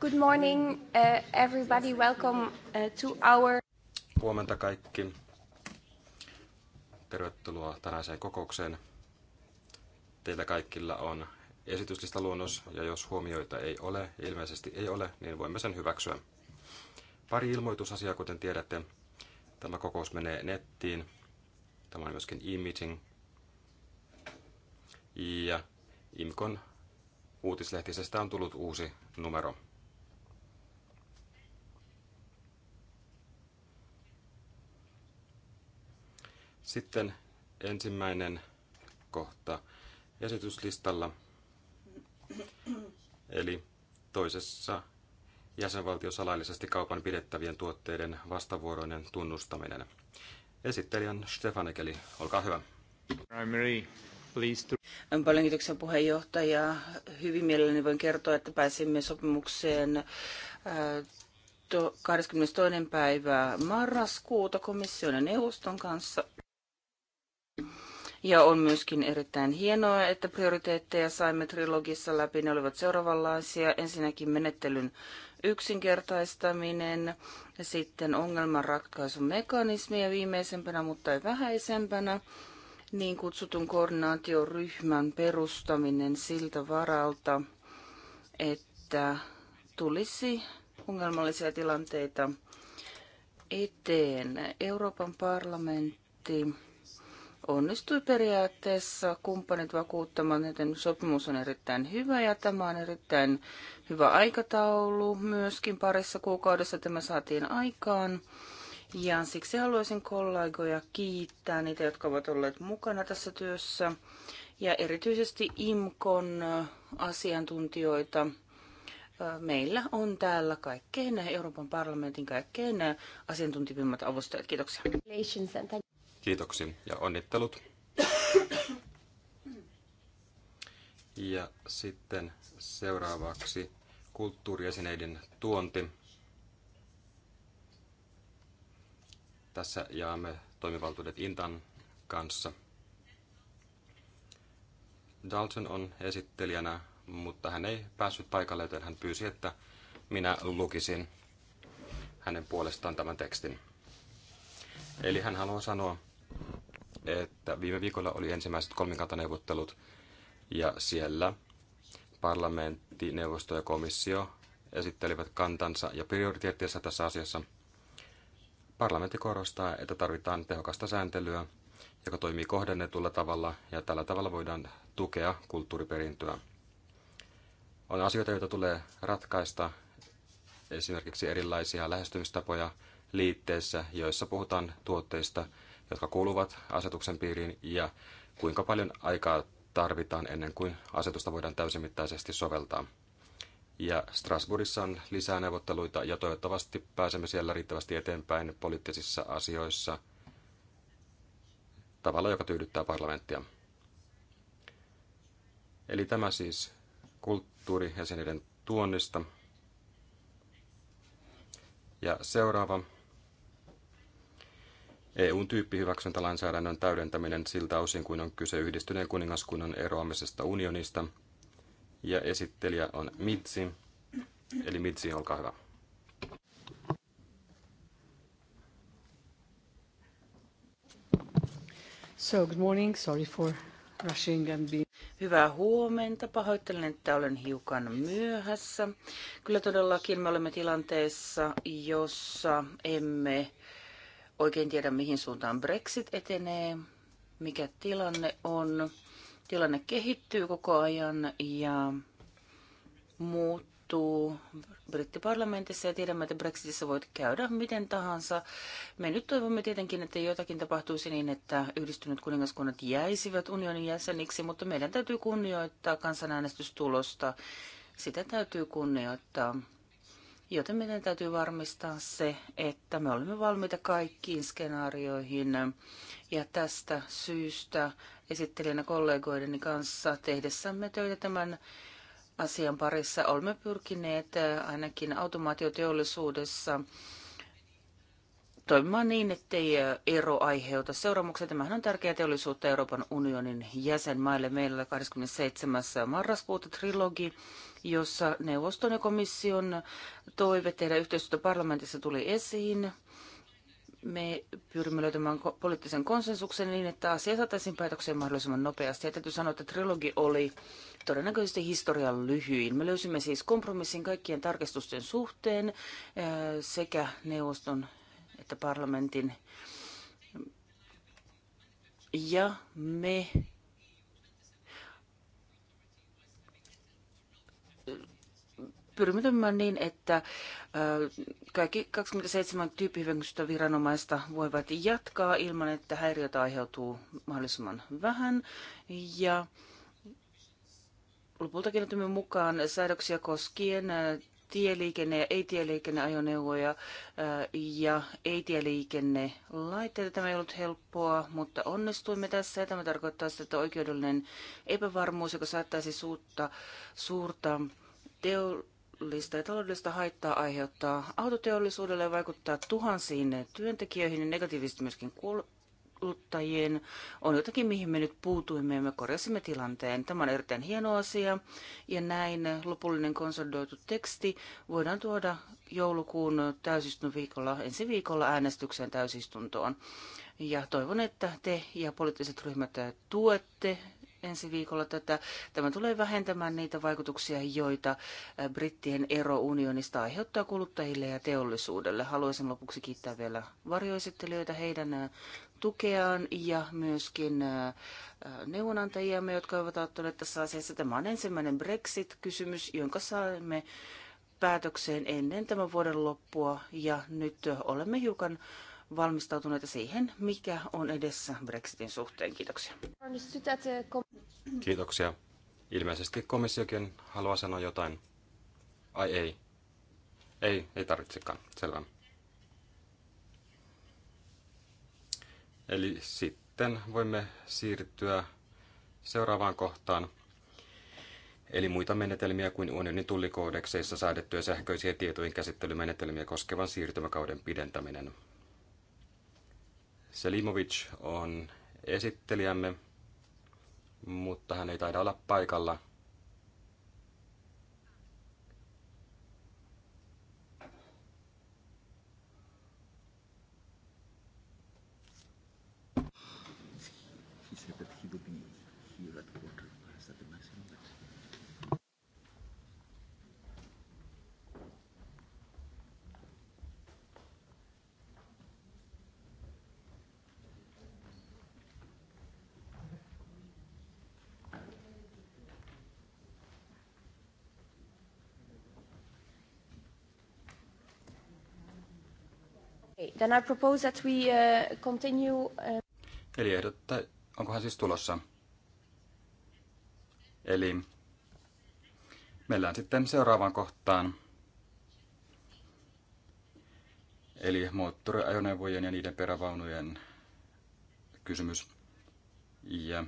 Good morning uh, everybody, welcome uh, to our... Huomenta kaikki. Tervetuloa tänäiseen kokoukseen. Teillä kaikilla on esityslistaluonnos ja jos huomioita ei ole, ilmeisesti ei ole, niin voimme sen hyväksyä. Pari ilmoitusasiaa, kuten tiedätte. Tämä kokous menee nettiin. Tämä on myöskin e-meeting. Ja IMKon uutislehtisestä on tullut uusi numero. Sitten ensimmäinen kohta esityslistalla. Eli toisessa jäsenvaltiossa laillisesti kaupan pidettävien tuotteiden vastavuoroinen tunnustaminen. Esittelijän Stefan Ekeli, olkaa hyvä. Paljon kiitoksia puheenjohtaja. Hyvin mielelläni voin kertoa, että pääsimme sopimukseen 22. Äh, päivää marraskuuta komission ja neuvoston kanssa ja on myöskin erittäin hienoa, että prioriteetteja saimme trilogissa läpi. Ne olivat seuraavanlaisia. Ensinnäkin menettelyn yksinkertaistaminen, sitten ongelmanratkaisumekanismi ja viimeisempänä, mutta ei vähäisempänä, niin kutsutun koordinaatioryhmän perustaminen siltä varalta, että tulisi ongelmallisia tilanteita eteen. Euroopan parlamentti onnistui periaatteessa kumppanit vakuuttamaan, että sopimus on erittäin hyvä ja tämä on erittäin hyvä aikataulu. Myöskin parissa kuukaudessa tämä saatiin aikaan. Ja siksi haluaisin kollegoja kiittää niitä, jotka ovat olleet mukana tässä työssä ja erityisesti IMKON äh, asiantuntijoita. Äh, meillä on täällä kaikkein Euroopan parlamentin kaikkein äh, asiantuntivimmat avustajat. Kiitoksia. Kiitoksi ja onnittelut. Ja sitten seuraavaksi kulttuuriesineiden tuonti. Tässä jaamme toimivaltuudet Intan kanssa. Dalton on esittelijänä, mutta hän ei päässyt paikalle, joten hän pyysi, että minä lukisin hänen puolestaan tämän tekstin. Eli hän haluaa sanoa, että viime viikolla oli ensimmäiset kolmikantaneuvottelut ja siellä parlamentti, neuvosto ja komissio esittelivät kantansa ja prioriteettinsa tässä asiassa. Parlamentti korostaa, että tarvitaan tehokasta sääntelyä, joka toimii kohdennetulla tavalla ja tällä tavalla voidaan tukea kulttuuriperintöä. On asioita, joita tulee ratkaista, esimerkiksi erilaisia lähestymistapoja liitteissä, joissa puhutaan tuotteista, jotka kuuluvat asetuksen piiriin ja kuinka paljon aikaa tarvitaan ennen kuin asetusta voidaan täysimittaisesti soveltaa. Ja Strasbourgissa on lisää neuvotteluita ja toivottavasti pääsemme siellä riittävästi eteenpäin poliittisissa asioissa tavalla, joka tyydyttää parlamenttia. Eli tämä siis kulttuurijäseniden tuonnista. Ja seuraava EUn tyyppihyväksyntälainsäädännön täydentäminen siltä osin, kuin on kyse yhdistyneen kuningaskunnan eroamisesta unionista. Ja esittelijä on Mitsi. Eli Mitsi, olkaa hyvä. So, good morning. Sorry for rushing and being... Hyvää huomenta. Pahoittelen, että olen hiukan myöhässä. Kyllä todellakin me olemme tilanteessa, jossa emme oikein tiedä, mihin suuntaan Brexit etenee, mikä tilanne on. Tilanne kehittyy koko ajan ja muuttuu brittiparlamentissa ja tiedämme, että Brexitissä voit käydä miten tahansa. Me nyt toivomme tietenkin, että jotakin tapahtuisi niin, että yhdistyneet kuningaskunnat jäisivät unionin jäseniksi, mutta meidän täytyy kunnioittaa kansanäänestystulosta. Sitä täytyy kunnioittaa. Joten meidän täytyy varmistaa se, että me olemme valmiita kaikkiin skenaarioihin. Ja tästä syystä esittelijänä kollegoideni kanssa tehdessämme töitä tämän asian parissa olemme pyrkineet ainakin automaatioteollisuudessa toimimaan niin, ettei ero aiheuta seuraamuksia. Tämähän on tärkeää teollisuutta Euroopan unionin jäsenmaille. Meillä 27. marraskuuta trilogi jossa neuvoston ja komission toive tehdä yhteistyötä parlamentissa tuli esiin. Me pyrimme löytämään poliittisen konsensuksen niin, että asia saataisiin päätökseen mahdollisimman nopeasti. Ja täytyy sanoa, että trilogi oli todennäköisesti historian lyhyin. Me löysimme siis kompromissin kaikkien tarkistusten suhteen eh, sekä neuvoston että parlamentin. Ja me pyrimme toimimaan niin, että kaikki 27 tyyppihyväksystä viranomaista voivat jatkaa ilman, että häiriötä aiheutuu mahdollisimman vähän. Ja lopulta kirjoitamme mukaan säädöksiä koskien tieliikenne- ja ei-tieliikenneajoneuvoja ja ei-tieliikennelaitteita. Tämä ei ollut helppoa, mutta onnistuimme tässä. Tämä tarkoittaa sitä, että oikeudellinen epävarmuus, joka saattaisi suutta, suurta teo- taloudellista ja taloudellista haittaa aiheuttaa autoteollisuudelle ja vaikuttaa tuhansiin työntekijöihin ja negatiivisesti myöskin kuluttajien on jotakin, mihin me nyt puutuimme ja me korjasimme tilanteen. Tämä on erittäin hieno asia ja näin lopullinen konsolidoitu teksti voidaan tuoda joulukuun täysistun viikolla, ensi viikolla äänestykseen täysistuntoon. Ja toivon, että te ja poliittiset ryhmät tuette ensi viikolla tätä. Tämä tulee vähentämään niitä vaikutuksia, joita brittien ero unionista aiheuttaa kuluttajille ja teollisuudelle. Haluaisin lopuksi kiittää vielä varjoesittelijöitä heidän tukeaan ja myöskin neuvonantajiamme, jotka ovat auttaneet tässä asiassa. Tämä on ensimmäinen Brexit-kysymys, jonka saimme päätökseen ennen tämän vuoden loppua ja nyt olemme hiukan valmistautuneita siihen, mikä on edessä Brexitin suhteen. Kiitoksia. Kiitoksia. Ilmeisesti komissiokin haluaa sanoa jotain. Ai ei. Ei, ei tarvitsekaan. Selvä. Eli sitten voimme siirtyä seuraavaan kohtaan. Eli muita menetelmiä kuin unionin tullikoodekseissa säädettyjä sähköisiä tietojen käsittelymenetelmiä koskevan siirtymäkauden pidentäminen. Selimovic on esittelijämme, mutta hän ei taida olla paikalla, Then I propose that we uh, continue... Uh, eli ehdotta, onkohan siis tulossa? Eli mennään sitten seuraavaan kohtaan. Eli moottoriajoneuvojen ja niiden perävaunujen kysymys. Ja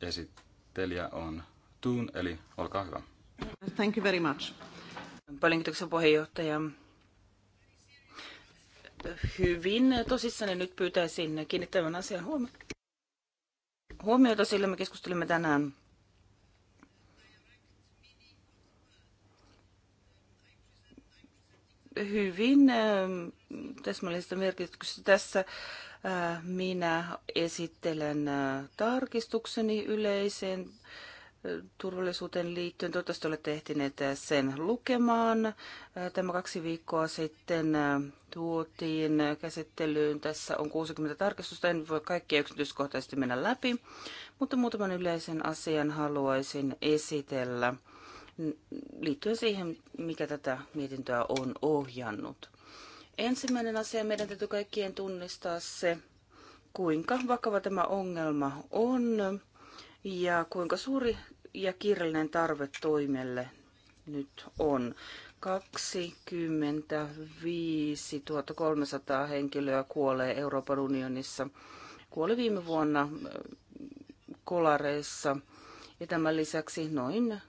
esittelijä on Tuun, eli olkaa hyvä. Thank you very much. Paljon kiitoksia puheenjohtaja hyvin. Tosissani nyt pyytäisin kiinnittävän asian huomiota. Huomiota sillä me keskustelimme tänään hyvin äh, täsmällisestä merkityksestä. Tässä äh, minä esittelen äh, tarkistukseni yleiseen turvallisuuteen liittyen. Toivottavasti olette ehtineet sen lukemaan. Tämä kaksi viikkoa sitten tuotiin käsittelyyn. Tässä on 60 tarkistusta. En voi kaikkia yksityiskohtaisesti mennä läpi, mutta muutaman yleisen asian haluaisin esitellä liittyen siihen, mikä tätä mietintöä on ohjannut. Ensimmäinen asia, meidän täytyy kaikkien tunnistaa se, kuinka vakava tämä ongelma on ja kuinka suuri ja kiireellinen tarve toimelle nyt on. 25 300 henkilöä kuolee Euroopan unionissa. Kuoli viime vuonna äh, kolareissa ja tämän lisäksi noin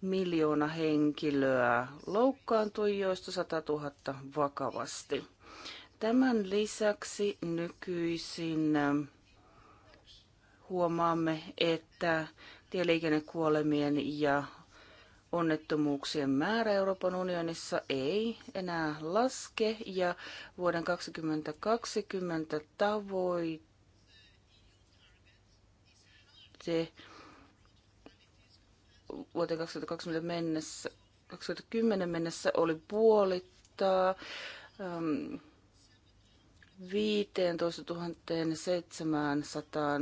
miljoona henkilöä loukkaantui, joista 100 000 vakavasti. Tämän lisäksi nykyisin äh, huomaamme, että tieliikennekuolemien ja onnettomuuksien määrä Euroopan unionissa ei enää laske ja vuoden 2020 tavoite vuoteen 2020 mennessä, 2010 mennessä oli puolittaa ähm, 15 700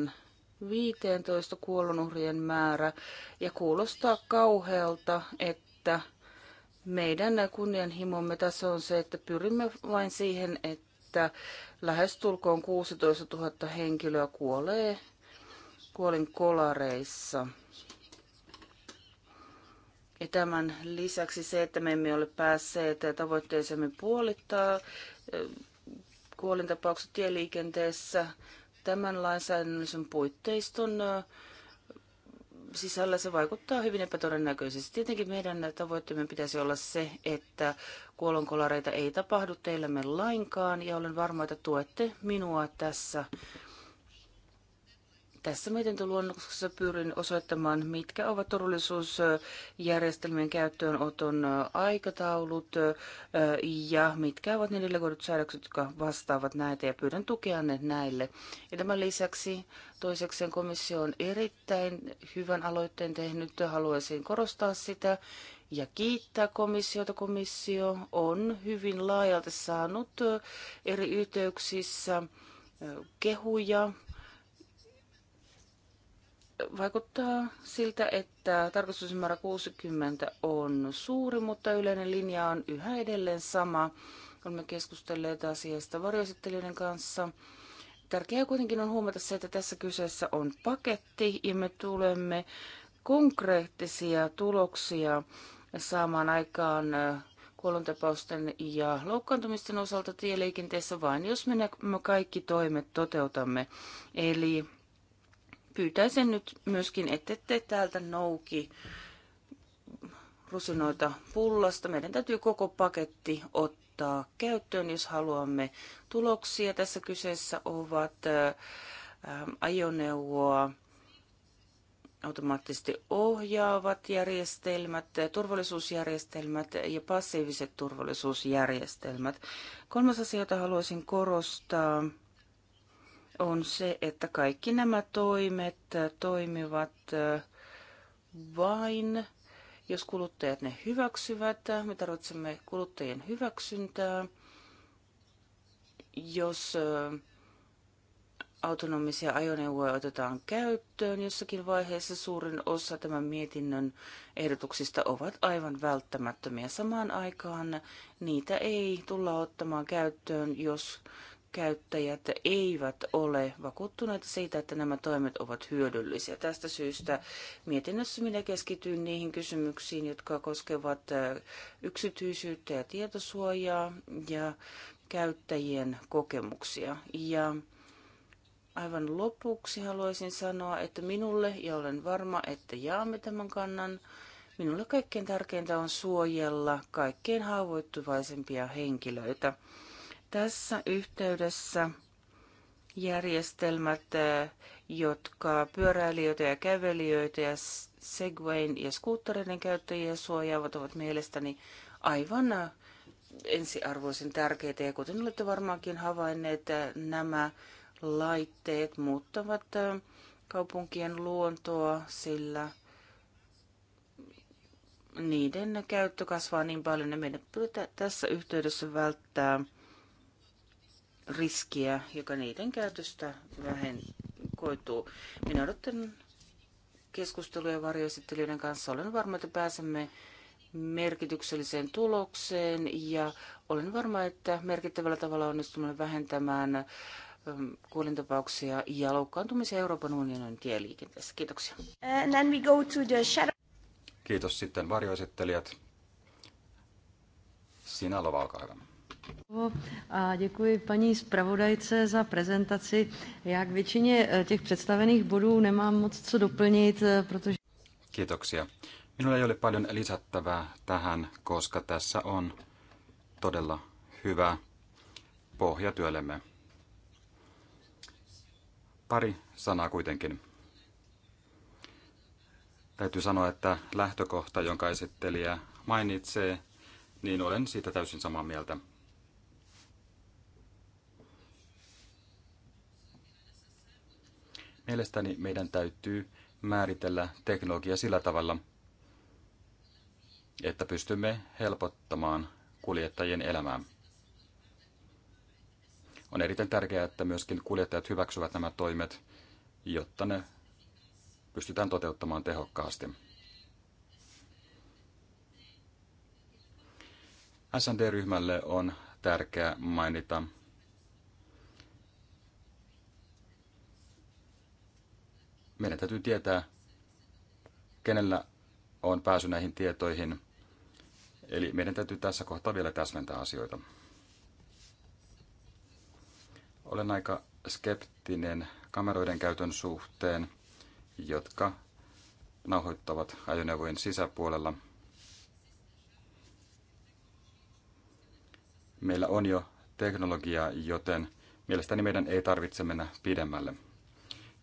15 kuolonuhrien määrä ja kuulostaa kauhealta, että meidän kunnianhimomme tässä on se, että pyrimme vain siihen, että lähestulkoon 16 000 henkilöä kuolee kuolin kolareissa. Ja tämän lisäksi se, että me emme ole päässeet tavoitteeseemme puolittaa eh, kuolintapaukset tieliikenteessä, tämän lainsäädännöllisen puitteiston sisällä se vaikuttaa hyvin epätodennäköisesti. Tietenkin meidän tavoitteemme pitäisi olla se, että kuolonkolareita ei tapahdu teillämme lainkaan, ja olen varma, että tuette minua tässä tässä mietintöluonnoksessa pyrin osoittamaan, mitkä ovat turvallisuusjärjestelmien käyttöönoton aikataulut ja mitkä ovat ne delegoidut säädökset, jotka vastaavat näitä ja pyydän ne näille. Ja tämän lisäksi toiseksi komissio on erittäin hyvän aloitteen tehnyt. Haluaisin korostaa sitä ja kiittää komissiota. Komissio on hyvin laajalti saanut eri yhteyksissä kehuja vaikuttaa siltä, että tarkastusmäärä 60 on suuri, mutta yleinen linja on yhä edelleen sama. Olemme keskustelleet asiasta varjoesittelijöiden kanssa. Tärkeää kuitenkin on huomata se, että tässä kyseessä on paketti ja me tulemme konkreettisia tuloksia saamaan aikaan äh, kuolontapausten ja loukkaantumisten osalta tieliikenteessä vain, jos me kaikki toimet toteutamme. Eli pyytäisin nyt myöskin, ettette täältä nouki rusinoita pullasta. Meidän täytyy koko paketti ottaa käyttöön, jos haluamme tuloksia. Tässä kyseessä ovat ajoneuvoa automaattisesti ohjaavat järjestelmät, turvallisuusjärjestelmät ja passiiviset turvallisuusjärjestelmät. Kolmas asia, jota haluaisin korostaa, on se, että kaikki nämä toimet äh, toimivat äh, vain, jos kuluttajat ne hyväksyvät. Äh, me tarvitsemme kuluttajien hyväksyntää. Jos autonomisia ajoneuvoja otetaan käyttöön jossakin vaiheessa, suurin osa tämän mietinnön ehdotuksista ovat aivan välttämättömiä. Samaan aikaan niitä ei tulla ottamaan käyttöön, jos käyttäjät eivät ole vakuuttuneita siitä, että nämä toimet ovat hyödyllisiä. Tästä syystä mietinnössä minä keskityn niihin kysymyksiin, jotka koskevat äh, yksityisyyttä ja tietosuojaa ja käyttäjien kokemuksia. Ja aivan lopuksi haluaisin sanoa, että minulle, ja olen varma, että jaamme tämän kannan, minulle kaikkein tärkeintä on suojella kaikkein haavoittuvaisempia henkilöitä – tässä yhteydessä järjestelmät, jotka pyöräilijöitä ja kävelijöitä ja Segwayn ja skuuttereiden käyttäjiä suojaavat, ovat mielestäni aivan ensiarvoisen tärkeitä. Ja kuten olette varmaankin havainneet, nämä laitteet muuttavat kaupunkien luontoa, sillä niiden käyttö kasvaa niin paljon, että meidän pitää tässä yhteydessä välttää riskiä, joka niiden käytöstä vähen koituu. Minä odotan keskusteluja varjoesittelijöiden kanssa. Olen varma, että pääsemme merkitykselliseen tulokseen ja olen varma, että merkittävällä tavalla onnistumme vähentämään ähm, kuolintapauksia ja loukkaantumisia Euroopan unionin tieliikenteessä. Kiitoksia. Uh, and then we go to the shadow. Kiitos sitten varjoesittelijät. Sinä olkaa hyvä. A děkuji paní zpravodajce za prezentaci. Já k většině eh, těch představených bodů nemám moc co doplnit, eh, protože... Kiitoksia. Minulla ei ole paljon lisättävää tähän, koska tässä on todella hyvä pohja työllemme. Pari sanaa kuitenkin. Täytyy sanoa, että lähtökohta, jonka esittelijä mainitsee, niin olen siitä täysin samaa mieltä. Mielestäni meidän täytyy määritellä teknologia sillä tavalla, että pystymme helpottamaan kuljettajien elämää. On erittäin tärkeää, että myöskin kuljettajat hyväksyvät nämä toimet, jotta ne pystytään toteuttamaan tehokkaasti. SND-ryhmälle on tärkeää mainita meidän täytyy tietää, kenellä on pääsy näihin tietoihin. Eli meidän täytyy tässä kohtaa vielä täsmentää asioita. Olen aika skeptinen kameroiden käytön suhteen, jotka nauhoittavat ajoneuvojen sisäpuolella. Meillä on jo teknologiaa, joten mielestäni meidän ei tarvitse mennä pidemmälle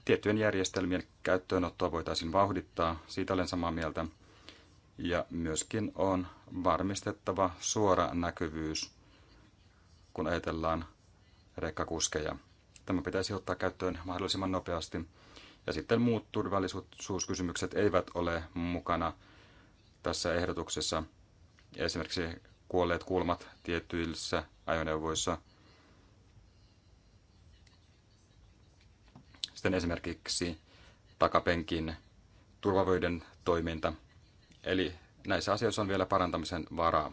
tiettyjen järjestelmien käyttöönottoa voitaisiin vauhdittaa, siitä olen samaa mieltä. Ja myöskin on varmistettava suora näkyvyys, kun ajatellaan rekkakuskeja. Tämä pitäisi ottaa käyttöön mahdollisimman nopeasti. Ja sitten muut turvallisuuskysymykset eivät ole mukana tässä ehdotuksessa. Esimerkiksi kuolleet kulmat tietyissä ajoneuvoissa – Sitten esimerkiksi takapenkin turvavöiden toiminta. Eli näissä asioissa on vielä parantamisen varaa.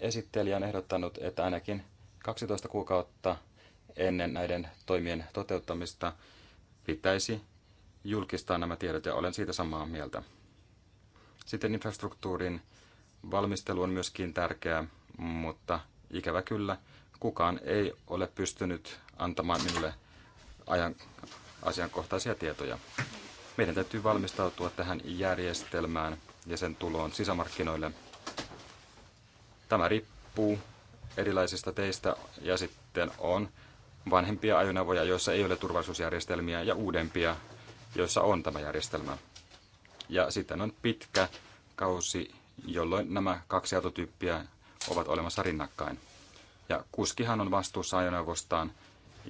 Esittelijä on ehdottanut, että ainakin 12 kuukautta ennen näiden toimien toteuttamista pitäisi julkistaa nämä tiedot ja olen siitä samaa mieltä. Sitten infrastruktuurin valmistelu on myöskin tärkeää, mutta ikävä kyllä kukaan ei ole pystynyt antamaan minulle ajan, asiankohtaisia tietoja. Meidän täytyy valmistautua tähän järjestelmään ja sen tuloon sisämarkkinoille. Tämä riippuu erilaisista teistä ja sitten on vanhempia ajoneuvoja, joissa ei ole turvallisuusjärjestelmiä ja uudempia, joissa on tämä järjestelmä. Ja sitten on pitkä kausi, jolloin nämä kaksi autotyyppiä ovat olemassa rinnakkain. Ja kuskihan on vastuussa ajoneuvostaan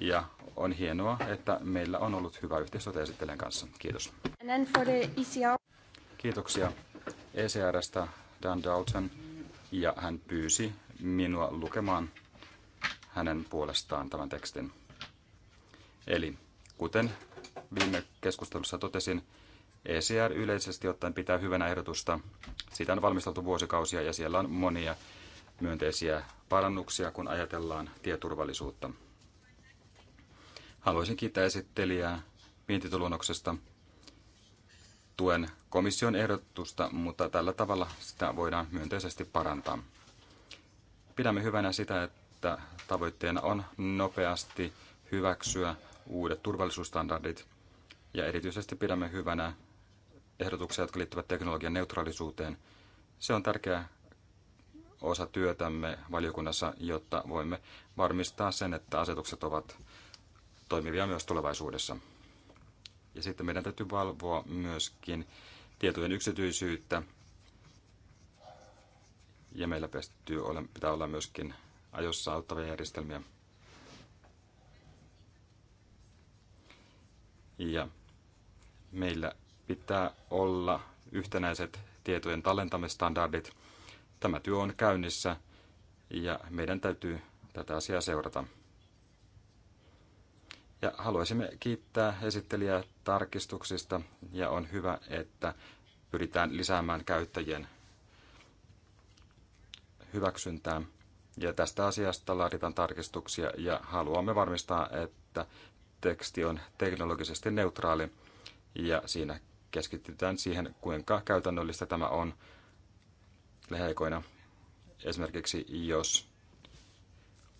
ja on hienoa, että meillä on ollut hyvä yhteistyötä esittelijän kanssa. Kiitos. E Kiitoksia ECRstä Dan Dalton ja hän pyysi minua lukemaan hänen puolestaan tämän tekstin. Eli kuten viime keskustelussa totesin, ECR yleisesti ottaen pitää hyvänä ehdotusta. Siitä on valmisteltu vuosikausia ja siellä on monia myönteisiä parannuksia, kun ajatellaan tieturvallisuutta – Haluaisin kiittää esittelijää vientitulonnoksesta tuen komission ehdotusta, mutta tällä tavalla sitä voidaan myönteisesti parantaa. Pidämme hyvänä sitä, että tavoitteena on nopeasti hyväksyä uudet turvallisuusstandardit ja erityisesti pidämme hyvänä ehdotuksia, jotka liittyvät teknologian neutraalisuuteen. Se on tärkeä osa työtämme valiokunnassa, jotta voimme varmistaa sen, että asetukset ovat toimivia myös tulevaisuudessa. Ja sitten meidän täytyy valvoa myöskin tietojen yksityisyyttä. Ja meillä pystyy, pitää olla myöskin ajossa auttavia järjestelmiä. Ja meillä pitää olla yhtenäiset tietojen tallentamistandardit. Tämä työ on käynnissä ja meidän täytyy tätä asiaa seurata. Ja haluaisimme kiittää esittelijää tarkistuksista ja on hyvä, että pyritään lisäämään käyttäjien hyväksyntää. Ja tästä asiasta laaditaan tarkistuksia ja haluamme varmistaa, että teksti on teknologisesti neutraali ja siinä keskitytään siihen, kuinka käytännöllistä tämä on lähiaikoina. Esimerkiksi jos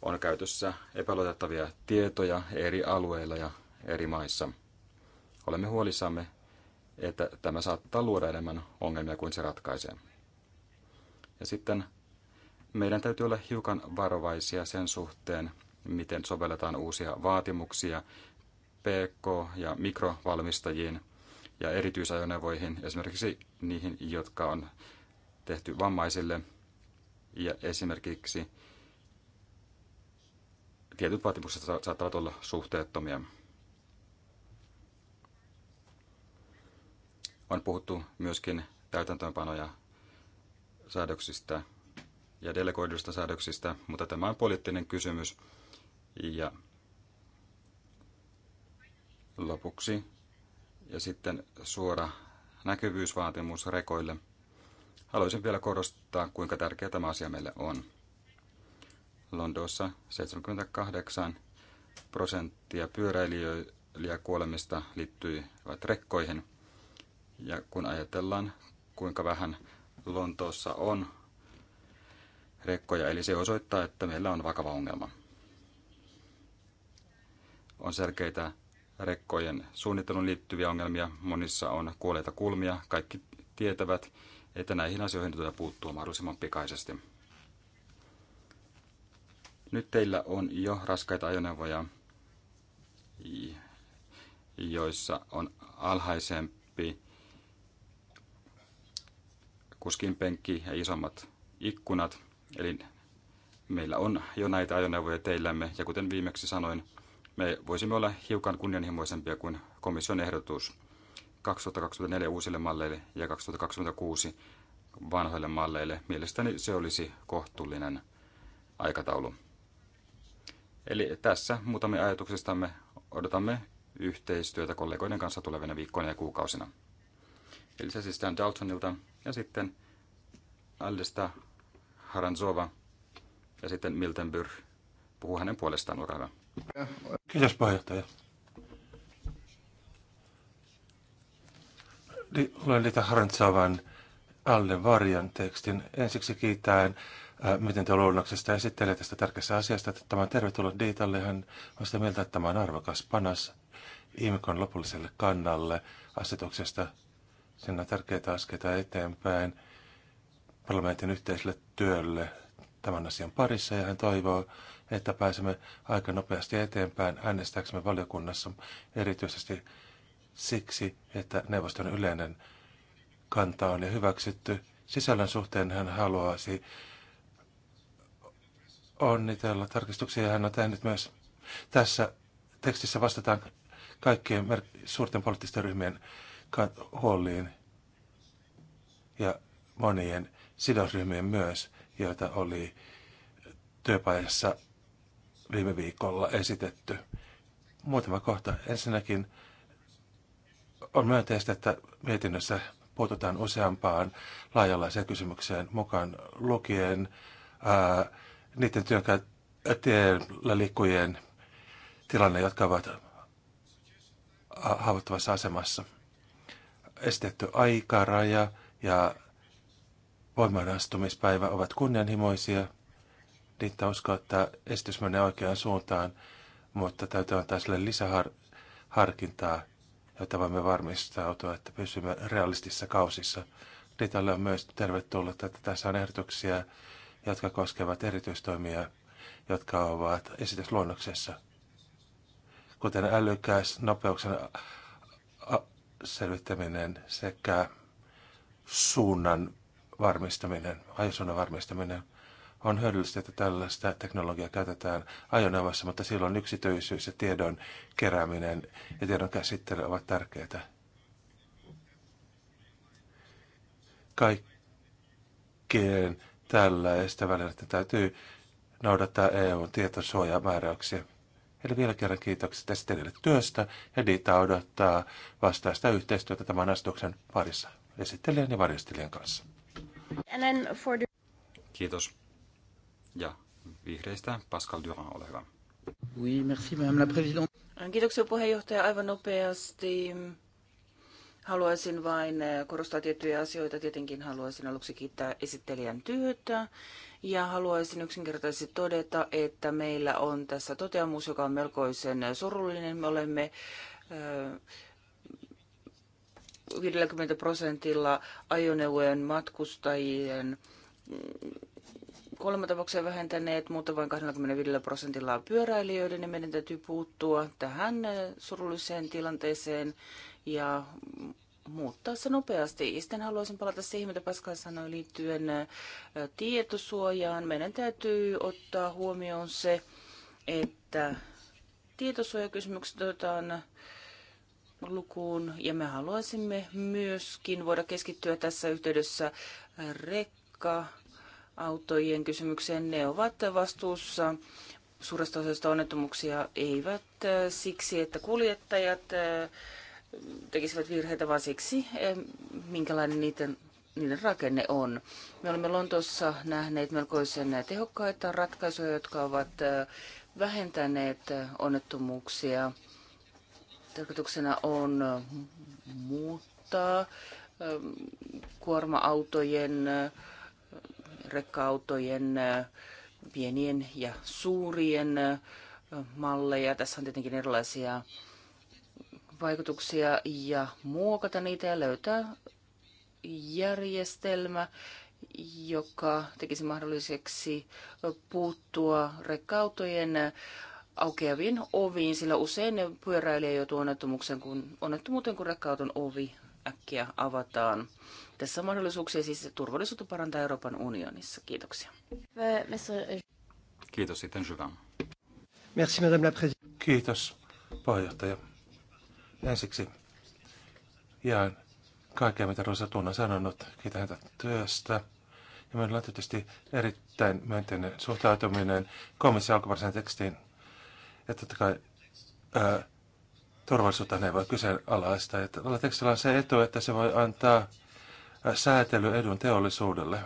on käytössä epäluotettavia tietoja eri alueilla ja eri maissa. Olemme huolissamme, että tämä saattaa luoda enemmän ongelmia kuin se ratkaisee. Ja sitten meidän täytyy olla hiukan varovaisia sen suhteen, miten sovelletaan uusia vaatimuksia PK- ja mikrovalmistajiin ja erityisajoneuvoihin, esimerkiksi niihin, jotka on tehty vammaisille ja esimerkiksi tietyt vaatimukset saattavat olla suhteettomia. On puhuttu myöskin täytäntöönpanoja säädöksistä ja delegoiduista säädöksistä, mutta tämä on poliittinen kysymys. Ja lopuksi ja sitten suora näkyvyysvaatimus rekoille. Haluaisin vielä korostaa, kuinka tärkeä tämä asia meille on. Lontoossa 78 prosenttia pyöräilijäkuolemista liittyi rekkoihin. Ja kun ajatellaan, kuinka vähän Lontoossa on rekkoja, eli se osoittaa, että meillä on vakava ongelma. On selkeitä rekkojen suunnitteluun liittyviä ongelmia, monissa on kuolleita kulmia, kaikki tietävät, että näihin asioihin tulee puuttua mahdollisimman pikaisesti. Nyt teillä on jo raskaita ajoneuvoja, joissa on alhaisempi kuskinpenkki ja isommat ikkunat. Eli meillä on jo näitä ajoneuvoja teillämme, ja kuten viimeksi sanoin, me voisimme olla hiukan kunnianhimoisempia kuin komission ehdotus 2024 uusille malleille ja 2026 vanhoille malleille. Mielestäni se olisi kohtuullinen aikataulu. Eli tässä muutamia ajatuksistamme odotamme yhteistyötä kollegoiden kanssa tulevina viikkoina ja kuukausina. Eli se siis Dan Daltonilta ja sitten Aldesta Haranzova ja sitten Miltenbyr puhuu hänen puolestaan uralla. Kiitos puheenjohtaja. Luen Lita Harantsavan Allen Varjan tekstin ensiksi kiitään. Miten mietintö luonnoksesta esittelee tästä tärkeästä asiasta. Että tämä on tervetullut Diitalle. Hän on sitä mieltä, että tämä on arvokas panas IMKon lopulliselle kannalle asetuksesta. Siinä on tärkeitä askeita eteenpäin parlamentin yhteiselle työlle tämän asian parissa ja hän toivoo, että pääsemme aika nopeasti eteenpäin äänestääksemme valiokunnassa erityisesti siksi, että neuvoston yleinen kanta on jo hyväksytty. Sisällön suhteen hän haluaisi onnitella tarkistuksia. Hän on tehnyt myös tässä tekstissä vastataan kaikkien suurten poliittisten ryhmien huoliin ja monien sidosryhmien myös, joita oli työpajassa viime viikolla esitetty. Muutama kohta. Ensinnäkin on myönteistä, että mietinnössä puututaan useampaan laajalaiseen kysymykseen mukaan lukien ää, niiden työkäyttäjillä liikkujien tilanne, jotka ovat haavoittuvassa asemassa. Estetty aikaraja ja voimanastumispäivä ovat kunnianhimoisia. Niitä uskoo, että esitys menee oikeaan suuntaan, mutta täytyy antaa sille lisäharkintaa, jotta voimme varmistautua, että pysymme realistissa kausissa. Niitä on myös tervetullut, että tässä on ehdotuksia jotka koskevat erityistoimia, jotka ovat esitysluonnoksessa, kuten älykkäys, nopeuksen selvittäminen sekä suunnan varmistaminen, ajosuunnan varmistaminen. On hyödyllistä, että tällaista teknologiaa käytetään ajoneuvossa, mutta silloin yksityisyys ja tiedon kerääminen ja tiedon käsittely ovat tärkeitä. Kaikkeen Tällä estävällä että täytyy noudattaa EUn tietosuojamääräyksiä. Eli vielä kerran kiitokset esittelijälle työstä Edita odottaa vastaista yhteistyötä tämän astuksen parissa esittelijän ja varjostelijan kanssa. The... Kiitos. Ja vihreistä Pascal Durand, ole hyvä. Oui, merci, madame la présidente. Kiitoksia puheenjohtaja aivan nopeasti. Haluaisin vain eh, korostaa tiettyjä asioita. Tietenkin haluaisin aluksi kiittää esittelijän työtä ja haluaisin yksinkertaisesti todeta, että meillä on tässä toteamus, joka on melkoisen surullinen. Me olemme 50 eh, prosentilla ajoneuvojen matkustajien mm, kolme tapauksia vähentäneet, mutta vain 25 prosentilla on pyöräilijöiden, ja meidän täytyy puuttua tähän eh, surulliseen tilanteeseen ja muuttaa se nopeasti. Ja sitten haluaisin palata siihen, mitä Pascal sanoi liittyen tietosuojaan. Meidän täytyy ottaa huomioon se, että tietosuojakysymykset otetaan lukuun ja me haluaisimme myöskin voida keskittyä tässä yhteydessä rekka autojen kysymykseen. Ne ovat vastuussa suuresta osasta onnettomuuksia, eivät siksi, että kuljettajat tekisivät virheitä, vaan siksi, eh, minkälainen niiden, niiden rakenne on. Me olemme Lontoossa nähneet melkoisen tehokkaita ratkaisuja, jotka ovat eh, vähentäneet eh, onnettomuuksia. Tarkoituksena on muuttaa kuorma-autojen, rekka-autojen, pienien ja suurien malleja. Tässä on tietenkin erilaisia vaikutuksia ja muokata niitä ja löytää järjestelmä, joka tekisi mahdolliseksi puuttua rekkautojen aukeaviin oviin, sillä usein pyöräilijä joutuu onnettomuuteen, kun, onnettomuuteen, kun rekkauton ovi äkkiä avataan. Tässä on mahdollisuuksia siis turvallisuutta parantaa Euroopan unionissa. Kiitoksia. Kiitos sitten Juvan. Merci, madame la Kiitos, puheenjohtaja. Ensiksi jaan kaikkea, mitä Rosa Tuun on sanonut. Kiitän häntä työstä. Ja meillä on tietysti erittäin myönteinen suhtautuminen komission alkuperäiseen tekstiin. Ja totta kai ää, turvallisuutta ne voi kyseenalaistaa. Ja tällä tekstillä on se etu, että se voi antaa säätelyedun teollisuudelle.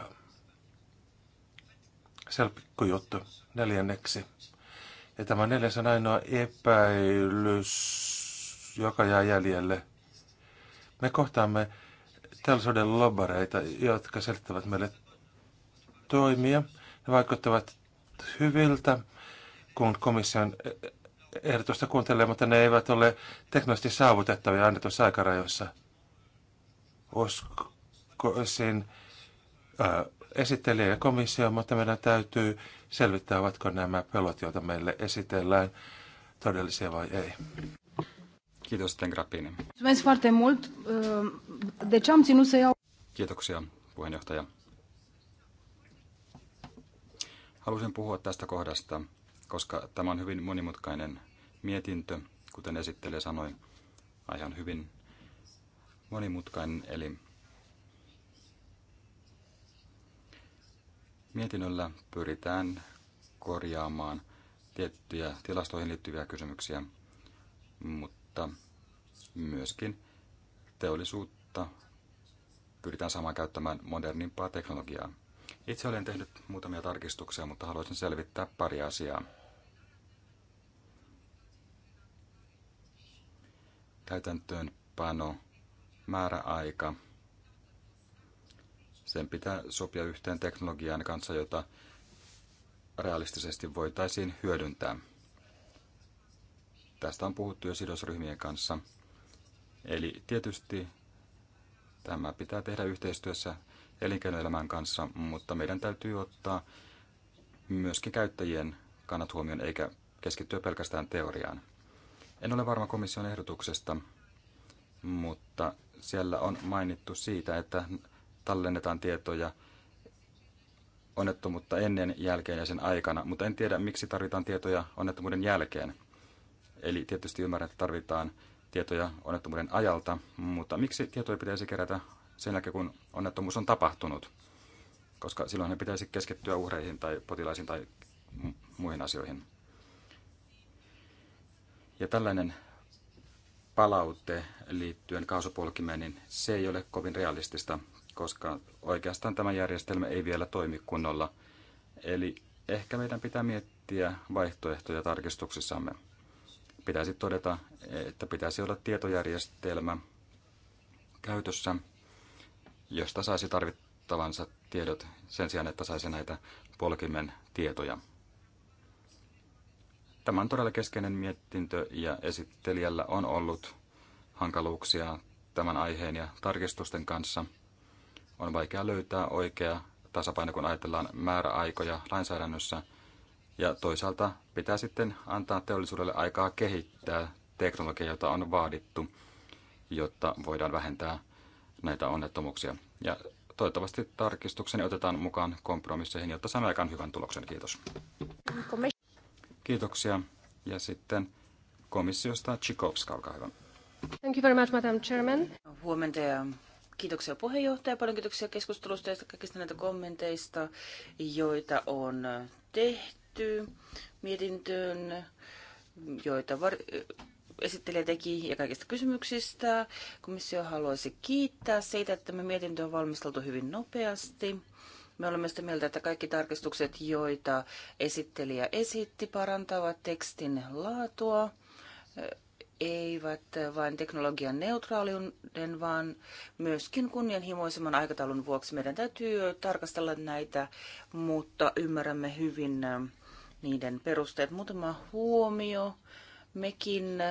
Selppikku juttu neljänneksi. Ja tämä neljäs on ainoa epäilys joka jää jäljelle. Me kohtaamme teollisuuden lobareita, jotka selittävät meille toimia. Ne vaikuttavat hyviltä, kun komission ehdotusta kuuntelee, mutta ne eivät ole teknisesti saavutettavia annetussa aikarajoissa. Uskoisin esittelijä ja komissio, mutta meidän täytyy selvittää, ovatko nämä pelot, joita meille esitellään, todellisia vai ei. Kiitos, Sten Grappini. Kiitoksia, puheenjohtaja. Halusin puhua tästä kohdasta, koska tämä on hyvin monimutkainen mietintö, kuten esittelijä sanoi. Aihe hyvin monimutkainen, eli mietinnöllä pyritään korjaamaan tiettyjä tilastoihin liittyviä kysymyksiä, mutta mutta myöskin teollisuutta pyritään saamaan käyttämään modernimpaa teknologiaa. Itse olen tehnyt muutamia tarkistuksia, mutta haluaisin selvittää pari asiaa. Täytäntöönpano, määräaika. Sen pitää sopia yhteen teknologian kanssa, jota realistisesti voitaisiin hyödyntää. Tästä on puhuttu jo sidosryhmien kanssa. Eli tietysti tämä pitää tehdä yhteistyössä elinkeinoelämän kanssa, mutta meidän täytyy ottaa myöskin käyttäjien kannat huomioon eikä keskittyä pelkästään teoriaan. En ole varma komission ehdotuksesta, mutta siellä on mainittu siitä, että tallennetaan tietoja onnettomuutta ennen, jälkeen ja sen aikana, mutta en tiedä miksi tarvitaan tietoja onnettomuuden jälkeen. Eli tietysti ymmärrän, että tarvitaan tietoja onnettomuuden ajalta, mutta miksi tietoja pitäisi kerätä sen jälkeen, kun onnettomuus on tapahtunut? Koska silloin ne pitäisi keskittyä uhreihin tai potilaisiin tai muihin asioihin. Ja tällainen palaute liittyen kaasupolkimeen, niin se ei ole kovin realistista, koska oikeastaan tämä järjestelmä ei vielä toimi kunnolla. Eli ehkä meidän pitää miettiä vaihtoehtoja tarkistuksissamme pitäisi todeta, että pitäisi olla tietojärjestelmä käytössä, josta saisi tarvittavansa tiedot sen sijaan, että saisi näitä polkimen tietoja. Tämä on todella keskeinen mietintö ja esittelijällä on ollut hankaluuksia tämän aiheen ja tarkistusten kanssa. On vaikea löytää oikea tasapaino, kun ajatellaan määräaikoja lainsäädännössä – ja toisaalta pitää sitten antaa teollisuudelle aikaa kehittää teknologiaa, jota on vaadittu, jotta voidaan vähentää näitä onnettomuuksia. Ja toivottavasti tarkistukseni otetaan mukaan kompromisseihin, jotta saamme aikaan hyvän tuloksen. Kiitos. Kiitoksia. Ja sitten komissiosta Chikovska, olkaa hyvä. Thank you very much, Madam Chairman. Huomenta ja kiitoksia puheenjohtaja. Paljon kiitoksia keskustelusta ja kaikista näitä kommenteista, joita on tehty liittyy mietintöön, joita var- esittelijä teki ja kaikista kysymyksistä. Komissio haluaisi kiittää siitä, että me mietintö on valmisteltu hyvin nopeasti. Me olemme sitä mieltä, että kaikki tarkistukset, joita esittelijä esitti, parantavat tekstin laatua, eivät vain teknologian neutraaliuden, vaan myöskin kunnianhimoisemman aikataulun vuoksi meidän täytyy tarkastella näitä, mutta ymmärrämme hyvin niiden perusteet. Muutama huomio. Mekin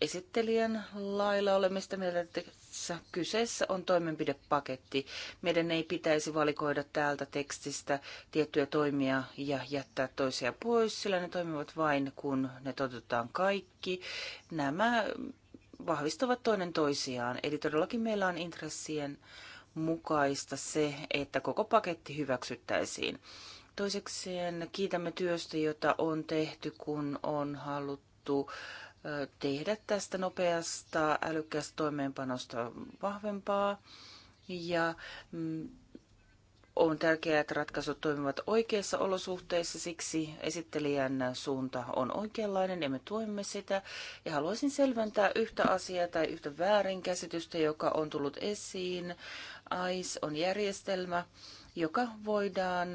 esittelijän lailla olemme sitä mieltä, että kyseessä on toimenpidepaketti. Meidän ei pitäisi valikoida täältä tekstistä tiettyjä toimia ja jättää toisia pois, sillä ne toimivat vain, kun ne toteutetaan kaikki. Nämä vahvistavat toinen toisiaan. Eli todellakin meillä on intressien mukaista se, että koko paketti hyväksyttäisiin. Toisekseen kiitämme työstä, jota on tehty, kun on haluttu tehdä tästä nopeasta älykkäästä toimeenpanosta vahvempaa. Ja mm, on tärkeää, että ratkaisut toimivat oikeissa olosuhteissa, siksi esittelijän suunta on oikeanlainen ja me tuemme sitä. Ja haluaisin selventää yhtä asiaa tai yhtä väärinkäsitystä, joka on tullut esiin. AIS on järjestelmä, joka voidaan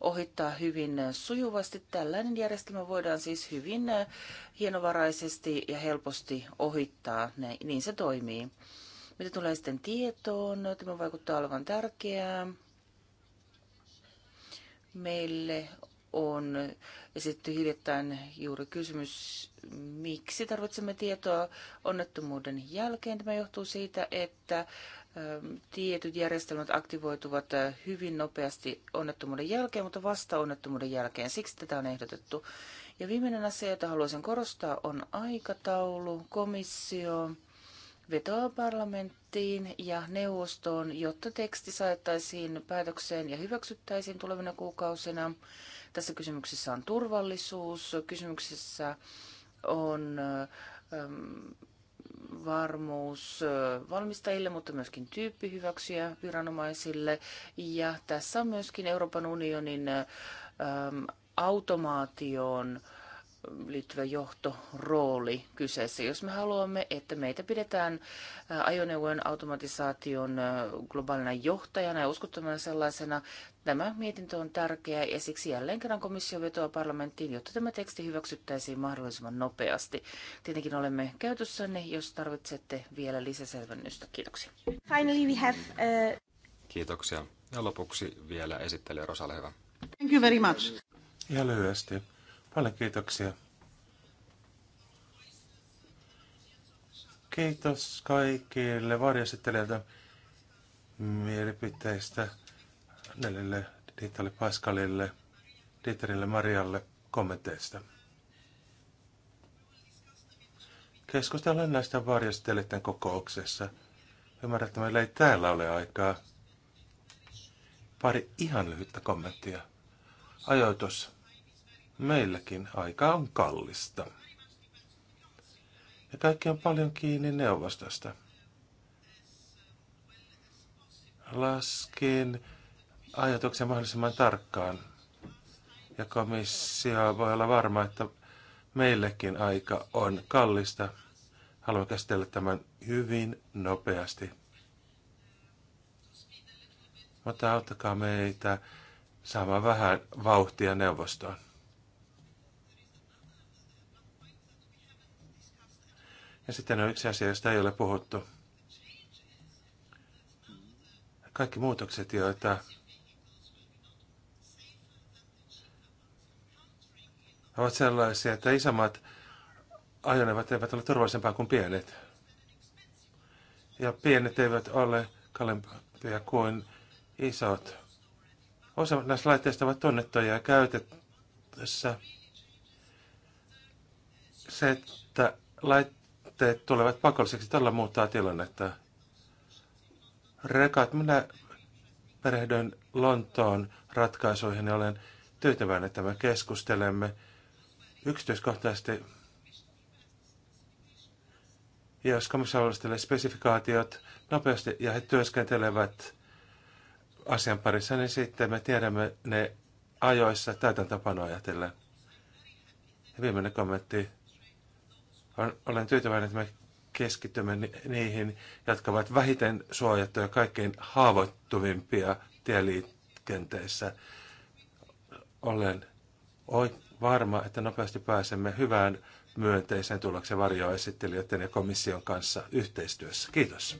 ohittaa hyvin sujuvasti. Tällainen järjestelmä voidaan siis hyvin hienovaraisesti ja helposti ohittaa. Niin se toimii. Mitä tulee sitten tietoon, no, tämä vaikuttaa olevan tärkeää. Meille on esitetty hiljattain juuri kysymys, miksi tarvitsemme tietoa onnettomuuden jälkeen. Tämä johtuu siitä, että tietyt järjestelmät aktivoituvat hyvin nopeasti onnettomuuden jälkeen, mutta vasta onnettomuuden jälkeen. Siksi tätä on ehdotettu. Ja viimeinen asia, jota haluaisin korostaa, on aikataulu. Komissio vetoa parlamenttiin ja neuvostoon, jotta teksti saettaisiin päätökseen ja hyväksyttäisiin tulevina kuukausina. Tässä kysymyksessä on turvallisuus, kysymyksessä on ähm, varmuus valmistajille, mutta myöskin tyyppihyväksyjä viranomaisille. Ja tässä on myöskin Euroopan unionin automaatioon ähm, automaation äh, liittyvä johtorooli kyseessä. Jos me haluamme, että meitä pidetään ajoneuvojen automatisaation globaalina johtajana ja uskottavana sellaisena, tämä mietintö on tärkeä ja siksi jälleen kerran komissio vetoaa parlamenttiin, jotta tämä teksti hyväksyttäisiin mahdollisimman nopeasti. Tietenkin olemme käytössänne, jos tarvitsette vielä lisäselvennystä. Kiitoksia. Finally we have, uh... Kiitoksia. Ja lopuksi vielä esittelijä Rosale, hyvä. Thank you very much. Ja lyhyesti Paljon kiitoksia. Kiitos kaikille varjasittelijöiltä mielipiteistä Nellille, Dieterille, Pascalille, Dieterille, Marialle kommenteista. Keskustellaan näistä varjostelijoiden kokouksessa. Ymmärrän, että meillä ei täällä ole aikaa. Pari ihan lyhyttä kommenttia. Ajoitus. Meilläkin aika on kallista. Ja kaikki on paljon kiinni neuvostosta. Laskin ajatuksen mahdollisimman tarkkaan. Ja komissio voi olla varma, että meillekin aika on kallista. Haluan käsitellä tämän hyvin nopeasti. Mutta auttakaa meitä saamaan vähän vauhtia neuvostoon. Ja sitten on yksi asia, josta ei ole puhuttu. Kaikki muutokset, joita ovat sellaisia, että isommat ajoneuvot eivät ole turvallisempaa kuin pienet. Ja pienet eivät ole kalempia kuin isot. Osa näistä laitteista ovat tunnettuja ja käytettävissä. Se, että lait velvoitteet tulevat pakolliseksi. Tällä muuttaa tilannetta. Rekat, minä perehdyn Lontoon ratkaisuihin ja olen tyytyväinen, että me keskustelemme yksityiskohtaisesti. Ja jos komissio valmistelee spesifikaatiot nopeasti ja he työskentelevät asian parissa, niin sitten me tiedämme ne ajoissa täytäntöpanoa ajatellen. Ja viimeinen kommentti olen tyytyväinen, että me keskitymme niihin, jotka ovat vähiten suojattuja kaikkein haavoittuvimpia tieliikenteessä. Olen varma, että nopeasti pääsemme hyvään myönteiseen tulokseen varjoesittelijöiden ja komission kanssa yhteistyössä. Kiitos.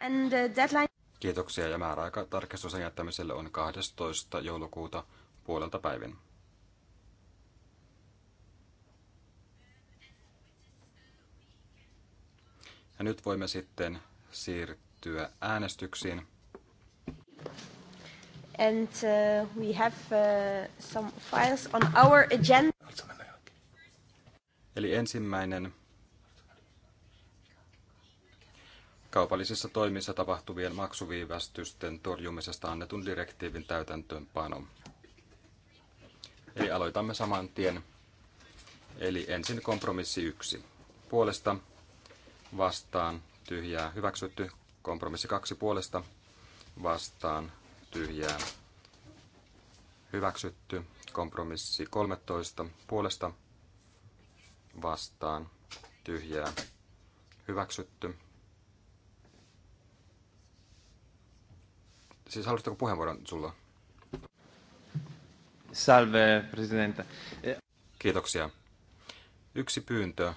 And the uh, deadline... Kiitoksia ja määräaika tarkistuksen jättämiselle on 12. joulukuuta puolelta päivin. Ja nyt voimme sitten siirtyä äänestyksiin. And uh, we have uh, some files on our agenda. Eli ensimmäinen kaupallisissa toimissa tapahtuvien maksuviivästysten torjumisesta annetun direktiivin täytäntöönpano. Eli aloitamme saman tien. Eli ensin kompromissi yksi Puolesta vastaan tyhjää hyväksytty. Kompromissi kaksi puolesta vastaan tyhjää hyväksytty. Kompromissi 13 puolesta vastaan tyhjää hyväksytty. Siis haluaisitko puheenvuoron sulla? Salve, presidente. Kiitoksia. Yksi pyyntö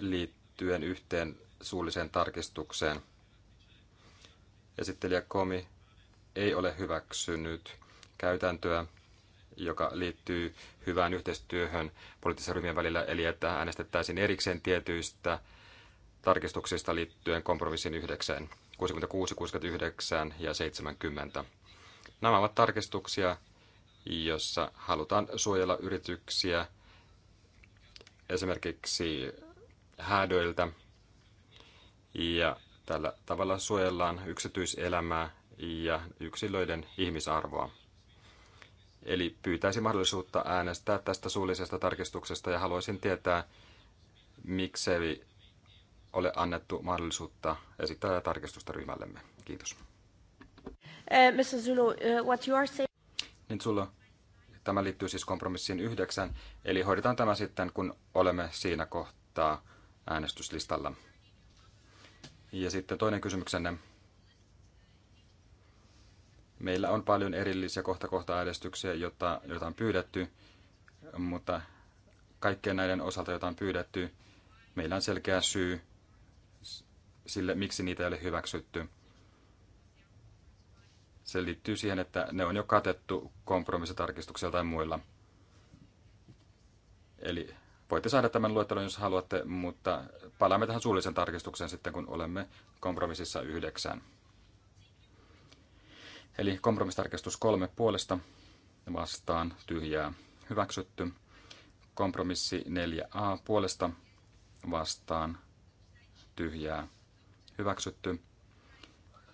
liittyen yhteen suulliseen tarkistukseen. Esittelijä Komi ei ole hyväksynyt käytäntöä, joka liittyy hyvään yhteistyöhön poliittisen ryhmien välillä, eli että äänestettäisiin erikseen tietyistä tarkistuksista liittyen kompromissin 9, 66, 69 ja 70. Nämä ovat tarkistuksia, jossa halutaan suojella yrityksiä esimerkiksi häädöiltä. Ja tällä tavalla suojellaan yksityiselämää ja yksilöiden ihmisarvoa. Eli pyytäisi mahdollisuutta äänestää tästä suullisesta tarkistuksesta ja haluaisin tietää, miksei ole annettu mahdollisuutta esittää tarkistusta ryhmällemme. Kiitos. Eh, Mr. Zulu, eh, what you are saying... Niin sulla, tämä liittyy siis kompromissiin yhdeksän, eli hoidetaan tämä sitten, kun olemme siinä kohtaa äänestyslistalla. Ja sitten toinen kysymyksenne. Meillä on paljon erillisiä kohta kohta äänestyksiä, joita, joita on pyydetty, mutta kaikkien näiden osalta, joita on pyydetty, meillä on selkeä syy sille, miksi niitä ei ole hyväksytty. Se liittyy siihen, että ne on jo katettu kompromissitarkistuksella tai muilla. Eli Voitte saada tämän luettelon, jos haluatte, mutta palaamme tähän suullisen tarkistukseen sitten, kun olemme kompromississa yhdeksän. Eli kompromistarkistus kolme puolesta vastaan tyhjää hyväksytty. Kompromissi 4a puolesta vastaan tyhjää hyväksytty.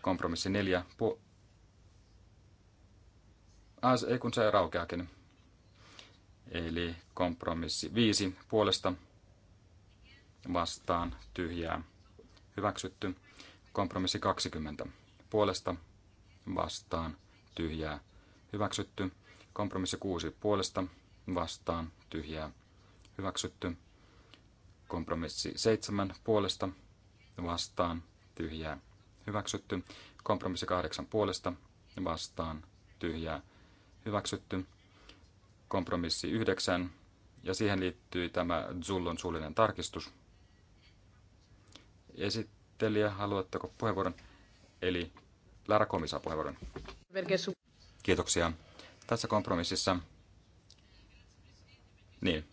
Kompromissi 4 pu- ei kun se raukeakin. Eli kompromissi 5 puolesta vastaan tyhjää hyväksytty. Kompromissi 20 puolesta vastaan tyhjää hyväksytty. Kompromissi 6 puolesta vastaan tyhjää hyväksytty. Kompromissi 7 puolesta vastaan tyhjää hyväksytty. Kompromissi 8 puolesta vastaan tyhjää hyväksytty kompromissi 9, ja siihen liittyy tämä Zullon suullinen tarkistus. Esittelijä, haluatteko puheenvuoron? Eli Lara Komi saa puheenvuoron. Kiitoksia. Tässä kompromississa, niin,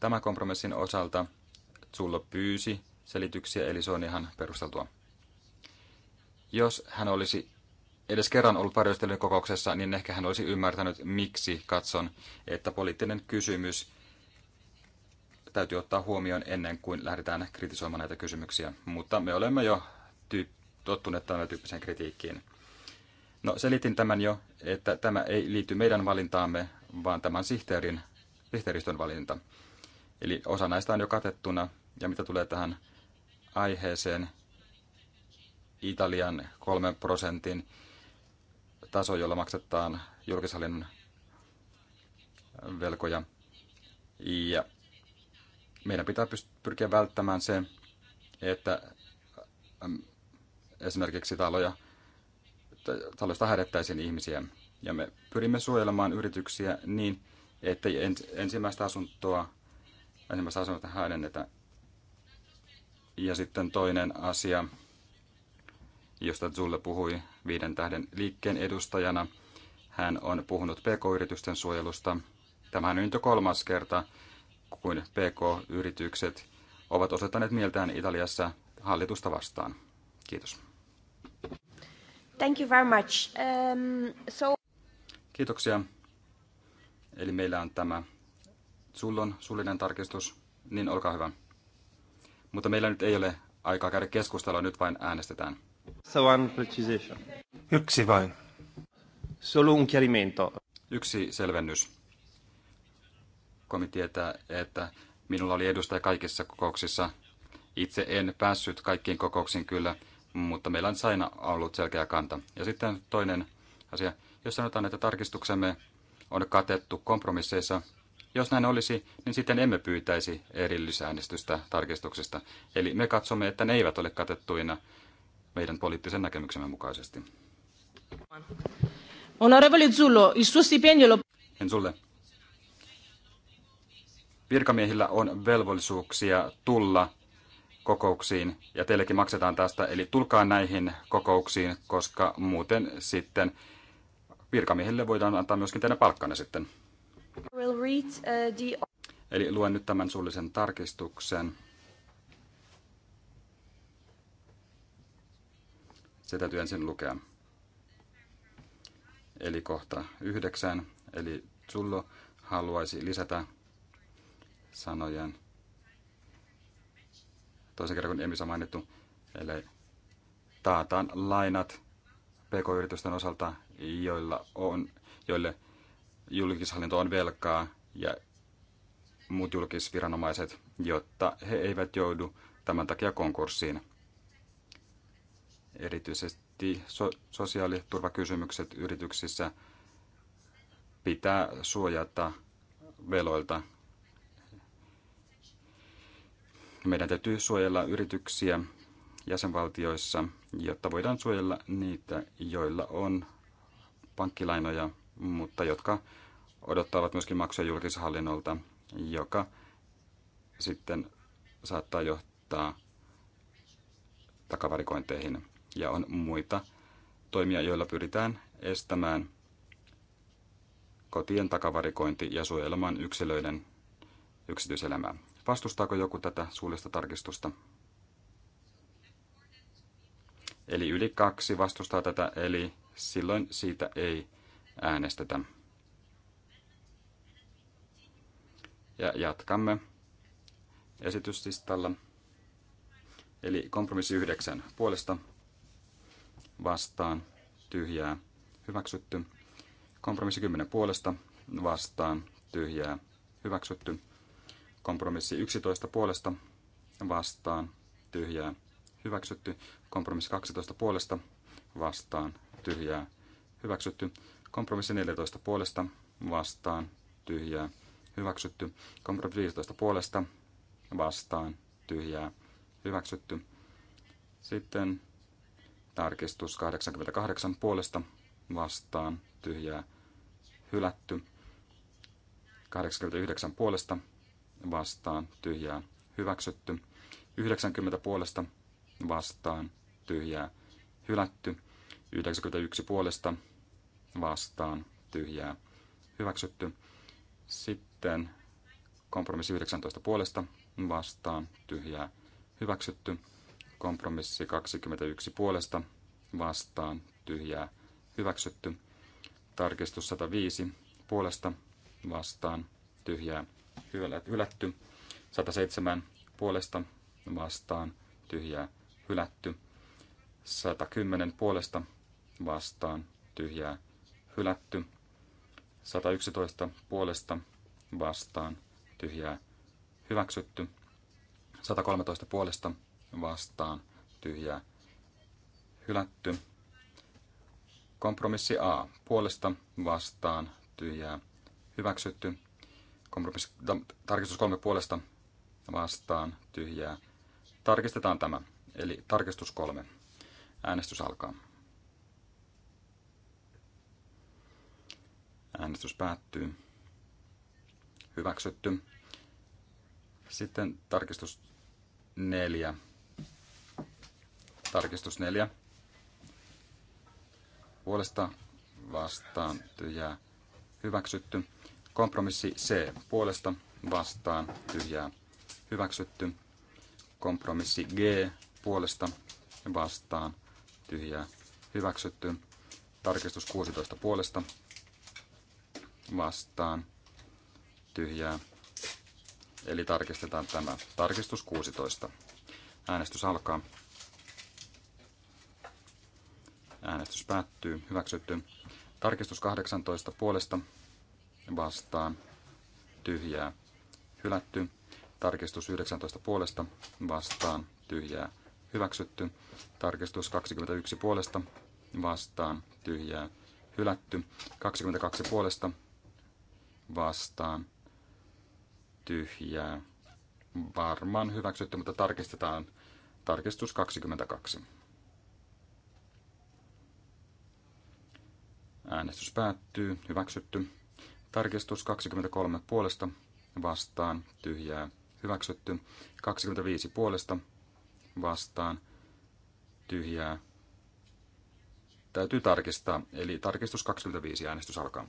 tämän kompromissin osalta Zullo pyysi selityksiä, eli se on ihan perusteltua. Jos hän olisi edes kerran ollut varjostelun kokouksessa, niin ehkä hän olisi ymmärtänyt, miksi katson, että poliittinen kysymys täytyy ottaa huomioon ennen kuin lähdetään kritisoimaan näitä kysymyksiä. Mutta me olemme jo tyyp- tottuneet tämän tyyppiseen kritiikkiin. No selitin tämän jo, että tämä ei liity meidän valintaamme, vaan tämän sihteerin, sihteeristön valinta. Eli osa näistä on jo katettuna, ja mitä tulee tähän aiheeseen, Italian kolmen prosentin taso, jolla maksetaan julkishallinnon velkoja. Ja meidän pitää pyrkiä välttämään se, että esimerkiksi taloja, taloista hädettäisiin ihmisiä. Ja me pyrimme suojelemaan yrityksiä niin, että ensimmäistä asuntoa, ensimmäistä asuntoa häidennetä. Ja sitten toinen asia, josta Zulle puhui viiden tähden liikkeen edustajana. Hän on puhunut pk-yritysten suojelusta. Tämä on nyt kolmas kerta, kun pk-yritykset ovat osoittaneet mieltään Italiassa hallitusta vastaan. Kiitos. Thank you very much. Um, so... Kiitoksia. Eli meillä on tämä Zullon suullinen tarkistus, niin olkaa hyvä. Mutta meillä nyt ei ole aikaa käydä keskustelua, nyt vain äänestetään. So one Yksi vain. Solo un chiarimento. Yksi selvennys. Komi tietää, että minulla oli edustaja kaikissa kokouksissa. Itse en päässyt kaikkiin kokouksiin kyllä, mutta meillä on aina ollut selkeä kanta. Ja sitten toinen asia, jos sanotaan, että tarkistuksemme on katettu kompromisseissa, jos näin olisi, niin sitten emme pyytäisi erillisäänestystä tarkistuksesta. Eli me katsomme, että ne eivät ole katettuina meidän poliittisen näkemyksemme mukaisesti. Onorevole Zullo, il suo stipendio lo... En sulle. Virkamiehillä on velvollisuuksia tulla kokouksiin ja teillekin maksetaan tästä, eli tulkaa näihin kokouksiin, koska muuten sitten virkamiehille voidaan antaa myöskin teidän palkkanne sitten. Uh, eli luen nyt tämän suullisen tarkistuksen. Se täytyy ensin lukea. Eli kohta yhdeksän. Eli Zullo haluaisi lisätä sanojen toisen kerran, kun Emisa mainittu, eli taataan lainat pk-yritysten osalta, joilla on, joille julkishallinto on velkaa ja muut julkisviranomaiset, jotta he eivät joudu tämän takia konkurssiin. Erityisesti so- sosiaaliturvakysymykset yrityksissä pitää suojata veloilta. Meidän täytyy suojella yrityksiä jäsenvaltioissa, jotta voidaan suojella niitä, joilla on pankkilainoja, mutta jotka odottavat myöskin maksuja julkishallinnolta, joka sitten saattaa johtaa takavarikointeihin ja on muita toimia, joilla pyritään estämään kotien takavarikointi ja suojelemaan yksilöiden yksityiselämää. Vastustaako joku tätä suullista tarkistusta? Eli yli kaksi vastustaa tätä, eli silloin siitä ei äänestetä. Ja jatkamme esityslistalla. Eli kompromissi yhdeksän puolesta vastaan, tyhjää, hyväksytty. Kompromissi 10 puolesta, vastaan, tyhjää, hyväksytty. Kompromissi 11 puolesta, vastaan, tyhjää, hyväksytty. Kompromissi 12 puolesta, vastaan, tyhjää, hyväksytty. Kompromissi 14 puolesta, vastaan, tyhjää, hyväksytty. Kompromissi 15 puolesta, vastaan, tyhjää, hyväksytty. Sitten Tarkistus 88 puolesta vastaan tyhjää hylätty. 89 puolesta vastaan tyhjää hyväksytty. 90 puolesta vastaan tyhjää hylätty. 91 puolesta vastaan tyhjää hyväksytty. Sitten kompromissi 19 puolesta vastaan tyhjää hyväksytty. Kompromissi 21 puolesta vastaan tyhjää hyväksytty. Tarkistus 105 puolesta vastaan tyhjää hylätty. 107 puolesta vastaan tyhjää hylätty. 110 puolesta vastaan tyhjää hylätty. 111 puolesta vastaan tyhjää hyväksytty. 113 puolesta vastaan tyhjää hylätty. Kompromissi A puolesta vastaan tyhjää hyväksytty. Kompromissi, tarkistus kolme puolesta vastaan tyhjää. Tarkistetaan tämä, eli tarkistus kolme. Äänestys alkaa. Äänestys päättyy. Hyväksytty. Sitten tarkistus neljä Tarkistus 4. Puolesta vastaan tyhjää hyväksytty. Kompromissi C. Puolesta vastaan tyhjää hyväksytty. Kompromissi G. Puolesta vastaan tyhjää hyväksytty. Tarkistus 16 puolesta vastaan tyhjää. Eli tarkistetaan tämä. Tarkistus 16. Äänestys alkaa. Äänestys päättyy. Hyväksytty. Tarkistus 18 puolesta vastaan. Tyhjää. Hylätty. Tarkistus 19 puolesta vastaan. Tyhjää. Hyväksytty. Tarkistus 21 puolesta vastaan. Tyhjää. Hylätty. 22 puolesta vastaan. Tyhjää. Varmaan hyväksytty, mutta tarkistetaan tarkistus 22. Äänestys päättyy. Hyväksytty. Tarkistus 23 puolesta vastaan tyhjää. Hyväksytty. 25 puolesta vastaan tyhjää. Täytyy tarkistaa. Eli tarkistus 25 äänestys alkaa.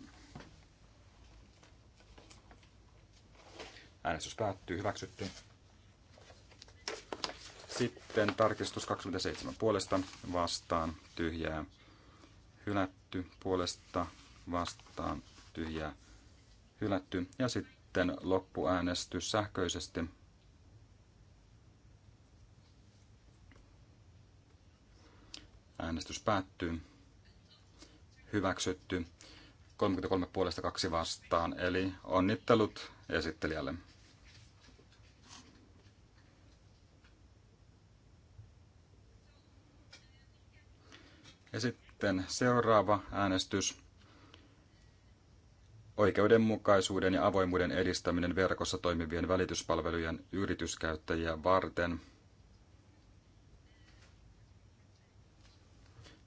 Äänestys päättyy. Hyväksytty. Sitten tarkistus 27 puolesta vastaan tyhjää hylätty, puolesta vastaan tyhjää hylätty. Ja sitten loppuäänestys sähköisesti. Äänestys päättyy. Hyväksytty. 33 puolesta kaksi vastaan, eli onnittelut esittelijälle. Ja sitten sitten seuraava äänestys. Oikeudenmukaisuuden ja avoimuuden edistäminen verkossa toimivien välityspalvelujen yrityskäyttäjiä varten.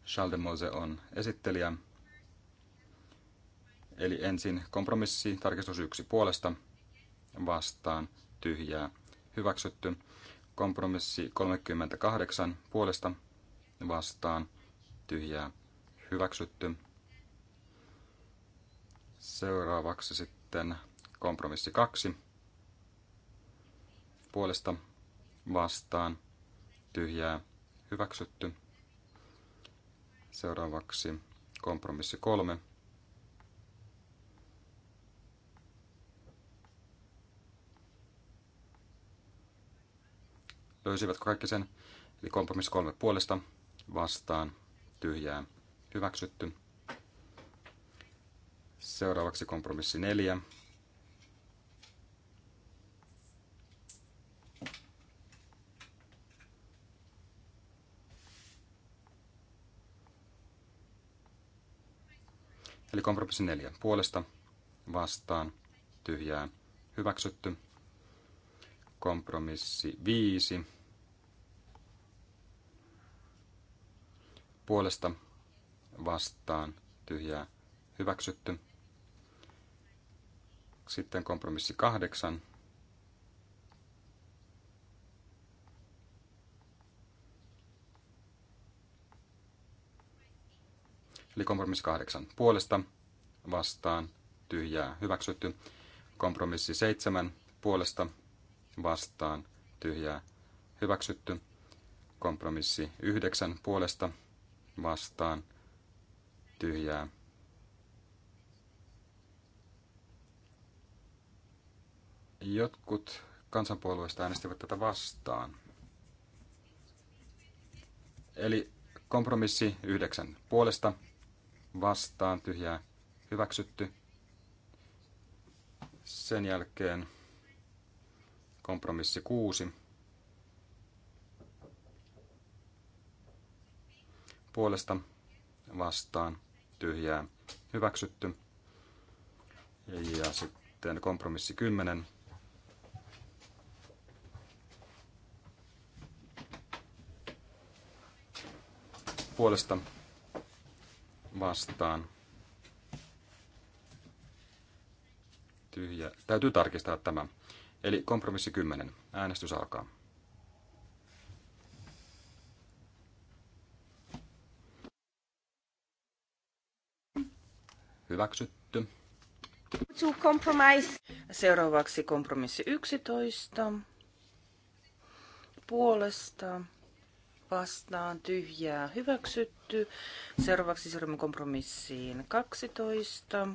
Charles de Mose on esittelijä. Eli ensin kompromissi, tarkistus yksi puolesta, vastaan, tyhjää, hyväksytty. Kompromissi 38 puolesta, vastaan, tyhjää, hyväksytty. Seuraavaksi sitten kompromissi kaksi. Puolesta vastaan tyhjää hyväksytty. Seuraavaksi kompromissi kolme. Löysivätkö kaikki sen? Eli kompromissi kolme puolesta vastaan tyhjää Hyväksytty. Seuraavaksi kompromissi 4. Eli kompromissi 4. Puolesta, vastaan, tyhjää, hyväksytty. Kompromissi 5. Puolesta, vastaan tyhjää hyväksytty. Sitten kompromissi kahdeksan. Eli kompromissi kahdeksan puolesta vastaan tyhjää hyväksytty. Kompromissi seitsemän puolesta vastaan tyhjää hyväksytty. Kompromissi yhdeksän puolesta vastaan tyhjää. Jotkut kansanpuolueista äänestivät tätä vastaan. Eli kompromissi yhdeksän puolesta vastaan tyhjää hyväksytty. Sen jälkeen kompromissi kuusi puolesta vastaan tyhjää hyväksytty. Ja sitten kompromissi 10. Puolesta vastaan. Tyhjä. Täytyy tarkistaa tämä. Eli kompromissi 10. Äänestys alkaa. Hyväksytty. Seuraavaksi kompromissi 11. Puolesta vastaan tyhjää hyväksytty. Seuraavaksi siirrymme kompromissiin 12.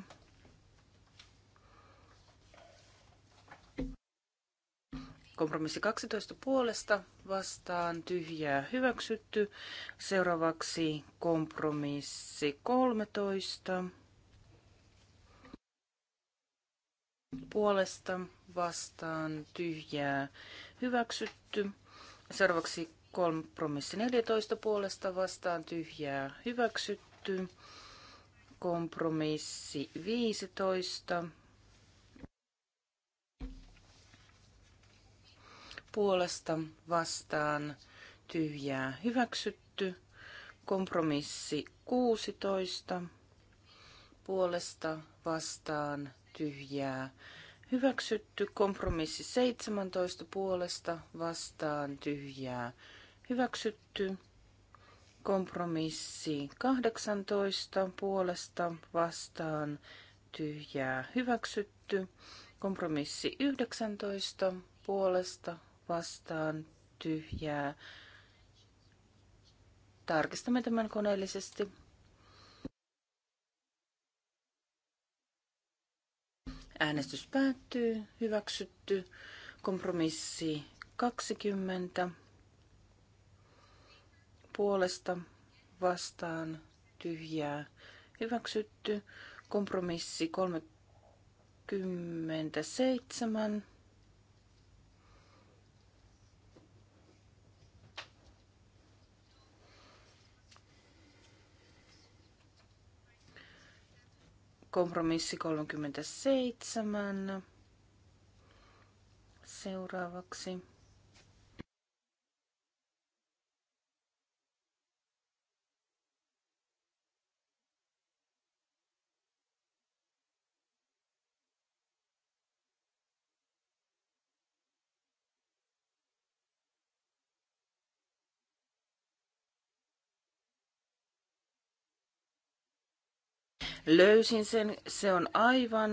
Kompromissi 12 puolesta vastaan tyhjää hyväksytty. Seuraavaksi kompromissi 13 puolesta vastaan tyhjää hyväksytty. Seuraavaksi kompromissi 14 puolesta vastaan tyhjää hyväksytty. Kompromissi 15 puolesta vastaan tyhjää hyväksytty. Kompromissi 16 puolesta vastaan tyhjää hyväksytty. Kompromissi 17 puolesta vastaan tyhjää hyväksytty. Kompromissi 18 puolesta vastaan tyhjää hyväksytty. Kompromissi 19 puolesta vastaan tyhjää. Tarkistamme tämän koneellisesti. Äänestys päättyy. Hyväksytty. Kompromissi 20. Puolesta vastaan tyhjää. Hyväksytty. Kompromissi 37. Kompromissi 37. Seuraavaksi. löysin sen. Se on aivan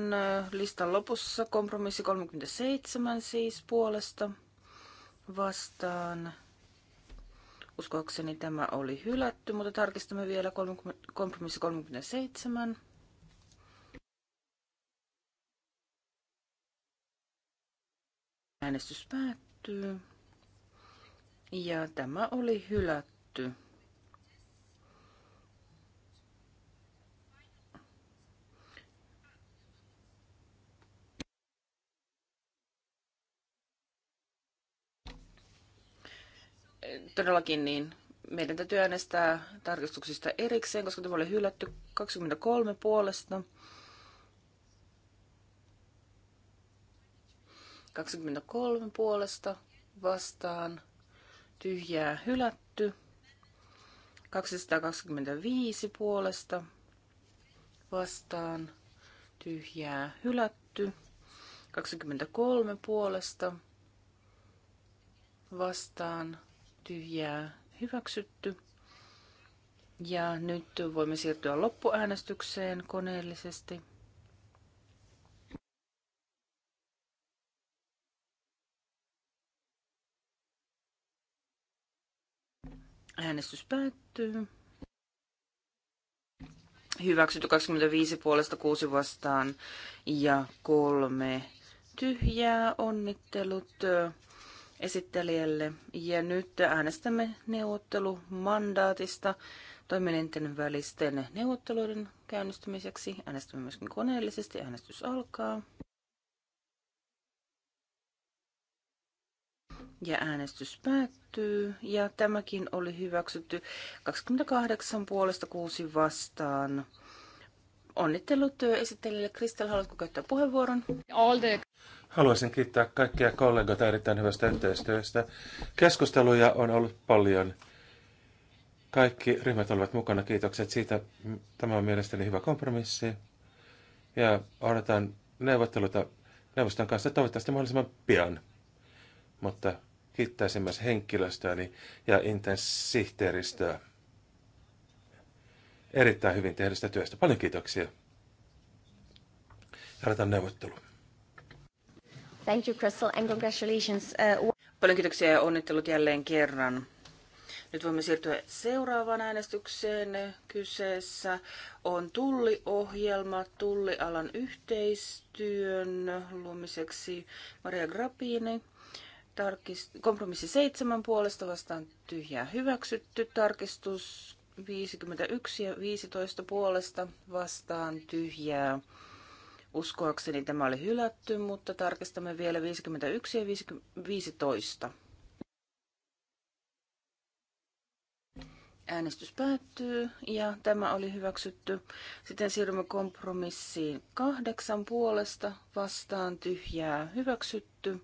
listan lopussa. Kompromissi 37 siis puolesta vastaan. Uskoakseni tämä oli hylätty, mutta tarkistamme vielä 30, kompromissi 37. Äänestys päättyy. Ja tämä oli hylätty. todellakin niin meidän täytyy äänestää tarkistuksista erikseen, koska tämä oli hylätty 23 puolesta. 23 puolesta vastaan tyhjää hylätty. 225 puolesta vastaan tyhjää hylätty. 23 puolesta vastaan tyhjää hyväksytty. Ja nyt voimme siirtyä loppuäänestykseen koneellisesti. Äänestys päättyy. Hyväksytty 25 puolesta 6 vastaan ja kolme tyhjää. Onnittelut esittelijälle. Ja nyt äänestämme neuvottelumandaatista toimielinten välisten neuvotteluiden käynnistymiseksi. Äänestämme myöskin koneellisesti. Äänestys alkaa. Ja äänestys päättyy. Ja tämäkin oli hyväksytty 28 puolesta 6 vastaan. Onnittelut esittelijälle. Kristel, haluatko käyttää puheenvuoron? All the... Haluaisin kiittää kaikkia kollegoita erittäin hyvästä yhteistyöstä. Keskusteluja on ollut paljon. Kaikki ryhmät olivat mukana. Kiitokset siitä. Tämä on mielestäni hyvä kompromissi. Ja odotan neuvotteluita neuvoston kanssa toivottavasti mahdollisimman pian. Mutta kiittäisin myös henkilöstöäni ja intenssihteeristöä erittäin hyvin tehdystä työstä. Paljon kiitoksia. Ja neuvottelu. Thank you, Crystal, and congratulations. Uh... Paljon kiitoksia ja onnittelut jälleen kerran. Nyt voimme siirtyä seuraavaan äänestykseen. Kyseessä on tulliohjelma tullialan yhteistyön luomiseksi Maria Grappini. Tarkist- kompromissi seitsemän puolesta vastaan tyhjää hyväksytty. Tarkistus 51 ja 15 puolesta vastaan tyhjää Uskoakseni tämä oli hylätty, mutta tarkistamme vielä 51 ja 15. Äänestys päättyy ja tämä oli hyväksytty. Sitten siirrymme kompromissiin kahdeksan puolesta vastaan tyhjää hyväksytty.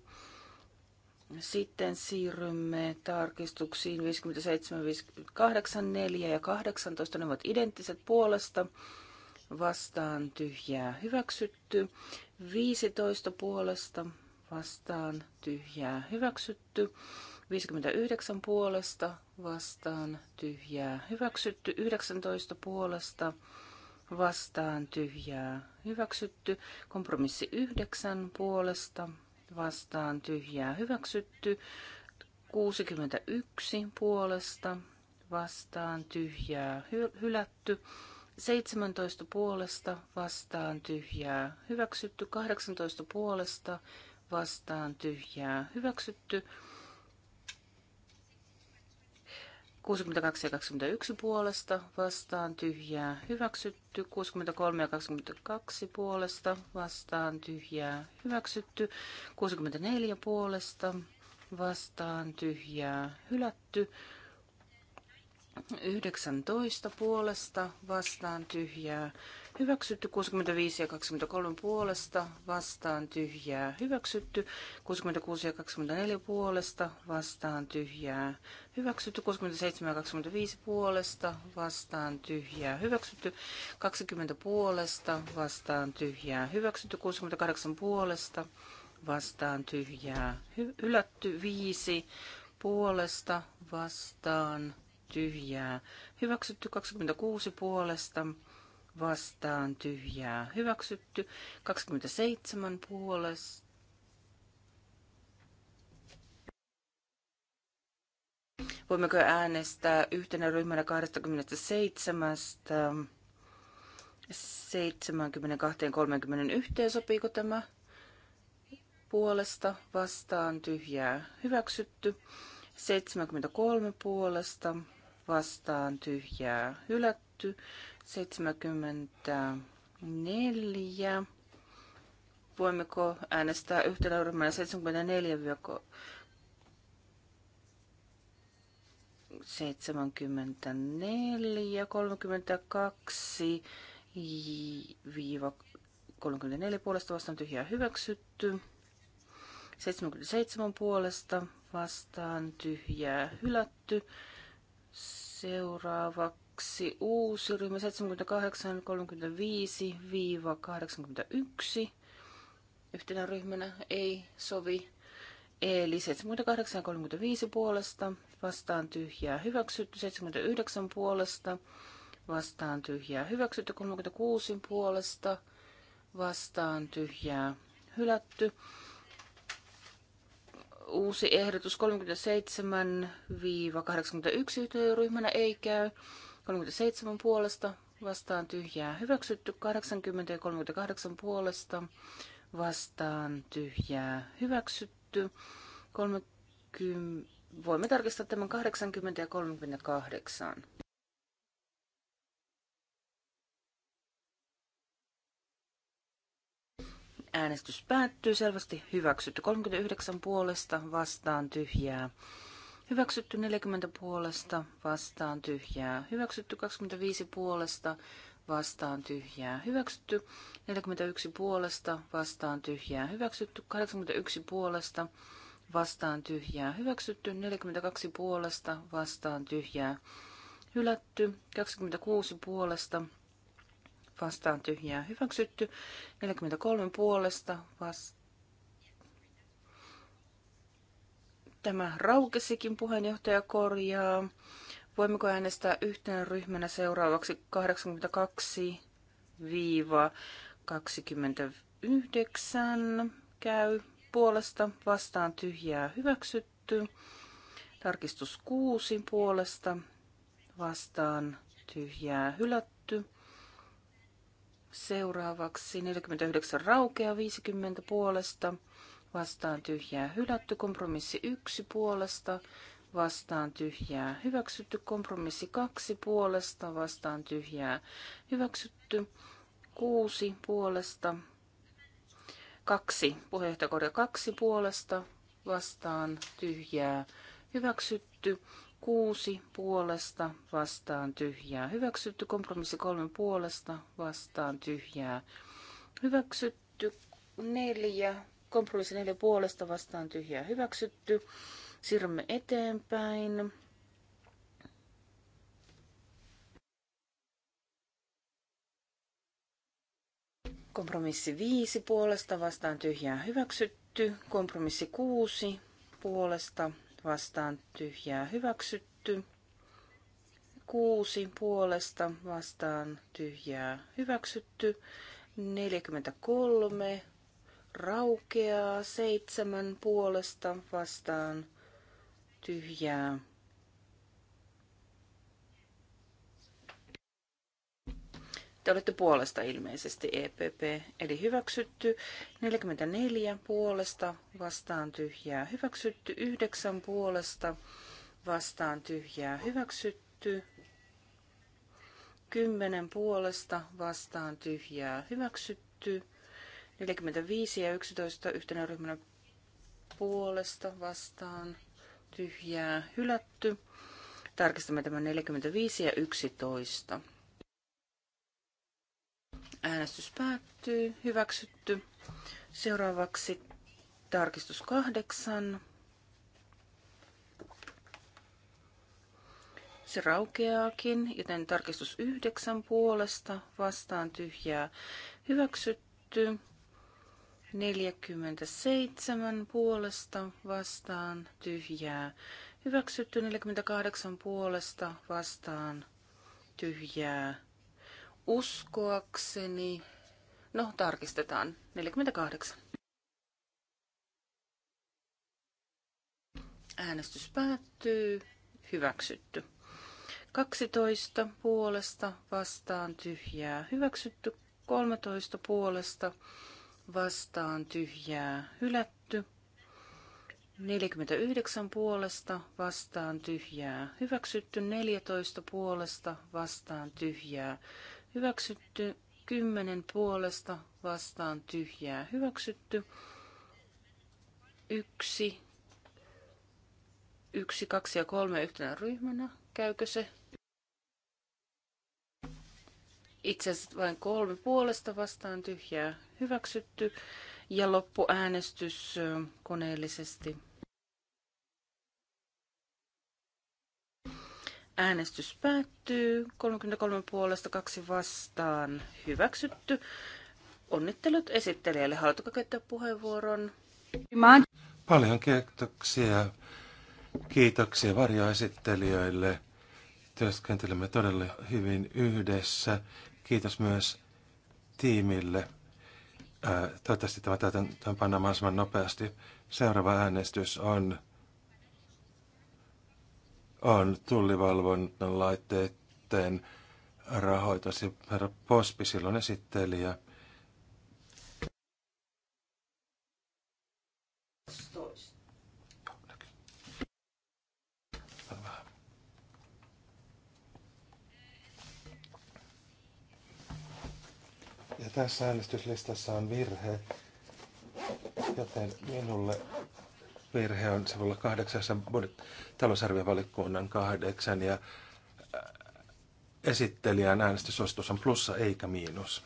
Sitten siirrymme tarkistuksiin 57, 58, 4 ja 18. Ne ovat identtiset puolesta vastaan tyhjää hyväksytty. 15 puolesta vastaan tyhjää hyväksytty. 59 puolesta vastaan tyhjää hyväksytty. 19 puolesta vastaan tyhjää hyväksytty. Kompromissi 9 puolesta vastaan tyhjää hyväksytty. 61 puolesta vastaan tyhjää hylätty. 17 puolesta vastaan tyhjää hyväksytty, 18 puolesta vastaan tyhjää hyväksytty, 62 ja 21 puolesta vastaan tyhjää hyväksytty, 63 ja 22 puolesta vastaan tyhjää hyväksytty, 64 puolesta vastaan tyhjää hylätty, 19 puolesta vastaan tyhjää. Hyväksytty 65 ja 23 puolesta vastaan tyhjää. Hyväksytty 66 ja 24 puolesta vastaan tyhjää. Hyväksytty 67 ja 25 puolesta vastaan tyhjää. Hyväksytty 20 puolesta vastaan tyhjää. Hyväksytty 68 puolesta vastaan tyhjää. Hy- hylätty 5 puolesta vastaan tyhjää tyhjää. Hyväksytty 26 puolesta vastaan tyhjää. Hyväksytty 27 puolesta. Voimmeko äänestää yhtenä ryhmänä 27, 72, 30 yhteen? Sopiiko tämä? Puolesta vastaan tyhjää hyväksytty. 73 puolesta vastaan tyhjää hylätty. 74. Voimmeko äänestää yhtenä ryhmänä 74 74, 32 viiva 34 puolesta vastaan tyhjää hyväksytty. 77 puolesta vastaan tyhjää hylätty. Seuraavaksi uusi ryhmä 78-35-81. Yhtenä ryhmänä ei sovi. Eli 78-35 puolesta vastaan tyhjää hyväksytty, 79 puolesta vastaan tyhjää hyväksytty, 36 puolesta vastaan tyhjää hylätty, uusi ehdotus 37-81 yhteenryhmänä ei käy. 37 puolesta vastaan tyhjää hyväksytty. 80 ja 38 puolesta vastaan tyhjää hyväksytty. 30, voimme tarkistaa tämän 80 ja 38. Äänestys päättyy selvästi hyväksytty. 39 puolesta vastaan tyhjää. Hyväksytty 40 puolesta vastaan tyhjää. Hyväksytty 25 puolesta vastaan tyhjää. Hyväksytty 41 puolesta vastaan tyhjää. Hyväksytty 81 puolesta vastaan tyhjää. Hyväksytty 42 puolesta vastaan tyhjää. Hylätty 26 puolesta vastaan tyhjää hyväksytty. 43 puolesta vastaan. Tämä raukesikin puheenjohtaja korjaa. Voimmeko äänestää yhtenä ryhmänä seuraavaksi 82-29 käy puolesta vastaan tyhjää hyväksytty. Tarkistus 6 puolesta vastaan tyhjää hylätty. Seuraavaksi 49 raukea 50 puolesta, vastaan tyhjää hylätty, kompromissi 1 puolesta, vastaan tyhjää hyväksytty, kompromissi 2 puolesta, vastaan tyhjää hyväksytty, 6 puolesta, 2, puheenjohtajakorja 2 puolesta, vastaan tyhjää hyväksytty, kuusi puolesta vastaan tyhjää. Hyväksytty kompromissi kolme puolesta vastaan tyhjää. Hyväksytty neljä. Kompromissi neljä puolesta vastaan tyhjää. Hyväksytty. Siirrymme eteenpäin. Kompromissi viisi puolesta vastaan tyhjää hyväksytty. Kompromissi kuusi puolesta vastaan tyhjää hyväksytty. Kuusi puolesta vastaan tyhjää hyväksytty. 43 raukeaa seitsemän puolesta vastaan tyhjää Te olette puolesta ilmeisesti EPP, eli hyväksytty 44 puolesta vastaan tyhjää, hyväksytty 9 puolesta vastaan tyhjää, hyväksytty 10 puolesta vastaan tyhjää, hyväksytty 45 ja 11 yhtenä ryhmänä puolesta vastaan tyhjää, hylätty. Tarkistamme tämän 45 ja 11. Äänestys päättyy. Hyväksytty. Seuraavaksi tarkistus kahdeksan. Se raukeaakin, joten tarkistus yhdeksän puolesta vastaan tyhjää hyväksytty. 47 puolesta vastaan tyhjää hyväksytty. 48 puolesta vastaan tyhjää uskoakseni, no tarkistetaan, 48. Äänestys päättyy, hyväksytty. 12 puolesta vastaan tyhjää, hyväksytty. 13 puolesta vastaan tyhjää, hylätty. 49 puolesta vastaan tyhjää, hyväksytty 14 puolesta vastaan tyhjää, Hyväksytty kymmenen puolesta vastaan tyhjää. Hyväksytty yksi, yksi, kaksi ja kolme yhtenä ryhmänä. Käykö se? Itse asiassa vain kolme puolesta vastaan tyhjää hyväksytty ja loppuäänestys koneellisesti. Äänestys päättyy. 33 puolesta kaksi vastaan. Hyväksytty. Onnittelut esittelijälle. Haluatko käyttää puheenvuoron? Paljon kiitoksia. Kiitoksia varjoesittelijöille. Työskentelemme todella hyvin yhdessä. Kiitos myös tiimille. Toivottavasti tämä tämän panna mahdollisimman nopeasti. Seuraava äänestys on on tullivalvonnan laitteiden rahoitus. herra Pospi silloin ja... Ja tässä äänestyslistassa on virhe, joten minulle virhe on sivulla kahdeksan, talousarviovaliokunnan kahdeksan ja äh, esittelijän äänestysostus on plussa eikä miinus.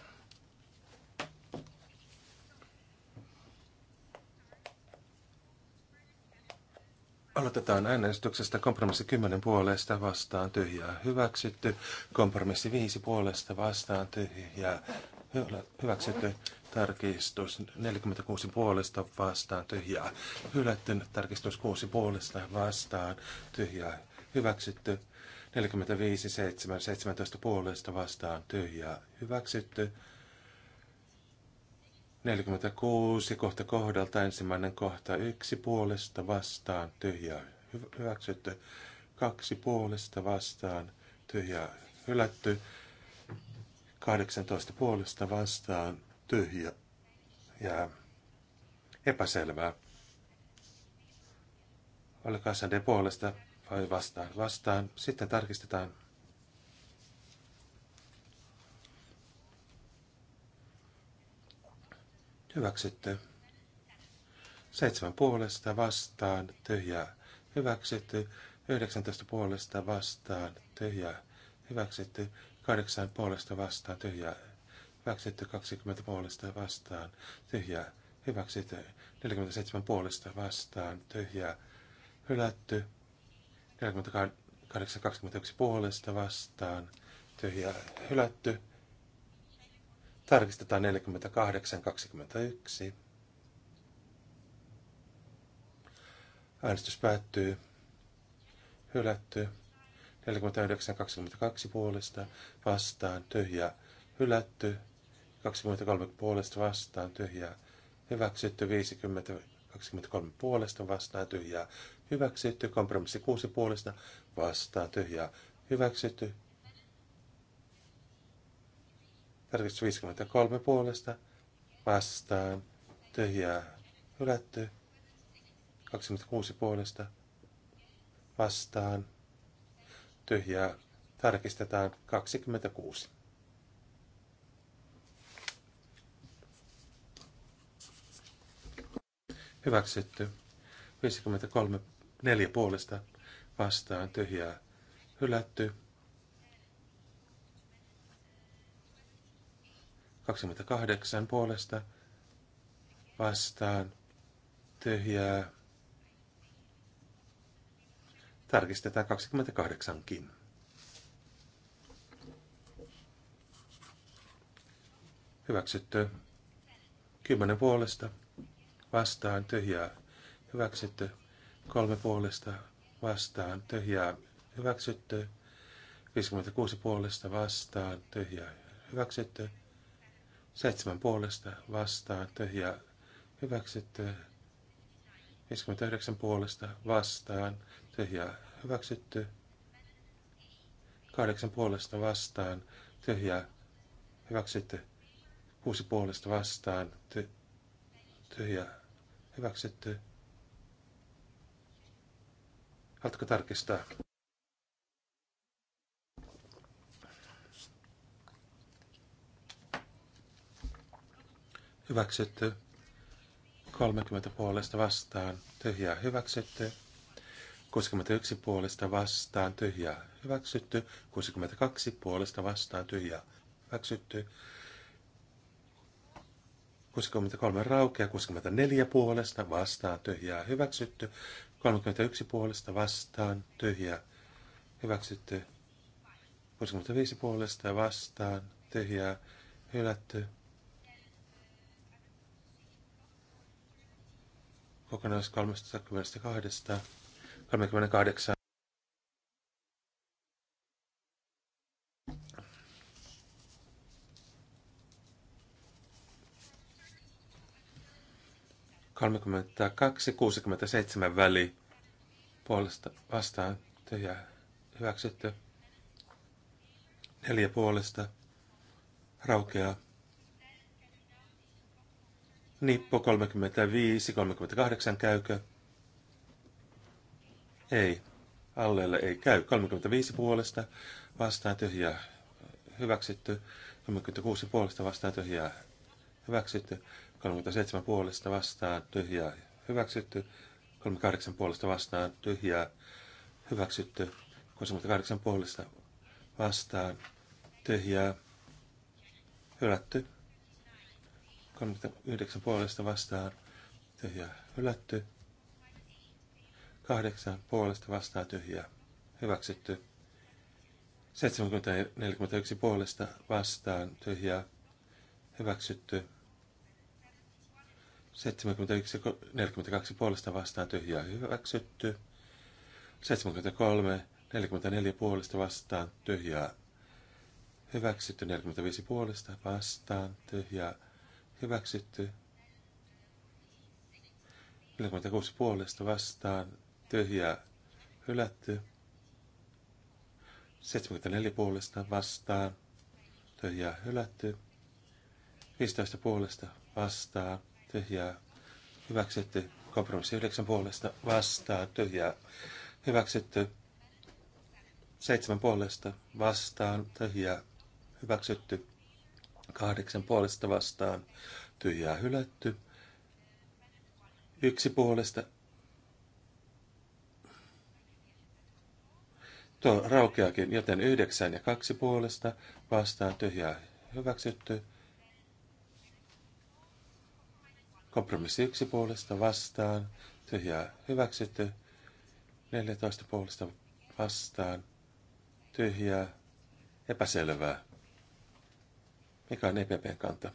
Aloitetaan äänestyksestä kompromissi 10 puolesta vastaan tyhjää hyväksytty, kompromissi 5 puolesta vastaan tyhjää hyväksytty tarkistus 46 puolesta vastaan tyhjää. Hylätty tarkistus 6 puolesta vastaan tyhjää. Hyväksytty 45 7 17 puolesta vastaan tyhjää. Hyväksytty 46 kohta kohdalta ensimmäinen kohta 1. puolesta vastaan tyhjää. Hyväksytty 2. puolesta vastaan tyhjää. Hylätty 18 puolesta vastaan tyhjä ja epäselvää. Olkaa sen puolesta vai vastaan? Vastaan. Sitten tarkistetaan. Hyväksytty. Seitsemän puolesta vastaan, tyhjää. Hyväksytty. 19 puolesta vastaan, tyhjää. Hyväksytty. 8 puolesta vastaan, tyhjä, hyväksytty 20 puolesta vastaan, tyhjä, hyväksytty 47 puolesta vastaan, tyhjä, hylätty 48 21 puolesta vastaan, tyhjä, hylätty. Tarkistetaan 48 21. Äänestys päättyy. Hylätty. 49.22 puolesta vastaan tyhjä hylätty. 23 puolesta vastaan tyhjä hyväksytty. 50 23 puolesta vastaan tyhjää hyväksytty. Kompromissi 6 puolesta vastaan tyhjää hyväksytty. Tarkistus 53 puolesta vastaan tyhjää hylätty. 26 puolesta vastaan tyhjää tarkistetaan 26. Hyväksytty. 53 neljä puolesta vastaan tyhjää hylätty. 28 puolesta vastaan tyhjää Tarkistetaan 28kin. Hyväksytty. Kymmenen puolesta. Vastaan tyhjää. Hyväksytty. Kolme puolesta. Vastaan tyhjää. Hyväksytty. 56 puolesta. Vastaan tyhjää. Hyväksytty. Seitsemän puolesta. Vastaan tyhjää. Hyväksytty. 59 puolesta. Vastaan tyhjää hyväksytty. Kahdeksan puolesta vastaan, tyhjää hyväksytty. Kuusi puolesta vastaan, ty, tyhjää hyväksytty. Haluatko tarkistaa? Hyväksytty. 30 puolesta vastaan. Tyhjää hyväksytty. 61 puolesta vastaan tyhjää hyväksytty. 62 puolesta vastaan tyhjää hyväksytty. 63 raukea, 64 puolesta vastaan tyhjää hyväksytty. 31 puolesta vastaan tyhjää hyväksytty. 65 puolesta vastaan tyhjää hylätty. Kokonaisuus 32 38. Kolmekymmentä kaksi, kuusikymmentä seitsemän väli puolesta vastaan tyhjää hyväksytty. Neljä puolesta raukeaa. Nippo 35, 38 käykö. Ei, alleelle ei käy. 35 puolesta vastaan tyhjää hyväksytty. 36 puolesta vastaan tyhjää hyväksytty. 37 puolesta vastaan tyhjää hyväksytty. 38 puolesta vastaan tyhjää hyväksytty. 38 puolesta vastaan tyhjää hylätty. 39 puolesta vastaan tyhjää hylätty. Kahdeksan puolesta vastaan tyhjää. Hyväksytty. 7041 puolesta vastaan tyhjää. Hyväksytty. 7142 puolesta vastaan tyhjää. Hyväksytty. 73 44 puolesta vastaan tyhjää. Hyväksytty 45 puolesta vastaan tyhjää. Hyväksytty 46 puolesta vastaan tyhjää hylätty. 74 puolesta vastaan, tyhjää hylätty. 15 puolesta vastaan, tyhjää hyväksytty. Kompromissi 9 puolesta vastaan, tyhjää hyväksytty. 7 puolesta vastaan, tyhjää hyväksytty. 8 puolesta vastaan, tyhjää hylätty. Yksi puolesta Tuo raukeakin, joten yhdeksän ja kaksi puolesta vastaan tyhjää hyväksytty. Kompromissi yksi puolesta vastaan tyhjää hyväksytty. 14 puolesta vastaan tyhjää epäselvää. Mikä on EPPn kanta?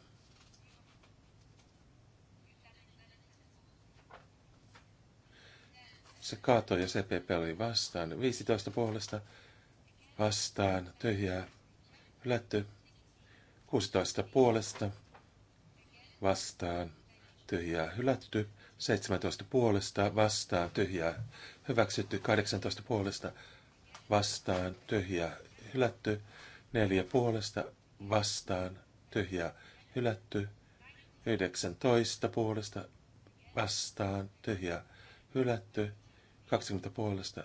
Se kaatoi ja CPP oli vastaan. 15 puolesta vastaan. Tyhjää. Hylätty. 16 puolesta vastaan. Tyhjää. Hylätty. 17 puolesta vastaan. Tyhjää. Hyväksytty. 18 puolesta vastaan. Tyhjää. Hylätty. 4 puolesta vastaan. Tyhjää. Hylätty. 19 puolesta vastaan, tyhjää hylätty, 20 puolesta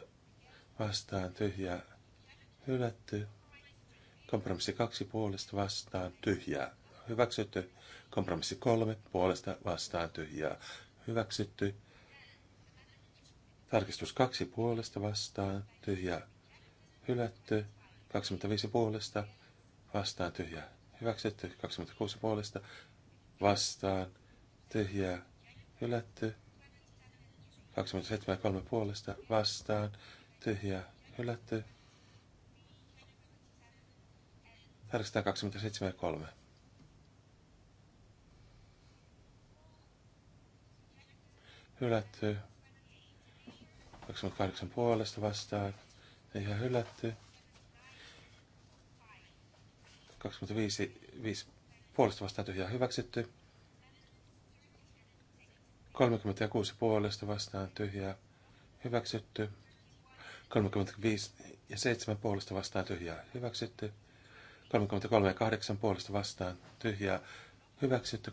vastaan tyhjää hylätty. Kompromissi 2 puolesta vastaan tyhjää hyväksytty. Kompromissi 3 puolesta vastaan tyhjää hyväksytty. Tarkistus 2 puolesta vastaan tyhjää hylätty. 25 puolesta vastaan tyhjää hyväksytty. 26 puolesta vastaan tyhjää hylätty. 27 ja 3 puolesta vastaan. Tyhjä hylätty. Tarkistetaan 27 ja 3. Hylätty. 28 puolesta vastaan. Tyhjä hylätty. 25 5 puolesta vastaan tyhjää hyväksytty. 36 puolesta vastaan tyhjää. Hyväksytty. 35 ja 7 puolesta vastaan tyhjää. Hyväksytty. 33 ja 8 puolesta vastaan tyhjää. Hyväksytty.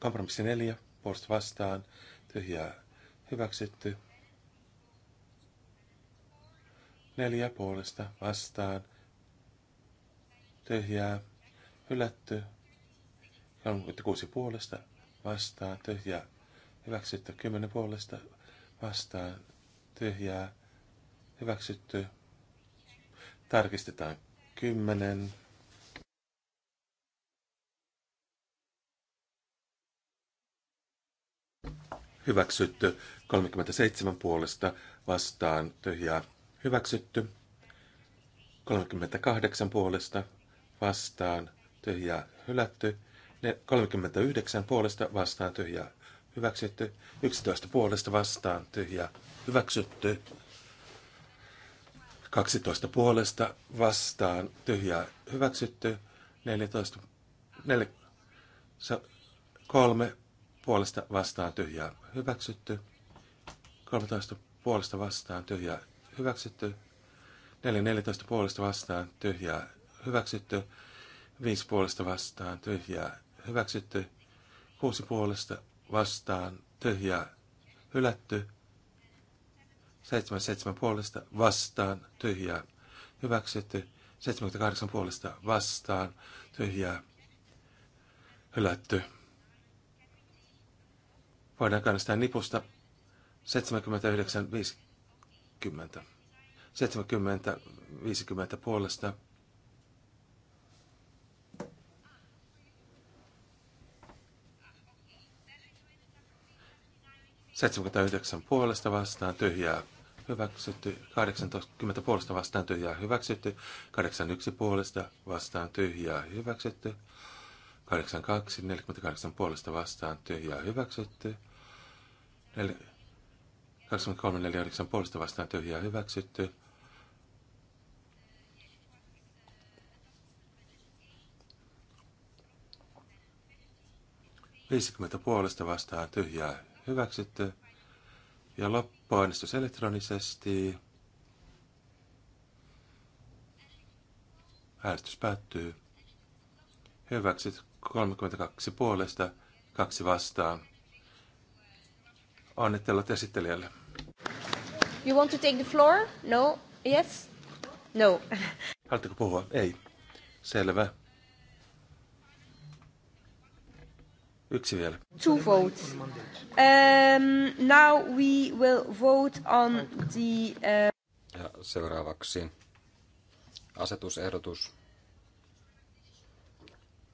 Kompromissi 4 puolesta vastaan tyhjää. Hyväksytty. 4 puolesta vastaan tyhjää. Hylätty. 36 puolesta vastaan tyhjää hyväksytty. kymmenen puolesta vastaan, tyhjää, hyväksytty. Tarkistetaan kymmenen. Hyväksytty. 37 puolesta vastaan tyhjää. Hyväksytty. 38 puolesta vastaan tyhjää. Hylätty. 39 puolesta vastaan tyhjää hyväksytty. 11 puolesta vastaan Tyhjä. hyväksytty. 12 puolesta vastaan Tyhjä. hyväksytty. 14, 4, 3 puolesta vastaan Tyhjä. hyväksytty. 13 puolesta vastaan Tyhjä. hyväksytty. 4, 14 puolesta vastaan Tyhjä. hyväksytty. 5 puolesta vastaan Tyhjä. hyväksytty. 6 puolesta vastaan tyhjää hylätty. 77 puolesta vastaan tyhjää hyväksytty. 78 puolesta vastaan tyhjää hylätty. Voidaan kannastaa nipusta 79, 50. 70, 50 puolesta 79 puolesta vastaan tyhjää hyväksytty, 80 puolesta vastaan tyhjää hyväksytty, 81 puolesta vastaan tyhjää hyväksytty, 82, 48 puolesta vastaan tyhjää hyväksytty, 23, 49 puolesta vastaan tyhjää hyväksytty, 50 puolesta vastaan tyhjää hyväksytty. Ja loppuäänestys elektronisesti. Äänestys päättyy. Hyväksyt 32 puolesta, kaksi vastaan. Onnittelut esittelijälle. You want to take the floor? No? Yes? No. Haluatteko puhua? Ei. Selvä. Yksi vielä. Two votes. Um, now we will vote on the... Uh... Ja seuraavaksi asetusehdotus.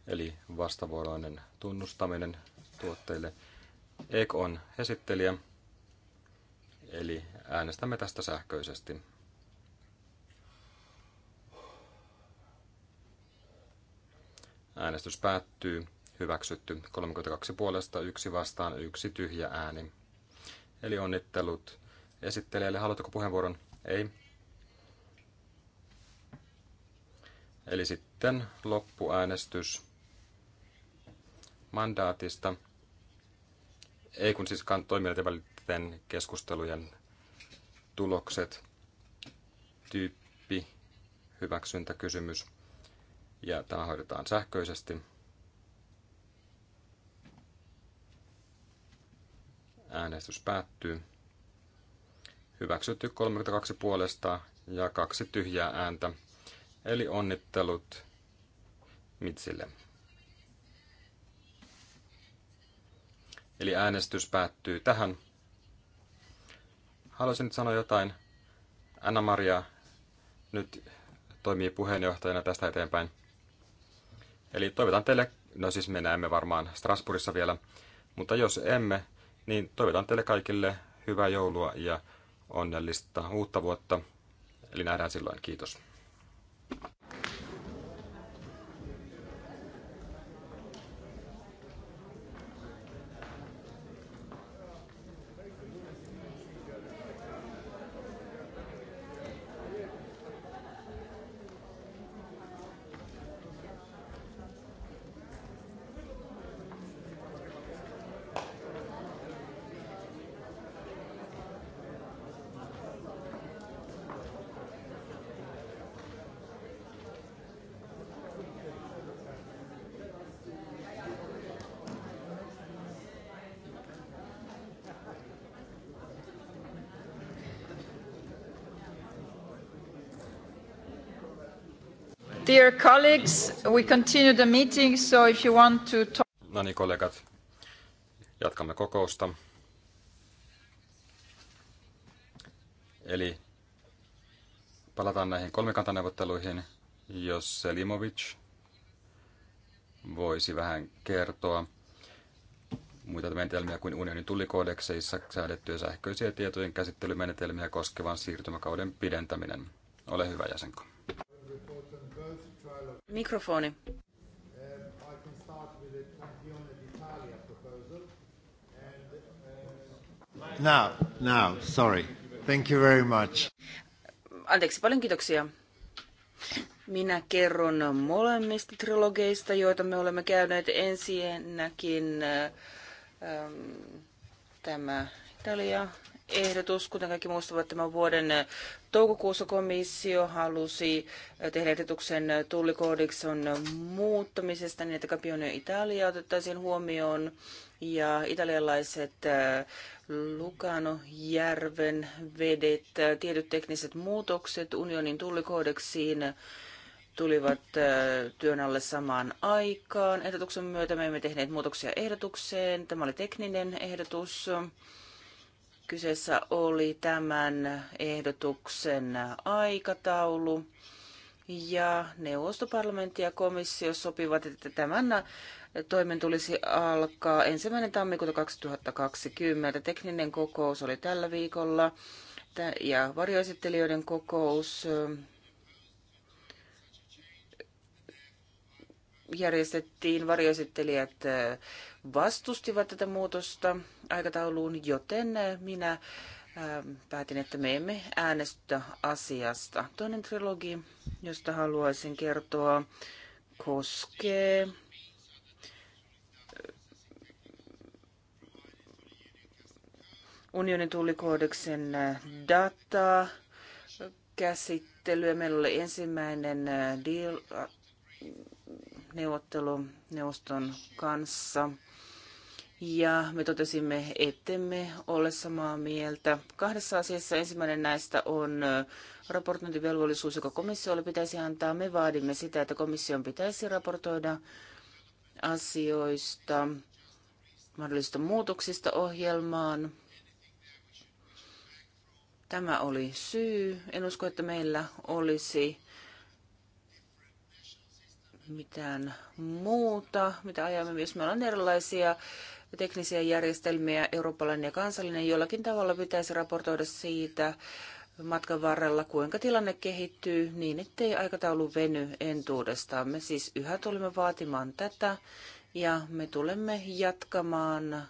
Eli vastavuoroinen tunnustaminen tuotteille. Ek on esittelijä, eli äänestämme tästä sähköisesti. Äänestys päättyy hyväksytty 32 puolesta, yksi vastaan, yksi tyhjä ääni. Eli onnittelut esittelijälle. Haluatteko puheenvuoron? Ei. Eli sitten loppuäänestys mandaatista. Ei kun siis toimijoiden välisten keskustelujen tulokset, tyyppi, hyväksyntäkysymys. Ja tämä hoidetaan sähköisesti. Äänestys päättyy. Hyväksytty 32 puolesta ja kaksi tyhjää ääntä. Eli onnittelut Mitsille. Eli äänestys päättyy tähän. Haluaisin nyt sanoa jotain. Anna-Maria nyt toimii puheenjohtajana tästä eteenpäin. Eli toivotan teille, no siis me näemme varmaan Strasbourgissa vielä, mutta jos emme, niin toivotan teille kaikille hyvää joulua ja onnellista uutta vuotta. Eli nähdään silloin. Kiitos. Dear colleagues, we continue the meeting, so if you want to talk... No niin, kollegat, jatkamme kokousta. Eli palataan näihin kolmikantaneuvotteluihin, jos Selimovic voisi vähän kertoa muita menetelmiä kuin unionin tullikoodekseissa säädettyjä sähköisiä tietojen käsittelymenetelmiä koskevan siirtymäkauden pidentäminen. Ole hyvä, jäsenko. Mikrofoni. Now, now, sorry. Thank you very much. Anteeksi, paljon kiitoksia. Minä kerron molemmista trilogeista, joita me olemme käyneet ensinnäkin ähm, tämä Italia-ehdotus, kuten kaikki muistavat tämän vuoden toukokuussa komissio halusi tehdä ehdotuksen tullikoodikson muuttamisesta niin, että Capione Italia otettaisiin huomioon ja italialaiset Lukanojärven vedet, tietyt tekniset muutokset unionin tullikoodeksiin tulivat työn alle samaan aikaan. Ehdotuksen myötä me emme tehneet muutoksia ehdotukseen. Tämä oli tekninen ehdotus. Kyseessä oli tämän ehdotuksen aikataulu. Ja neuvostoparlamentti ja komissio sopivat, että tämän toimen tulisi alkaa ensimmäinen tammikuuta 2020. Tekninen kokous oli tällä viikolla ja varjoesittelijöiden kokous järjestettiin varjoesittelijät vastustivat tätä muutosta aikatauluun, joten minä ähm, päätin, että me emme äänestä asiasta. Toinen trilogi, josta haluaisin kertoa, koskee äh, unionin tullikoodeksen äh, data käsittelyä. Meillä oli ensimmäinen äh, deal, neuvottelu neuvoston kanssa ja me totesimme, ettemme ole samaa mieltä. Kahdessa asiassa ensimmäinen näistä on raportointivelvollisuus, joka komissiolle pitäisi antaa. Me vaadimme sitä, että komission pitäisi raportoida asioista, mahdollisista muutoksista ohjelmaan. Tämä oli syy. En usko, että meillä olisi mitään muuta, mitä ajamme, jos meillä on erilaisia ja teknisiä järjestelmiä, eurooppalainen ja kansallinen, jollakin tavalla pitäisi raportoida siitä matkan varrella, kuinka tilanne kehittyy niin, ettei aikataulu veny entuudestaan. Me siis yhä tulemme vaatimaan tätä ja me tulemme jatkamaan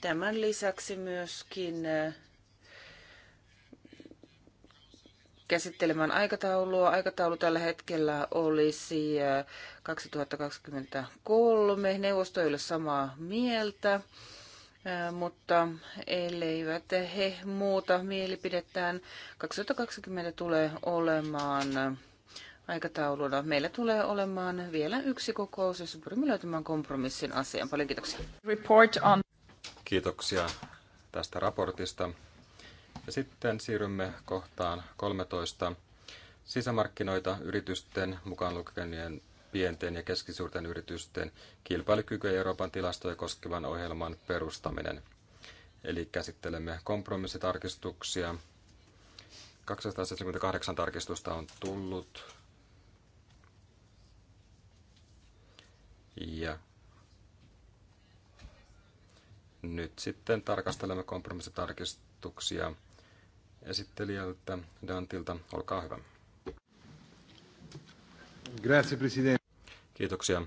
tämän lisäksi myöskin käsittelemään aikataulua. Aikataulu tällä hetkellä olisi 2023. Äh, Neuvosto ei ole samaa mieltä, äh, mutta elleivät he muuta mielipidettään, 2020 tulee olemaan aikataululla. Meillä tulee olemaan vielä yksi kokous, jossa pyrimme löytämään kompromissin asian. Paljon kiitoksia. Report on. Kiitoksia tästä raportista. Ja sitten siirrymme kohtaan 13. Sisämarkkinoita yritysten, mukaan lukenien pienten ja keskisuurten yritysten kilpailukykyä Euroopan tilastoja koskevan ohjelman perustaminen. Eli käsittelemme kompromissitarkistuksia. 278 tarkistusta on tullut. Ja nyt sitten tarkastelemme kompromissitarkistuksia esittelijältä Dantilta. Olkaa hyvä. Grazie, president. Kiitoksia.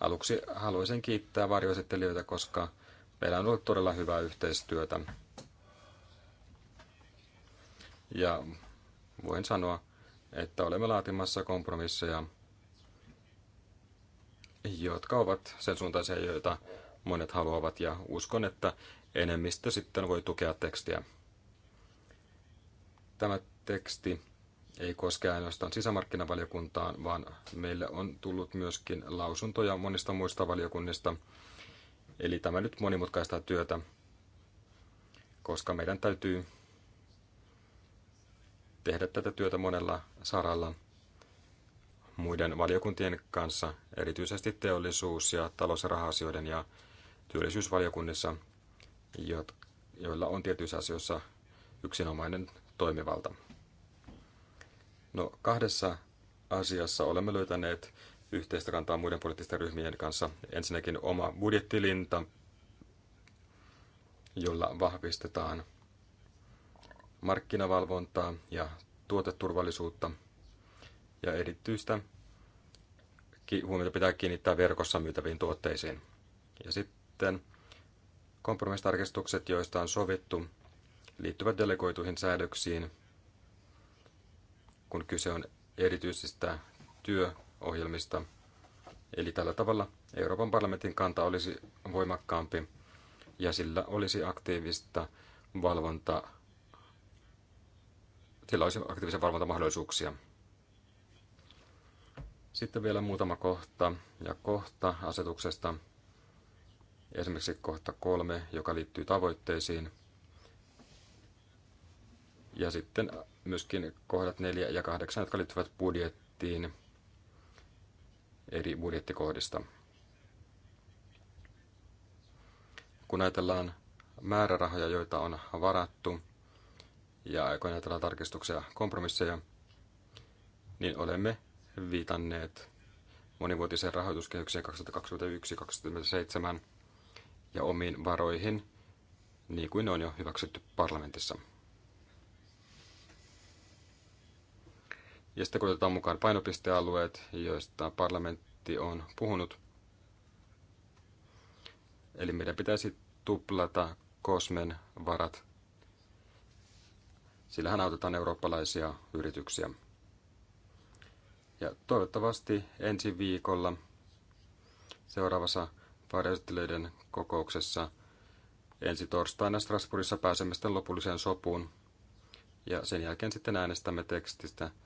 Aluksi haluaisin kiittää varjoesittelijöitä, koska meillä on ollut todella hyvää yhteistyötä. Ja voin sanoa, että olemme laatimassa kompromisseja, jotka ovat sen suuntaisia, joita monet haluavat, ja uskon, että enemmistö sitten voi tukea tekstiä tämä teksti ei koske ainoastaan sisämarkkinavaliokuntaan, vaan meille on tullut myöskin lausuntoja monista muista valiokunnista. Eli tämä nyt monimutkaista työtä, koska meidän täytyy tehdä tätä työtä monella saralla muiden valiokuntien kanssa, erityisesti teollisuus- ja talous- ja raha-asioiden ja työllisyysvaliokunnissa, joilla on tietyissä asioissa yksinomainen toimivalta. No kahdessa asiassa olemme löytäneet yhteistä kantaa muiden poliittisten ryhmien kanssa. Ensinnäkin oma budjettilinta, jolla vahvistetaan markkinavalvontaa ja tuoteturvallisuutta ja erityistä huomiota pitää kiinnittää verkossa myytäviin tuotteisiin. Ja sitten kompromissitarkistukset, joista on sovittu liittyvät delegoituihin säädöksiin, kun kyse on erityisistä työohjelmista. Eli tällä tavalla Euroopan parlamentin kanta olisi voimakkaampi ja sillä olisi aktiivista valvonta, sillä olisi aktiivisia valvontamahdollisuuksia. Sitten vielä muutama kohta ja kohta asetuksesta, esimerkiksi kohta kolme, joka liittyy tavoitteisiin – ja sitten myöskin kohdat 4 ja 8, jotka liittyvät budjettiin eri budjettikohdista. Kun ajatellaan määrärahoja, joita on varattu, ja kun ajatellaan tarkistuksia kompromisseja, niin olemme viitanneet monivuotiseen rahoituskehykseen 2021-2027 ja omiin varoihin, niin kuin ne on jo hyväksytty parlamentissa. Ja sitten kun otetaan mukaan painopistealueet, joista parlamentti on puhunut, eli meidän pitäisi tuplata kosmen varat. Sillähän autetaan eurooppalaisia yrityksiä. Ja toivottavasti ensi viikolla seuraavassa varjoesittelyiden kokouksessa ensi torstaina Strasbourgissa pääsemme sitten lopulliseen sopuun. Ja sen jälkeen sitten äänestämme tekstistä –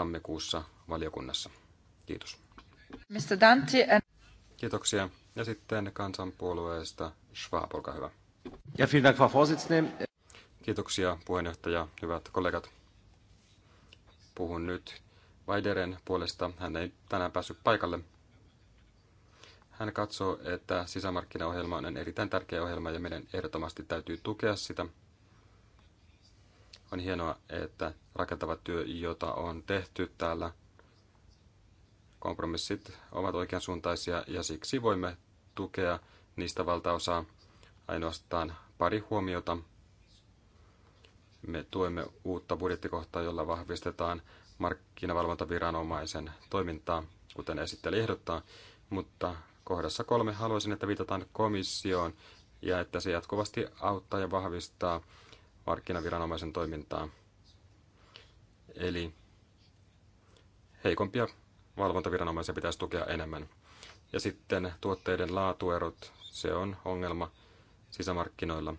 tammikuussa valiokunnassa. Kiitos. Mr. Danti and... Kiitoksia. Ja sitten kansanpuolueesta Schwab, olkaa hyvä. Ja Dank, Kiitoksia puheenjohtaja, hyvät kollegat. Puhun nyt Vaideren puolesta. Hän ei tänään päässyt paikalle. Hän katsoo, että sisämarkkinaohjelma on erittäin tärkeä ohjelma ja meidän ehdottomasti täytyy tukea sitä – on hienoa, että rakentava työ, jota on tehty täällä, kompromissit ovat oikeansuuntaisia ja siksi voimme tukea niistä valtaosaa ainoastaan pari huomiota. Me tuemme uutta budjettikohtaa, jolla vahvistetaan markkinavalvontaviranomaisen toimintaa, kuten esitteli ehdottaa, mutta kohdassa kolme haluaisin, että viitataan komissioon ja että se jatkuvasti auttaa ja vahvistaa markkinaviranomaisen toimintaa. Eli heikompia valvontaviranomaisia pitäisi tukea enemmän. Ja sitten tuotteiden laatuerot, se on ongelma sisämarkkinoilla.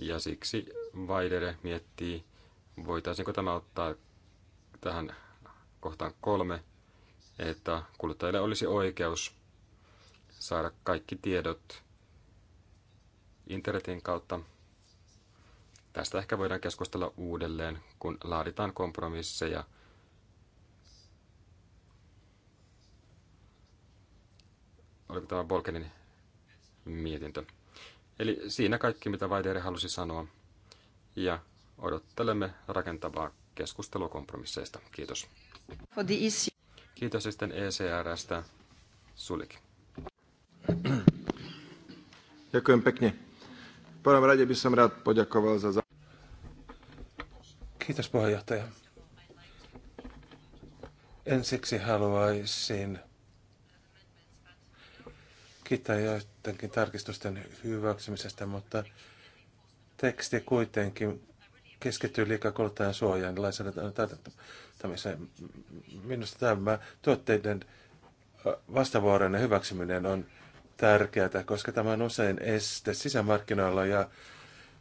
Ja siksi Vaidere miettii, voitaisiinko tämä ottaa tähän kohtaan kolme, että kuluttajille olisi oikeus saada kaikki tiedot internetin kautta Tästä ehkä voidaan keskustella uudelleen, kun laaditaan kompromisseja. Oliko tämä Bolkenin mietintö? Eli siinä kaikki, mitä Vaideri halusi sanoa. Ja odottelemme rakentavaa keskustelua kompromisseista. Kiitos. E Kiitos sitten ECRstä. Sulik. Ďakujem pekne. V prvom rade by som rád poďakoval za... Kiitos puheenjohtaja. Ensiksi haluaisin kiittää joidenkin tarkistusten hyväksymisestä, mutta teksti kuitenkin keskittyy liikaa kuluttajan suojaan lainsäädännön tarttumiseen. Minusta tämä tuotteiden vastavuoroinen hyväksyminen on tärkeää, koska tämä on usein este sisämarkkinoilla ja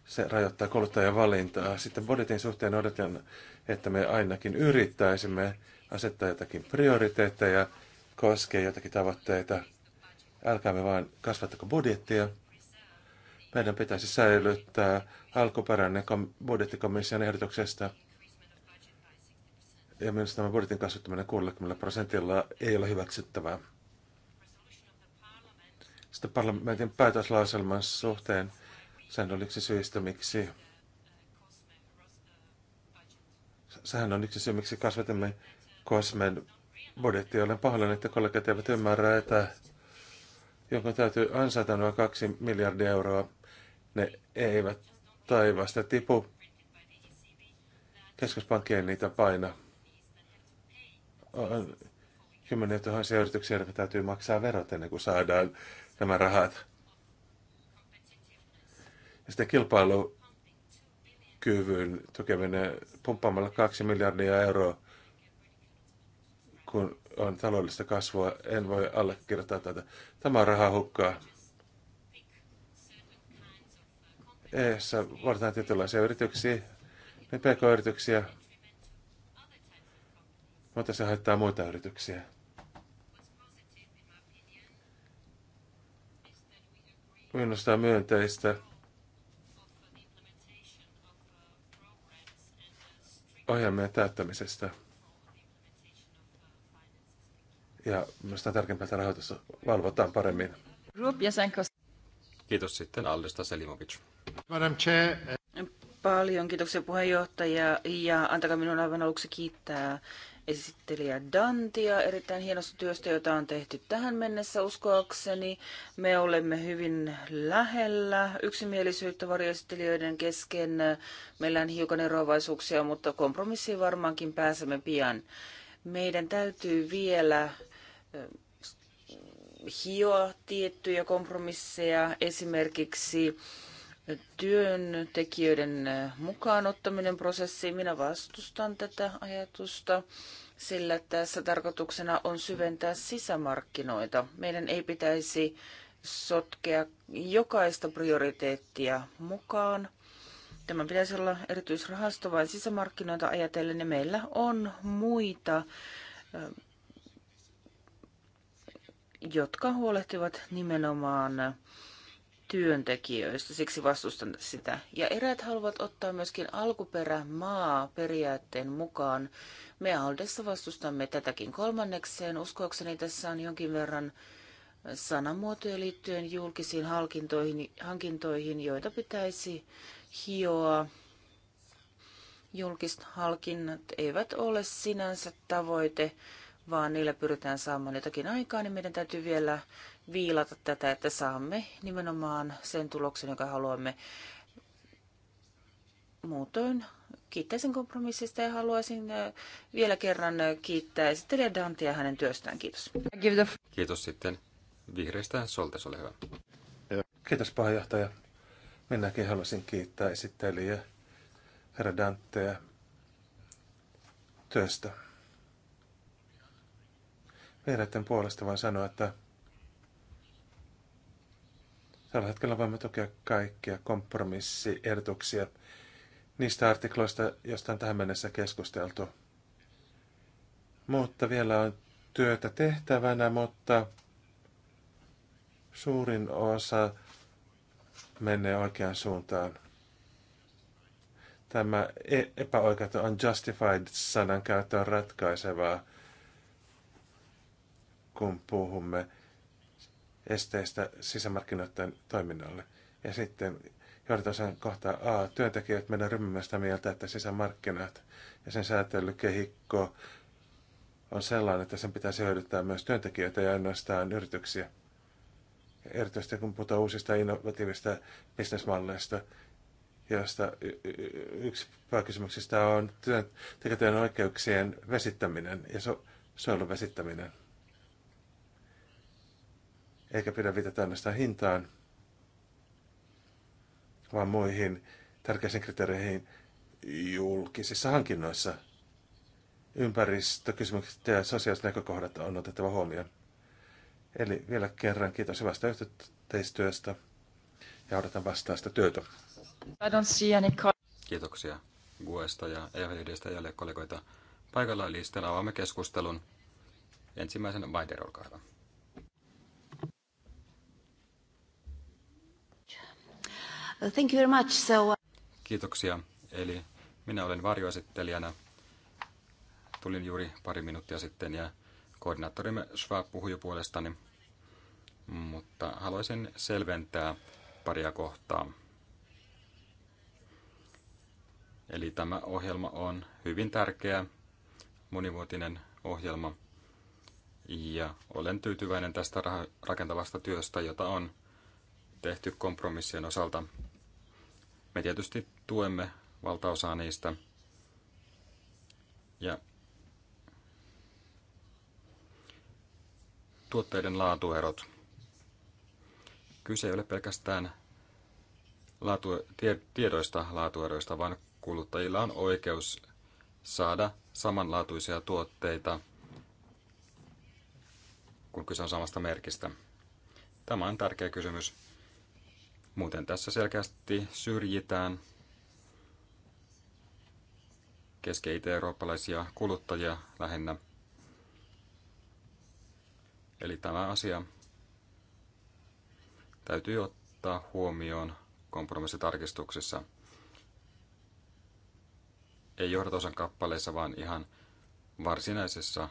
se rajoittaa kuluttajan valintaa. Sitten budjetin suhteen odotan, että me ainakin yrittäisimme asettaa jotakin prioriteetteja, koskee jotakin tavoitteita. Älkäämme vain kasvattako budjettia. Meidän pitäisi säilyttää alkuperäinen budjettikomission ehdotuksesta. Ja minusta tämä budjetin kasvattaminen 60 prosentilla ei ole hyväksyttävää. Sitten parlamentin päätöslauselman suhteen – Sehän on yksi syistä, miksi sehän on yksi syy, miksi kasvatimme Kosmen budjettia. Olen pahoillani, että kollegat eivät ymmärrä, että jonka täytyy ansaita noin kaksi miljardia euroa. Ne eivät taivaasta tipu. Keskuspankki ei niitä paina. On kymmeniä tuhansia yrityksiä, jotka täytyy maksaa verot ennen kuin saadaan nämä rahat. Ja sitten kilpailukyvyn tukeminen pumppaamalla 2 miljardia euroa, kun on taloudellista kasvua. En voi allekirjoittaa tätä. Tämä on rahaa hukkaa. EUssa vartaan tietynlaisia yrityksiä, ne pk-yrityksiä, mutta se haittaa muita yrityksiä. Minusta on myönteistä, ohjelmien täyttämisestä. Ja myös tämä tärkeämpää, että rahoitus valvotaan paremmin. Kiitos sitten Allista Selimovic. Madam Chair. Eh- Paljon kiitoksia puheenjohtaja ja antakaa minun aivan aluksi kiittää esittelijä Dantia erittäin hienosta työstä, jota on tehty tähän mennessä uskoakseni. Me olemme hyvin lähellä yksimielisyyttä varjoesittelijöiden kesken. Meillä on hiukan eroavaisuuksia, mutta kompromissiin varmaankin pääsemme pian. Meidän täytyy vielä eh, hioa tiettyjä kompromisseja, esimerkiksi työntekijöiden äh, mukaanottaminen prosessiin. Minä vastustan tätä ajatusta, sillä tässä tarkoituksena on syventää sisämarkkinoita. Meidän ei pitäisi sotkea jokaista prioriteettia mukaan. Tämä pitäisi olla erityisrahasto vain sisämarkkinoita ajatellen, ja meillä on muita, äh, jotka huolehtivat nimenomaan työntekijöistä, siksi vastustan sitä. Ja eräät haluavat ottaa myöskin alkuperämaa periaatteen mukaan. Me Aldessa vastustamme tätäkin kolmannekseen. Uskoakseni tässä on jonkin verran sanamuotoja liittyen julkisiin hankintoihin, hankintoihin joita pitäisi hioa. Julkiset hankinnat eivät ole sinänsä tavoite, vaan niillä pyritään saamaan jotakin aikaa, niin meidän täytyy vielä viilata tätä, että saamme nimenomaan sen tuloksen, joka haluamme. Muutoin kiittäisin kompromissista ja haluaisin äh, vielä kerran kiittää esittelijä Dantia hänen työstään. Kiitos. Kiitos sitten vihreistä. Soltes, ole hyvä. Kiitos puheenjohtaja. Minäkin haluaisin kiittää esittelijä herra Dantea työstä. Vihreiden puolesta voin sanoa, että Tällä hetkellä voimme tukea kaikkia kompromissiehdotuksia niistä artikloista, joista on tähän mennessä keskusteltu. Mutta vielä on työtä tehtävänä, mutta suurin osa menee oikeaan suuntaan. Tämä e- epäoikeutta, unjustified sanan käyttö on ratkaisevaa, kun puhumme esteistä sisämarkkinoiden toiminnalle. Ja sitten johdataan kohtaa A. Työntekijät meidän ryhmämme sitä mieltä, että sisämarkkinat ja sen säätelykehikko on sellainen, että sen pitäisi hyödyttää myös työntekijöitä ja ainoastaan yrityksiä. Erityisesti kun puhutaan uusista innovatiivista bisnesmalleista, joista yksi pääkysymyksistä on työntekijöiden oikeuksien vesittäminen ja suojelun vesittäminen eikä pidä viitata ainoastaan hintaan, vaan muihin tärkeisiin kriteereihin julkisissa hankinnoissa. Ympäristökysymykset ja sosiaaliset näkökohdat on otettava huomioon. Eli vielä kerran kiitos hyvästä yhteistyöstä ja odotan vastausta työtä. Kiitoksia Guesta ja Evelidistä ja kollegoita paikalla, eli sitten avaamme keskustelun. Ensimmäisen Vaider, olkaa hyvä. Uh, thank you very much. So... Uh, Kiitoksia. Eli minä olen varjoesittelijänä. Tulin juuri pari minuuttia sitten ja koordinaattorimme Schwab puhui jo puolestani, mutta haluaisin selventää paria kohtaa. Eli tämä ohjelma on hyvin tärkeä monivuotinen ohjelma ja olen tyytyväinen tästä rakentavasta työstä, jota on tehty kompromissien osalta me tietysti tuemme valtaosaa niistä. Ja tuotteiden laatuerot. Kyse ei ole pelkästään laatu, tie, tiedoista laatueroista, vaan kuluttajilla on oikeus saada samanlaatuisia tuotteita, kun kyse on samasta merkistä. Tämä on tärkeä kysymys. Muuten tässä selkeästi syrjitään keskeitä eurooppalaisia kuluttajia lähinnä. Eli tämä asia täytyy ottaa huomioon kompromissitarkistuksissa. Ei johdatosan kappaleissa, vaan ihan varsinaisessa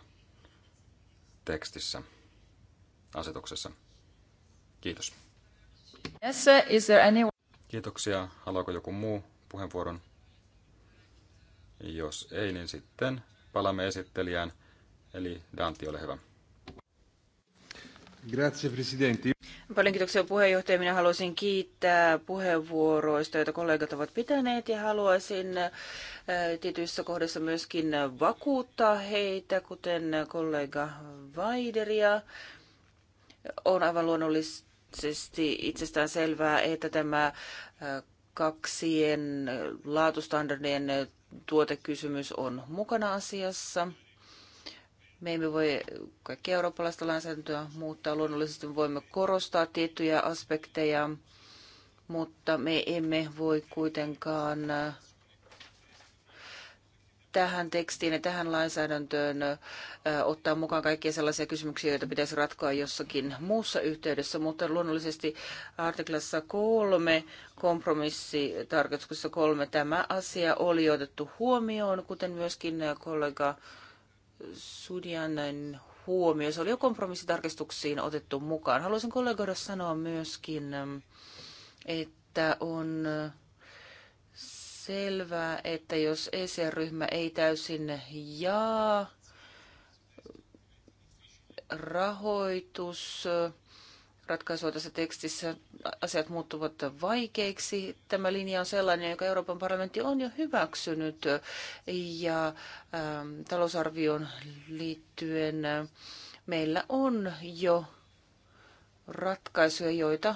tekstissä, asetuksessa. Kiitos. Yes, is there any... Kiitoksia. Haluaako joku muu puheenvuoron? Jos ei, niin sitten palaamme esittelijään. Eli Dantti, ole hyvä. Grazie, Presidenti. Paljon kiitoksia puheenjohtaja. Minä haluaisin kiittää puheenvuoroista, joita kollegat ovat pitäneet ja haluaisin äh, tietyissä kohdissa myöskin vakuuttaa heitä, kuten kollega Vaideria. On aivan luonnollista luonnollisesti itsestään selvää, että tämä kaksien laatustandardien tuotekysymys on mukana asiassa. Me emme voi kaikki eurooppalaista lainsäädäntöä muuttaa. Luonnollisesti me voimme korostaa tiettyjä aspekteja, mutta me emme voi kuitenkaan tähän tekstiin ja tähän lainsäädäntöön ottaa mukaan kaikkia sellaisia kysymyksiä, joita pitäisi ratkoa jossakin muussa yhteydessä, mutta luonnollisesti artiklassa kolme kompromissi tarkoituksessa kolme tämä asia oli otettu huomioon, kuten myöskin kollega Sudianen huomio. Se oli jo kompromissitarkistuksiin otettu mukaan. Haluaisin kollegoida sanoa myöskin, että on selvää, että jos ECR-ryhmä ei täysin jaa rahoitus, ratkaisua tässä tekstissä, asiat muuttuvat vaikeiksi. Tämä linja on sellainen, joka Euroopan parlamentti on jo hyväksynyt ja ähm, talousarvioon liittyen meillä on jo ratkaisuja, joita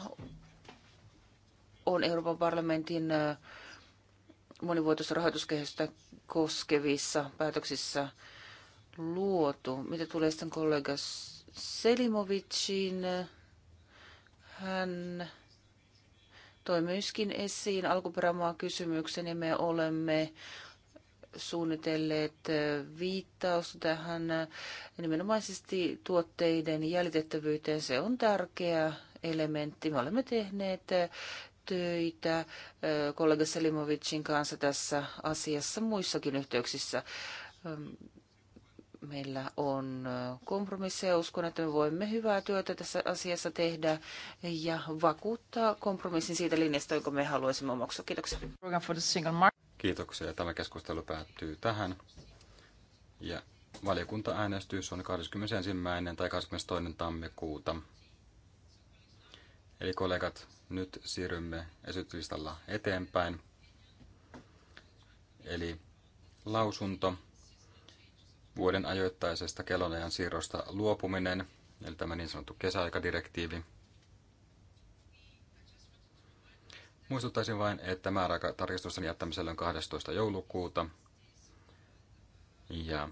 on Euroopan parlamentin äh, monivuotoista rahoituskehystä koskevissa päätöksissä luotu. Mitä tulee sitten kollega Selimovicin, hän toi myöskin esiin alkuperämaa kysymyksen ja me olemme suunnitelleet viittausta tähän nimenomaisesti tuotteiden jäljitettävyyteen. Se on tärkeä elementti. Me olemme tehneet töitä kollega Selimovicin kanssa tässä asiassa muissakin yhteyksissä. Meillä on kompromisseja. Uskon, että me voimme hyvää työtä tässä asiassa tehdä ja vakuuttaa kompromissin siitä linjasta, jonka me haluaisimme omaksua. Kiitoksia. Kiitoksia. Tämä keskustelu päättyy tähän. Ja valiokuntaäänestys on 21. tai 22. tammikuuta. Eli kollegat, nyt siirrymme esityslistalla eteenpäin. Eli lausunto vuoden ajoittaisesta kellonajan siirrosta luopuminen, eli tämä niin sanottu kesäaikadirektiivi. Muistuttaisin vain, että määräaikatarkistusten jättämisellä on 12. joulukuuta. Ja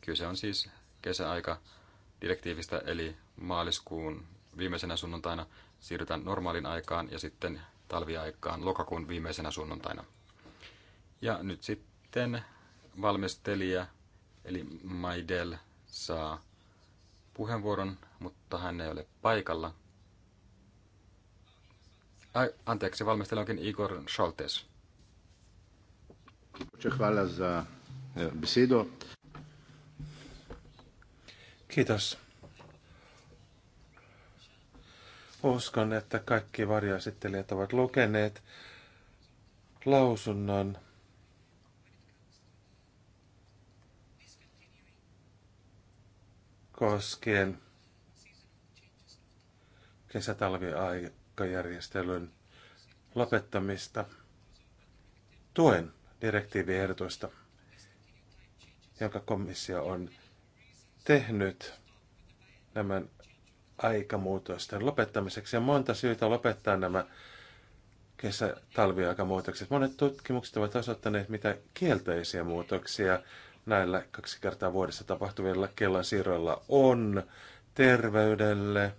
kyse on siis kesäaika direktiivistä, eli maaliskuun viimeisenä sunnuntaina siirrytään normaalin aikaan ja sitten talviaikaan lokakuun viimeisenä sunnuntaina. Ja nyt sitten valmistelija, eli Maidel, saa puheenvuoron, mutta hän ei ole paikalla. Ai, anteeksi, valmistelija onkin Igor Scholtes. Eh, Kiitos Uskon, että kaikki varjoesittelijät ovat lukeneet lausunnon. koskien kesätalviaikajärjestelyn lopettamista. Tuen direktiiviehdotusta, jonka komissio on tehnyt. Nämä aikamuutosten lopettamiseksi. Ja monta syytä lopettaa nämä kesä-talviaikamuutokset. Monet tutkimukset ovat osoittaneet, mitä kielteisiä muutoksia näillä kaksi kertaa vuodessa tapahtuvilla kellon siirroilla on terveydelle,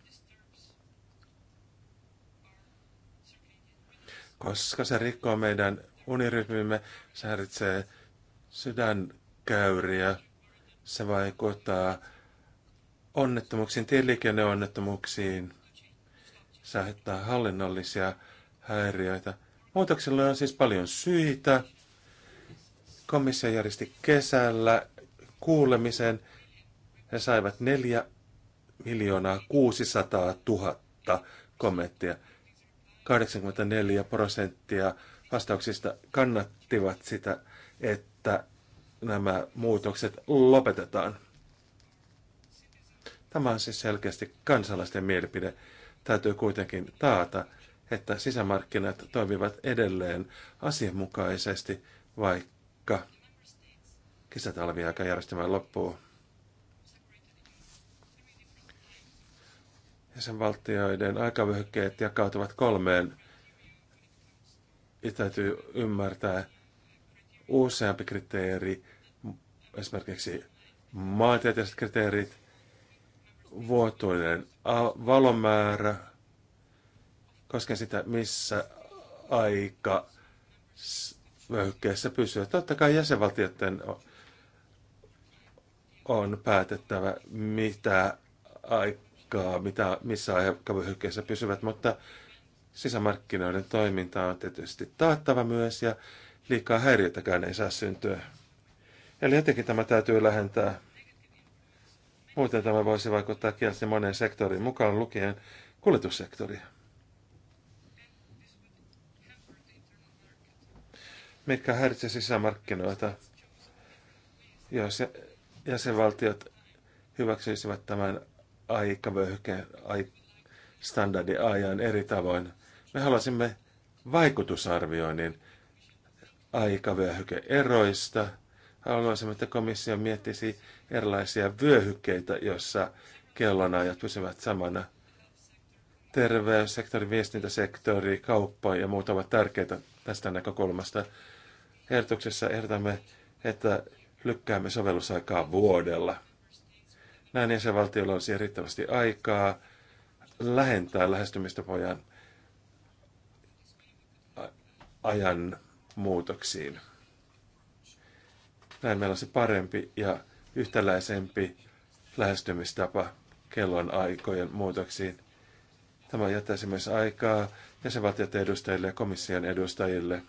koska se rikkoo meidän unirytmimme, se häiritsee sydänkäyriä, se vaikuttaa onnettomuuksiin, tieliikenneonnettomuuksiin saattaa hallinnollisia häiriöitä. Muutoksilla on siis paljon syitä. Komissio järjesti kesällä kuulemisen. He saivat 4 miljoonaa 600 000 kommenttia. 84 prosenttia vastauksista kannattivat sitä, että nämä muutokset lopetetaan. Tämä on siis selkeästi kansalaisten mielipide. Täytyy kuitenkin taata, että sisämarkkinat toimivat edelleen asianmukaisesti, vaikka kesätalviaika järjestämään loppuu. Jäsenvaltioiden aikavyöhykkeet jakautuvat kolmeen ja täytyy ymmärtää useampi kriteeri, esimerkiksi maantieteelliset kriteerit, vuotuinen valomäärä koskien sitä, missä aika vöhykkeessä pysyy. Totta kai jäsenvaltioiden on päätettävä, mitä aikaa, mitä, missä aikavyöhykkeessä pysyvät, mutta sisämarkkinoiden toiminta on tietysti taattava myös ja liikaa häiriötäkään ei saa syntyä. Eli jotenkin tämä täytyy lähentää Muuten tämä voisi vaikuttaa kielsi monen sektoriin, mukaan lukien kuljetussektori. Mikä häiritsee sisämarkkinoita, jos jäsenvaltiot hyväksyisivät tämän aikavöyhkeen ai, standardiajan eri tavoin. Me haluaisimme vaikutusarvioinnin aikavyöhykeeroista eroista Haluaisimme, että komissio miettisi erilaisia vyöhykkeitä, joissa kellonajat pysyvät samana. Terveyssektori, viestintäsektori, kauppa ja muut ovat tärkeitä tästä näkökulmasta. Ehdotuksessa ehdotamme, että lykkäämme sovellusaikaa vuodella. Näin jäsenvaltiolla olisi riittävästi aikaa lähentää lähestymistapojan ajan muutoksiin. Näin meillä on se parempi ja yhtäläisempi lähestymistapa kellon aikojen muutoksiin. Tämä jättäisi myös aikaa jäsenvaltioiden edustajille ja komission edustajille.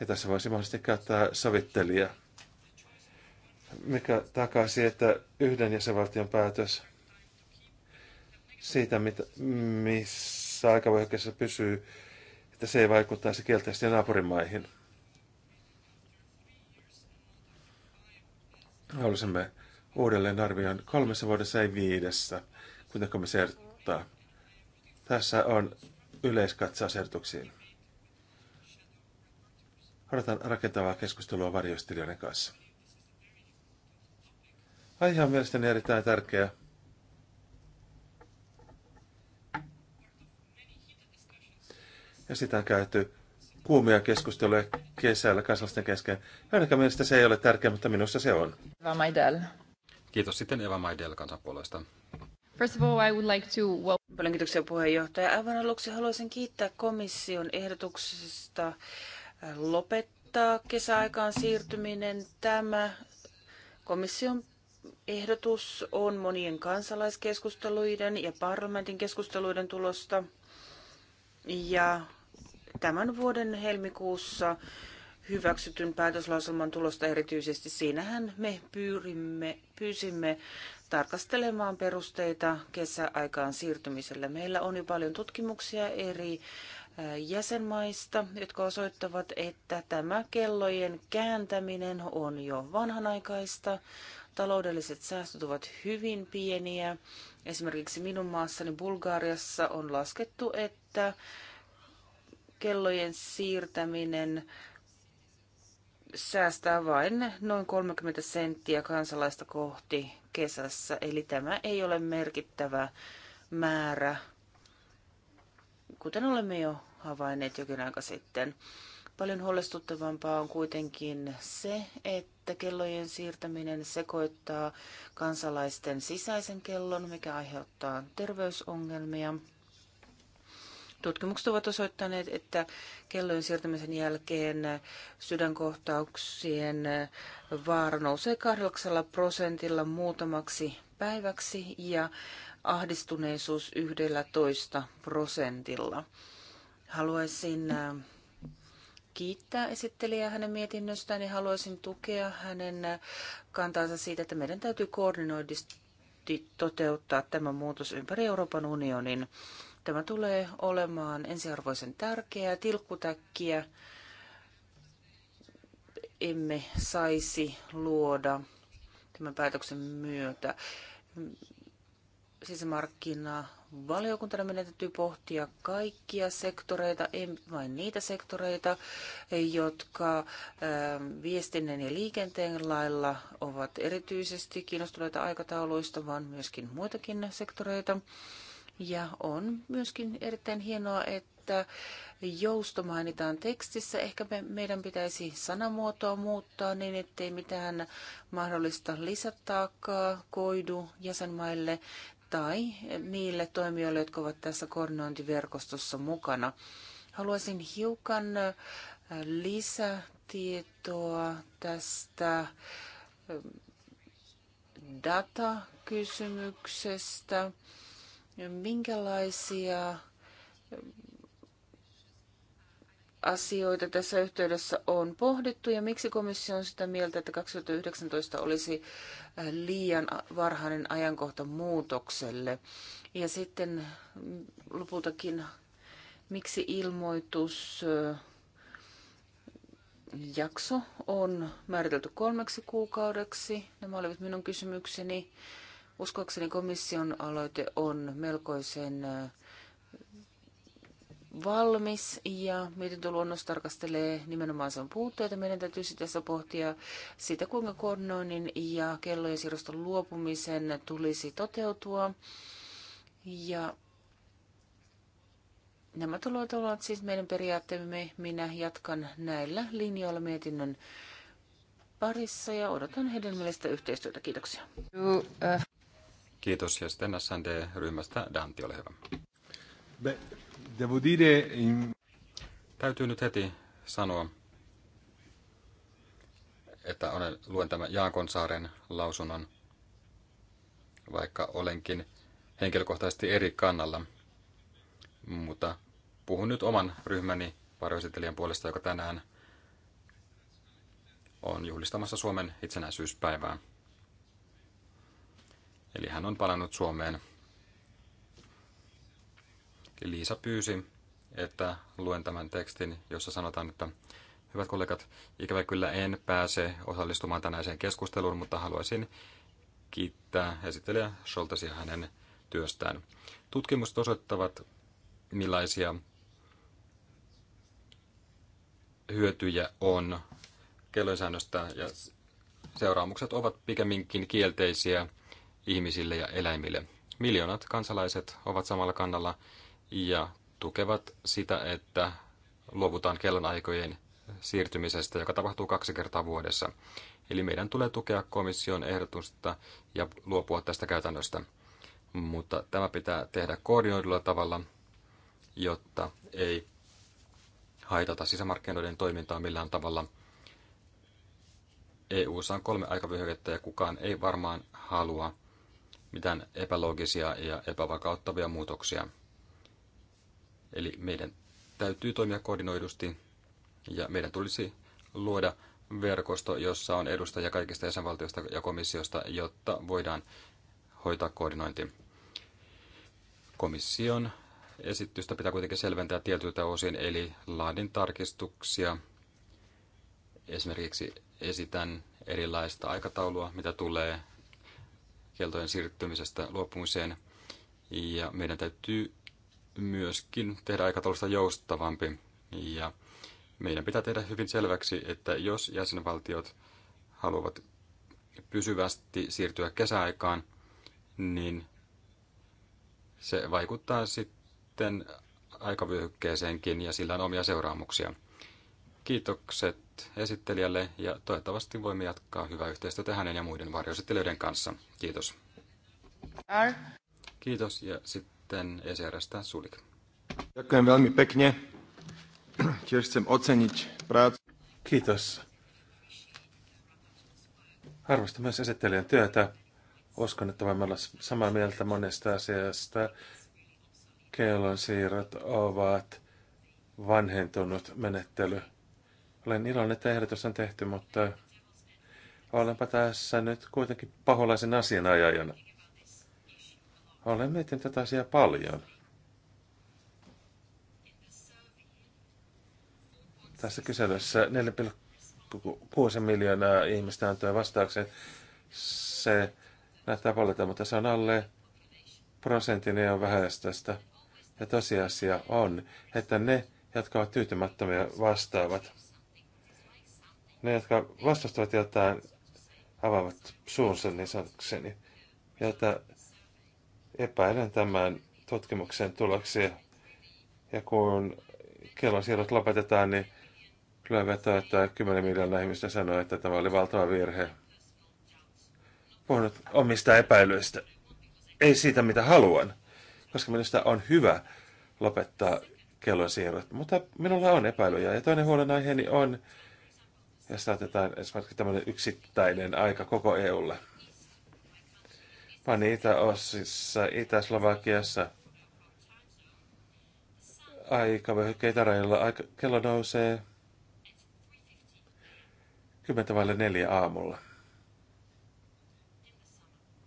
Ja tässä voisi mahdollisesti käyttää sovittelija, mikä takaisi, että yhden jäsenvaltion päätös siitä, mitä, missä aikavyöhykkeessä pysyy, että se ei vaikuttaisi kielteisesti naapurimaihin. Haluaisimme uudelleen arvion kolmessa vuodessa, ei viidessä, kuten me sertaa. Tässä on yleiskatsaus Odotan rakentavaa keskustelua varjostilijoiden kanssa. Aihe on mielestäni erittäin tärkeä. Ja sitä on käyty kuumia keskusteluja kesällä kansalaisten kesken. Ainakaan mielestä se ei ole tärkeä, mutta minusta se on. Eva Maidel. Kiitos sitten Eva Maidel kansanpuolesta. First of all, I would like to... welcome. Paljon kiitoksia puheenjohtaja. Aivan aluksi haluaisin kiittää komission ehdotuksesta äh, lopettaa kesäaikaan siirtyminen. Tämä komission ehdotus on monien kansalaiskeskusteluiden ja parlamentin keskusteluiden tulosta. Ja tämän vuoden helmikuussa hyväksytyn päätöslauselman tulosta erityisesti. Siinähän me pyyrimme, pyysimme tarkastelemaan perusteita kesäaikaan siirtymiselle. Meillä on jo paljon tutkimuksia eri jäsenmaista, jotka osoittavat, että tämä kellojen kääntäminen on jo vanhanaikaista. Taloudelliset säästöt ovat hyvin pieniä. Esimerkiksi minun maassani Bulgariassa on laskettu, että kellojen siirtäminen säästää vain noin 30 senttiä kansalaista kohti kesässä, eli tämä ei ole merkittävä määrä, kuten olemme jo havainneet jokin aika sitten. Paljon huolestuttavampaa on kuitenkin se, että kellojen siirtäminen sekoittaa kansalaisten sisäisen kellon, mikä aiheuttaa terveysongelmia. Tutkimukset ovat osoittaneet, että kellojen siirtämisen jälkeen sydänkohtauksien vaara nousee 8 prosentilla muutamaksi päiväksi ja ahdistuneisuus 11 prosentilla. Haluaisin äh, kiittää esittelijää hänen mietinnöstään ja haluaisin tukea hänen äh, kantaansa siitä, että meidän täytyy koordinoidusti toteuttaa tämä muutos ympäri Euroopan unionin. Tämä tulee olemaan ensiarvoisen tärkeää. Tilkkutäkkiä emme saisi luoda tämän päätöksen myötä. Sisämarkkina valiokunta meidän täytyy pohtia kaikkia sektoreita, ei vain niitä sektoreita, jotka ähm, viestinnän ja liikenteen lailla ovat erityisesti kiinnostuneita aikatauluista, vaan myöskin muitakin sektoreita. Ja on myöskin erittäin hienoa, että jousto mainitaan tekstissä. Ehkä me, meidän pitäisi sanamuotoa muuttaa niin, ettei mitään mahdollista lisätaakkaa koidu jäsenmaille tai niille toimijoille, jotka ovat tässä koordinointiverkostossa mukana. Haluaisin hiukan lisätietoa tästä datakysymyksestä. kysymyksestä Minkälaisia asioita tässä yhteydessä on pohdittu ja miksi komissio on sitä mieltä, että 2019 olisi liian varhainen ajankohta muutokselle? Ja sitten lopultakin, miksi ilmoitusjakso on määritelty kolmeksi kuukaudeksi? Nämä olivat minun kysymykseni. Uskoakseni komission aloite on melkoisen valmis ja mietintöluonnos tarkastelee nimenomaan sen puutteita. Meidän täytyy tässä pohtia sitä, kuinka koordinoinnin ja kellojen siirrosta luopumisen tulisi toteutua. Ja nämä tulot ovat siis meidän periaatteemme. Minä jatkan näillä linjoilla mietinnön parissa ja odotan hedelmällistä yhteistyötä. Kiitoksia. Äh. Kiitos. Ja sitten SND-ryhmästä Dantti, ole hyvä. Täytyy nyt heti sanoa, että olen, luen tämän Jaakonsaaren lausunnon, vaikka olenkin henkilökohtaisesti eri kannalla. Mutta puhun nyt oman ryhmäni varjoesittelijän puolesta, joka tänään on juhlistamassa Suomen itsenäisyyspäivää. Eli hän on palannut Suomeen. Liisa pyysi, että luen tämän tekstin, jossa sanotaan, että Hyvät kollegat, ikävä kyllä en pääse osallistumaan tänäiseen keskusteluun, mutta haluaisin kiittää esittelijä Scholtesia hänen työstään. Tutkimukset osoittavat, millaisia hyötyjä on kellosäännöstä ja seuraamukset ovat pikemminkin kielteisiä ihmisille ja eläimille. Miljoonat kansalaiset ovat samalla kannalla ja tukevat sitä, että luovutaan kellonaikojen siirtymisestä, joka tapahtuu kaksi kertaa vuodessa. Eli meidän tulee tukea komission ehdotusta ja luopua tästä käytännöstä. Mutta tämä pitää tehdä koordinoidulla tavalla, jotta ei haitata sisämarkkinoiden toimintaa millään tavalla. EU on kolme aikavyöhykettä ja kukaan ei varmaan halua mitään epäloogisia ja epävakauttavia muutoksia. Eli meidän täytyy toimia koordinoidusti ja meidän tulisi luoda verkosto, jossa on edustajia kaikista jäsenvaltioista ja komissiosta, jotta voidaan hoitaa koordinointi. Komission esitystä pitää kuitenkin selventää tietyiltä osin, eli laadin tarkistuksia. Esimerkiksi esitän erilaista aikataulua, mitä tulee kieltojen siirtymisestä luopumiseen. Ja meidän täytyy myöskin tehdä aikataulusta joustavampi. Ja meidän pitää tehdä hyvin selväksi, että jos jäsenvaltiot haluavat pysyvästi siirtyä kesäaikaan, niin se vaikuttaa sitten aikavyöhykkeeseenkin ja sillä on omia seuraamuksia. Kiitokset esittelijälle ja toivottavasti voimme jatkaa hyvää yhteistyötä hänen ja muiden varjoesittelijöiden kanssa. Kiitos. Kiitos ja sitten esiärästä Sulik. Ďakujem velmi pekne. Tiež chcem oceniť prácu. Kiitos. Arvostan myös esittelijän työtä. Uskon, että voimme olla samaa mieltä monesta asiasta. siirrot ovat vanhentunut menettely – olen iloinen, että ehdotus on tehty, mutta olenpa tässä nyt kuitenkin paholaisen asianajajana. Olen miettinyt tätä asiaa paljon. Tässä kyselyssä 4,6 miljoonaa ihmistä antoi vastauksen. Se näyttää paljon, mutta se on alle prosentin on vähäistöstä. Ja tosiasia on, että ne, jotka ovat tyytymättömiä, vastaavat ne, jotka vastustavat jotain, avaavat suunsa niin sanokseni. että epäilen tämän tutkimuksen tuloksia. Ja kun siirrot lopetetaan, niin kyllä vetää, että 10 miljoonaa ihmistä sanoi, että tämä oli valtava virhe. Puhunut omista epäilyistä. Ei siitä, mitä haluan. Koska minusta on hyvä lopettaa siirrot. Mutta minulla on epäilyjä. Ja toinen huolenaiheeni on, ja saatetaan esimerkiksi tämmöinen yksittäinen aika koko EUlle. Vaan itä ossissa Itä-Slovakiassa aika vyöhykkeen rajoilla, Aika, kello nousee 10 vaille aamulla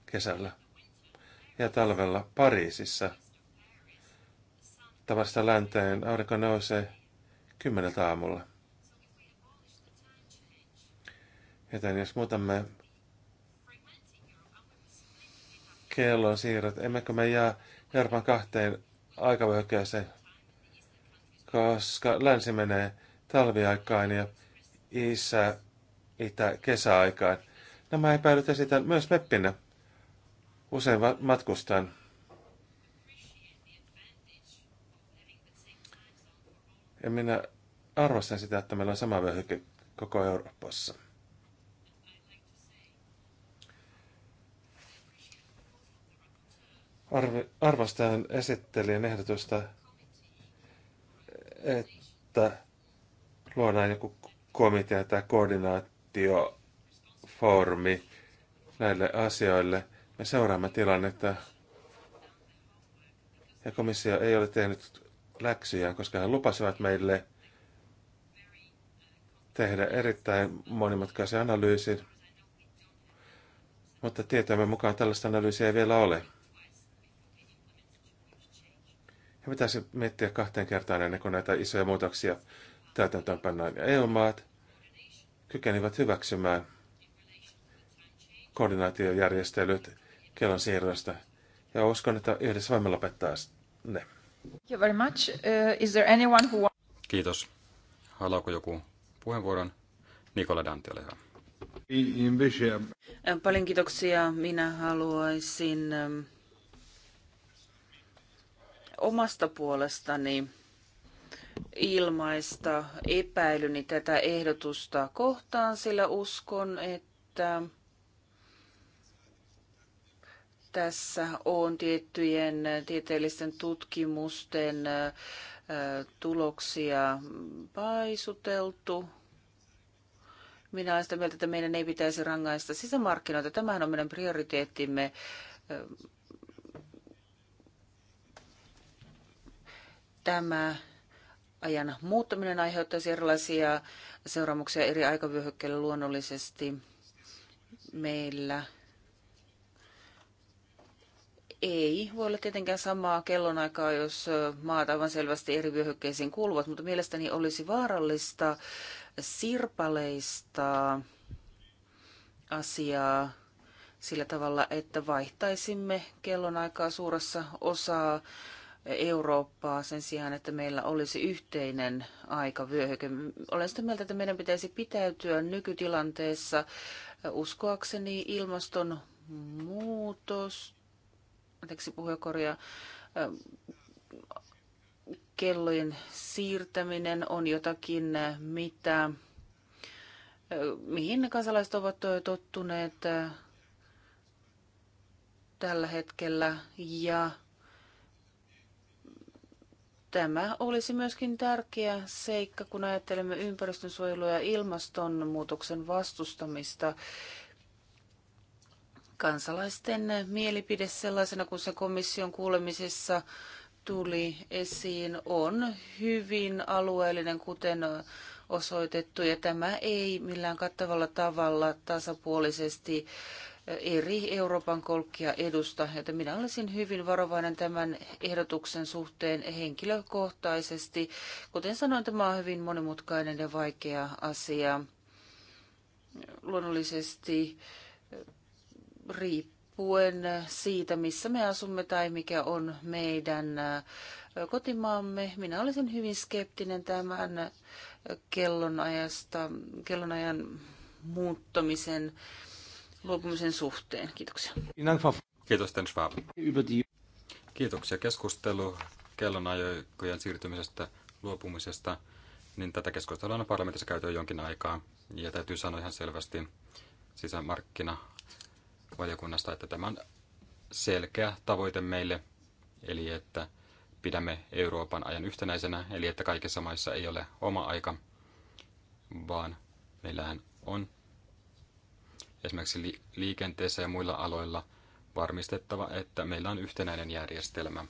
kesällä ja talvella Pariisissa. Tavasta länteen aurinko nousee kymmeneltä aamulla. Joten jos muutamme kellon siirrot, emmekö me jää Euroopan kahteen aikavyöhykkeeseen, koska länsi menee talviaikaan ja isä itä kesäaikaan. Nämä epäilyt esitän myös meppinä. Usein matkustan. Ja minä arvostan sitä, että meillä on sama vyöhyke koko Euroopassa. Arvi, arvostan esittelijän ehdotusta, että luodaan joku komitea tai koordinaatiofoorumi näille asioille. Me seuraamme tilannetta ja komissio ei ole tehnyt läksyjään, koska he lupasivat meille tehdä erittäin monimutkaisen analyysin. Mutta tietämme mukaan tällaista analyysiä ei vielä ole. Ja pitäisi miettiä kahteen kertaan ennen kuin näitä isoja muutoksia täytäntöön pannaan. Ja EU-maat kykenivät hyväksymään koordinaatiojärjestelyt kellon siirrosta Ja uskon, että yhdessä voimme lopettaa ne. Thank you very much. Uh, is there anyone who... Kiitos. Haluaako joku puheenvuoron? Nikola Dante, ole hyvä. Paljon kiitoksia. Minä haluaisin omasta puolestani ilmaista epäilyni tätä ehdotusta kohtaan, sillä uskon, että tässä on tiettyjen tieteellisten tutkimusten tuloksia paisuteltu. Minä olen sitä mieltä, että meidän ei pitäisi rangaista sisämarkkinoita. Tämähän on meidän prioriteettimme tämä ajan muuttaminen aiheuttaisi erilaisia seuraamuksia eri aikavyöhykkeillä luonnollisesti meillä ei voi olla tietenkään samaa kellonaikaa, jos maat aivan selvästi eri vyöhykkeisiin kuuluvat, mutta mielestäni olisi vaarallista sirpaleista asiaa sillä tavalla, että vaihtaisimme kellonaikaa suuressa osaa Eurooppaa sen sijaan, että meillä olisi yhteinen aikavyöhyke. Olen sitä mieltä, että meidän pitäisi pitäytyä nykytilanteessa uskoakseni ilmastonmuutos, anteeksi puheenkorja, kellojen siirtäminen on jotakin, mitä, mihin kansalaiset ovat tottuneet tällä hetkellä ja Tämä olisi myöskin tärkeä seikka, kun ajattelemme ympäristönsuojelua ja ilmastonmuutoksen vastustamista. Kansalaisten mielipide sellaisena kuin se komission kuulemisessa tuli esiin, on hyvin alueellinen, kuten osoitettu, ja tämä ei millään kattavalla tavalla tasapuolisesti eri Euroopan kolkkia edusta, joten minä olisin hyvin varovainen tämän ehdotuksen suhteen henkilökohtaisesti. Kuten sanoin, tämä on hyvin monimutkainen ja vaikea asia. Luonnollisesti riippuen siitä, missä me asumme tai mikä on meidän kotimaamme. Minä olisin hyvin skeptinen tämän kellonajasta, kellonajan muuttamisen luopumisen suhteen. Kiitoksia. Kiitos, Ten Schwab. Kiitoksia keskustelu kellonajojen siirtymisestä luopumisesta. Niin tätä keskustelua on parlamentissa käyty jonkin aikaa. Ja täytyy sanoa ihan selvästi sisämarkkinavaliokunnasta, että tämä on selkeä tavoite meille. Eli että pidämme Euroopan ajan yhtenäisenä, eli että kaikissa maissa ei ole oma aika, vaan meillähän on esimerkiksi liikenteessä ja muilla aloilla varmistettava, että meillä on yhtenäinen järjestelmä.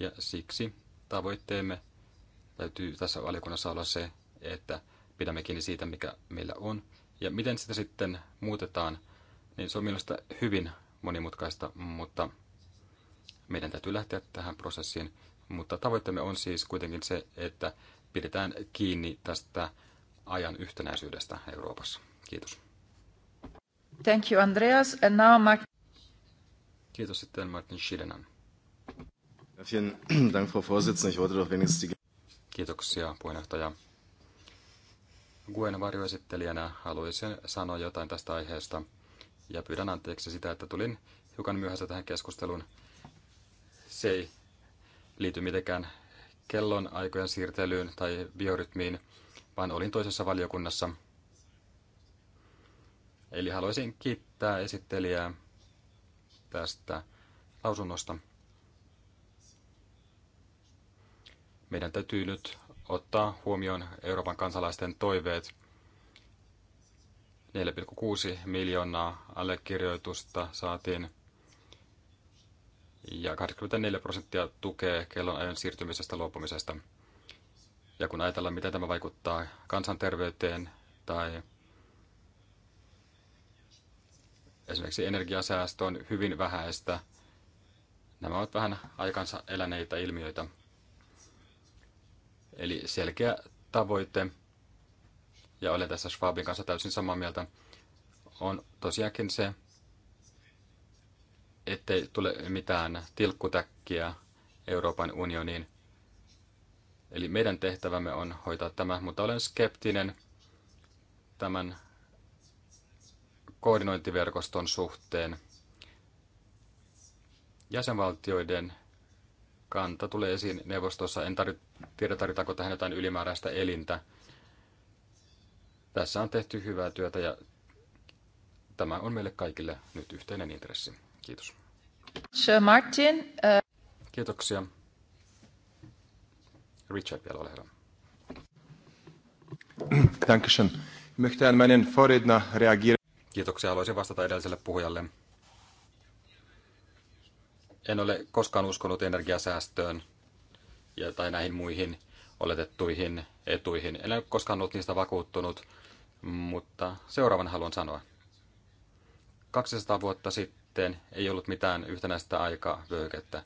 Ja siksi tavoitteemme täytyy tässä valiokunnassa olla se, että pidämme kiinni siitä, mikä meillä on. Ja miten sitä sitten muutetaan, niin se on minusta hyvin monimutkaista, mutta meidän täytyy lähteä tähän prosessiin. Mutta tavoitteemme on siis kuitenkin se, että pidetään kiinni tästä ajan yhtenäisyydestä Euroopassa. Kiitos. Thank you, Andreas. And now Mark... Kiitos sitten Martin Schillenan. Kiitoksia puheenjohtaja. Guen varjoesittelijänä haluaisin sanoa jotain tästä aiheesta ja pyydän anteeksi sitä, että tulin hiukan myöhässä tähän keskusteluun. Se ei liity mitenkään kellon aikojen siirtelyyn tai biorytmiin, vaan olin toisessa valiokunnassa. Eli haluaisin kiittää esittelijää tästä lausunnosta. Meidän täytyy nyt ottaa huomioon Euroopan kansalaisten toiveet. 4,6 miljoonaa allekirjoitusta saatiin ja 84 prosenttia tukee kellonajan siirtymisestä luopumisesta. Ja kun ajatellaan, miten tämä vaikuttaa kansanterveyteen tai esimerkiksi energiasäästö on hyvin vähäistä, nämä ovat vähän aikansa eläneitä ilmiöitä. Eli selkeä tavoite, ja olen tässä Schwabin kanssa täysin samaa mieltä, on tosiaankin se, ettei tule mitään tilkkutäkkiä Euroopan unioniin, Eli meidän tehtävämme on hoitaa tämä, mutta olen skeptinen tämän koordinointiverkoston suhteen. Jäsenvaltioiden kanta tulee esiin neuvostossa. En tar- tiedä, tarvitaanko tähän jotain ylimääräistä elintä. Tässä on tehty hyvää työtä ja tämä on meille kaikille nyt yhteinen intressi. Kiitos. Sir Martin, uh... Kiitoksia. Richard vielä, ole hyvä. Dankeschön. Möchte an meinen Vorredner reagieren. Kiitoksia. Haluaisin vastata edelliselle puhujalle. En ole koskaan uskonut energiasäästöön ja, tai näihin muihin oletettuihin etuihin. En ole koskaan ollut niistä vakuuttunut, mutta seuraavan haluan sanoa. 200 vuotta sitten ei ollut mitään yhtenäistä aikaa vyöhykettä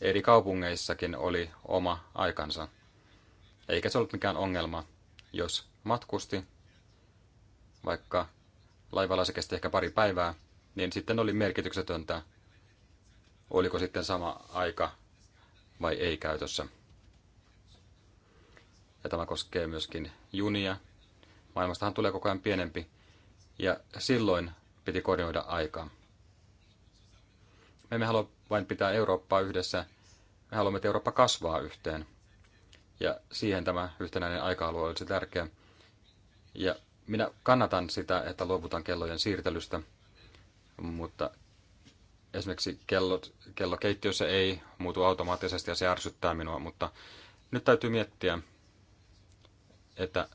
eri kaupungeissakin oli oma aikansa. Eikä se ollut mikään ongelma, jos matkusti, vaikka laivalla se kesti ehkä pari päivää, niin sitten oli merkityksetöntä, oliko sitten sama aika vai ei käytössä. Ja tämä koskee myöskin junia. Maailmastahan tulee koko ajan pienempi, ja silloin piti koordinoida aikaa. Me emme halua vain pitää Eurooppaa yhdessä. Me haluamme, että Eurooppa kasvaa yhteen. Ja siihen tämä yhtenäinen aika-alue olisi tärkeä. Ja minä kannatan sitä, että luovutaan kellojen siirtelystä, mutta esimerkiksi kello, kello keittiössä ei muutu automaattisesti ja se ärsyttää minua, mutta nyt täytyy miettiä, että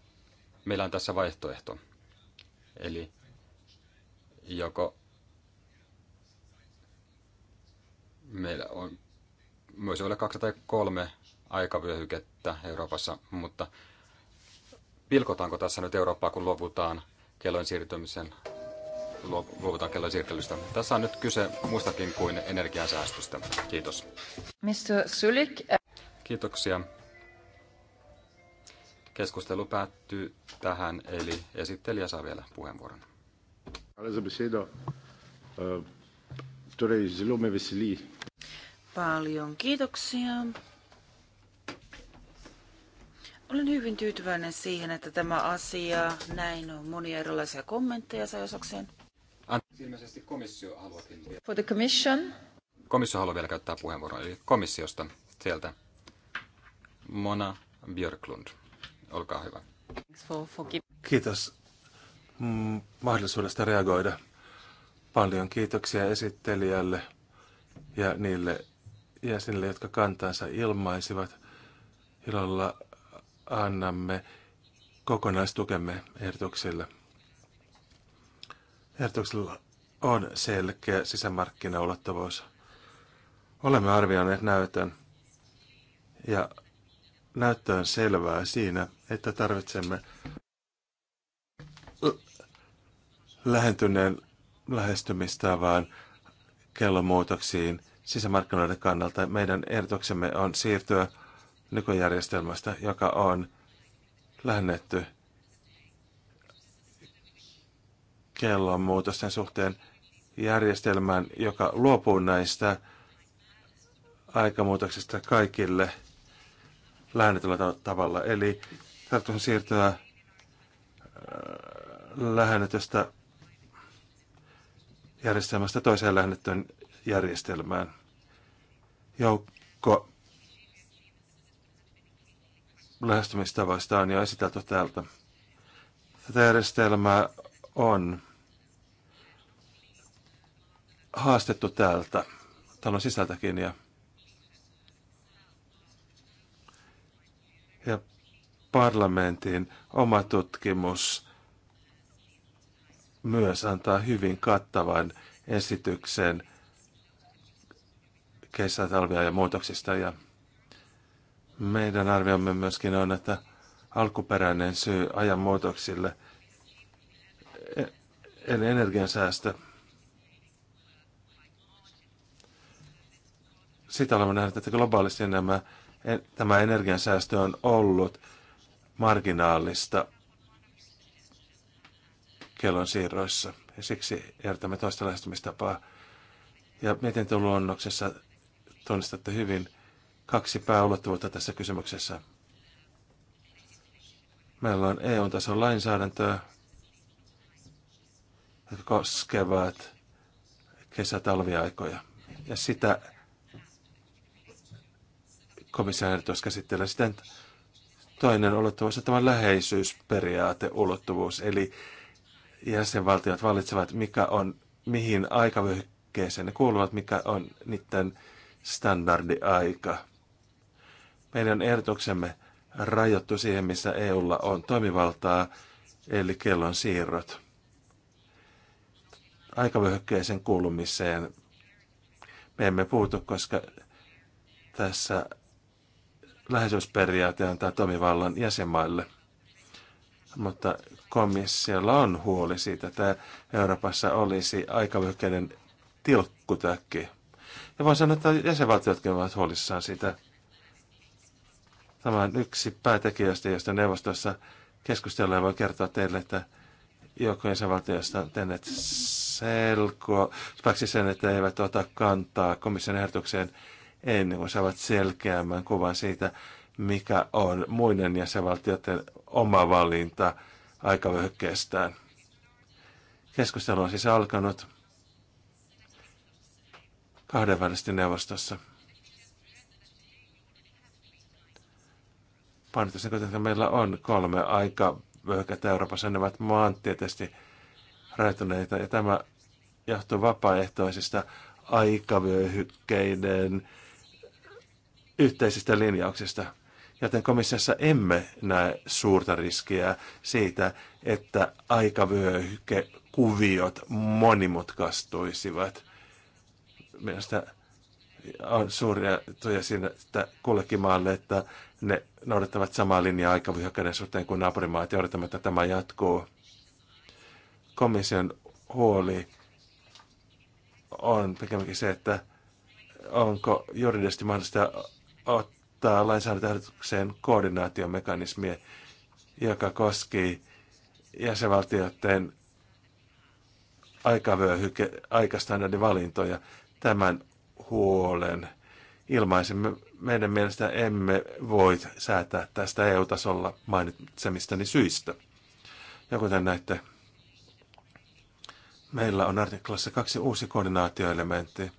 meillä on tässä vaihtoehto. Eli joko meillä on myös olla kaksi tai kolme aikavyöhykettä Euroopassa, mutta pilkotaanko tässä nyt Eurooppaa, kun luovutaan kellojen siirtymisen luovutaan kellojen siirtelystä. Tässä on nyt kyse muustakin kuin energiansäästöstä. Kiitos. Mr. Sulik. Eh, Kiitoksia. Keskustelu päättyy tähän, eli esittelijä saa vielä puheenvuoron. Hvala za Torej, zelo me veseli. Paljon kiitoksia. Olen hyvin tyytyväinen siihen, että tämä asia, näin on monia erilaisia kommentteja sai osakseen. Ilmeisesti komissio haluakin For the commission. Komissio haluaa vielä käyttää puheenvuoron, eli komissiosta sieltä. Mona Björklund, olkaa hyvä. Kiitos mm, mahdollisuudesta reagoida. Paljon kiitoksia esittelijälle ja niille jäsenille, jotka kantansa ilmaisivat. Ilolla annamme kokonaistukemme ehdotuksille. Ehdotuksilla on selkeä sisämarkkinaulottuvuus. Olemme arvioineet näytön ja näyttö on selvää siinä, että tarvitsemme lähentyneen vaan kellomuutoksiin sisämarkkinoiden kannalta. Meidän ehdotuksemme on siirtyä nykyjärjestelmästä, joka on lähennetty kellonmuutosten suhteen järjestelmään, joka luopuu näistä aikamuutoksista kaikille lähennetyllä tavalla. Eli tarkoitus siirtyä äh, lähennetystä järjestelmästä toiseen lähdettyyn järjestelmään. Joukko lähestymistavoista on jo esitelty täältä. Tätä järjestelmää on haastettu täältä talon sisältäkin ja, ja parlamentin oma tutkimus myös antaa hyvin kattavan esityksen kesä, talvia ja muutoksista. Ja meidän arviomme myöskin on, että alkuperäinen syy ajan muutoksille, e- eli energiansäästö, sitä olemme nähneet, että globaalisti nämä, e- tämä energiansäästö on ollut marginaalista kellon siirroissa. Ja siksi ehdotamme toista lähestymistapaa. Ja luonnoksessa tunnistatte hyvin kaksi pääulottuvuutta tässä kysymyksessä. Meillä on EU-tason lainsäädäntöä, jotka koskevat kesä-talviaikoja. Ja sitä komissaari ehdotus käsittelee sitten toinen ulottuvuus, tämä läheisyysperiaateulottuvuus, eli jäsenvaltiot valitsevat, mikä on, mihin aikavyöhykkeeseen ne kuuluvat, mikä on niiden standardiaika. Meidän ehdotuksemme rajoittu siihen, missä EUlla on toimivaltaa, eli kellon siirrot. Aikavyöhykkeeseen kuulumiseen me emme puutu, koska tässä läheisyysperiaate antaa toimivallan jäsenmaille. Mutta komissiolla on huoli siitä, että Euroopassa olisi aikavyöhykkeiden tilkkutäkki. Ja voin sanoa, että jäsenvaltiotkin ovat huolissaan siitä. Tämä on yksi päätekijöistä, josta neuvostossa keskustellaan. Voi kertoa teille, että joko jäsenvaltiosta on tehnyt selkoa. Späksi sen, että he eivät ota kantaa komission ehdotukseen ennen kuin saavat selkeämmän kuvan siitä, mikä on muiden jäsenvaltioiden oma valinta – aikavyöhykkeestään. Keskustelu on siis alkanut kahdenvälisesti neuvostossa. Painotusten että meillä on kolme aika vyöhykettä Euroopassa, ne ovat maantieteisesti rajoittuneita, ja tämä johtuu vapaaehtoisista aikavyöhykkeiden yhteisistä linjauksista joten komissiossa emme näe suurta riskiä siitä, että aikavyöhykekuviot monimutkaistuisivat. Mielestäni on suuria tuja siinä, että kullekin maalle, että ne noudattavat samaa linjaa aikavyöhykkeiden suhteen kuin naapurimaat ja odotamme, että tämä jatkuu. Komission huoli on pikemminkin se, että onko juridisesti mahdollista ottaa muuttaa lainsäädäntöehdotukseen koordinaatiomekanismia, joka koski jäsenvaltioiden aikavyöhyke, aikastandardin valintoja. Tämän huolen ilmaisemme. Meidän mielestä emme voi säätää tästä EU-tasolla mainitsemistani syistä. Ja kuten näette, meillä on artiklassa kaksi uusi koordinaatioelementtiä.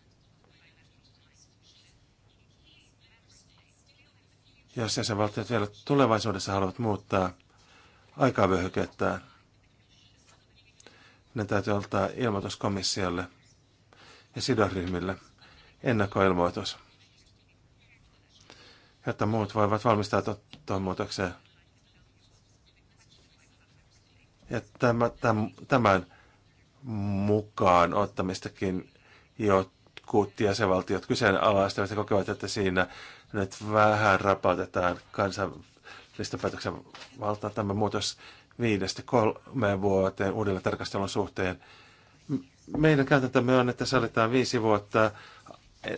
jos jäsenvaltiot vielä tulevaisuudessa haluavat muuttaa aikaa vyöhykettään, ne täytyy ottaa ilmoitus komissiolle ja sidosryhmille ennakkoilmoitus, jotta muut voivat valmistautua tuohon muutokseen. Ja tämän mukaan ottamistakin jotkut jäsenvaltiot kyseenalaistavat ja kokevat, että siinä nyt vähän rapautetaan kansallista päätöksenvaltaa. Tämä muutos viidestä kolmeen vuoteen uudelle tarkastelun suhteen. Meidän käytäntömme on, että sallitaan viisi vuotta e,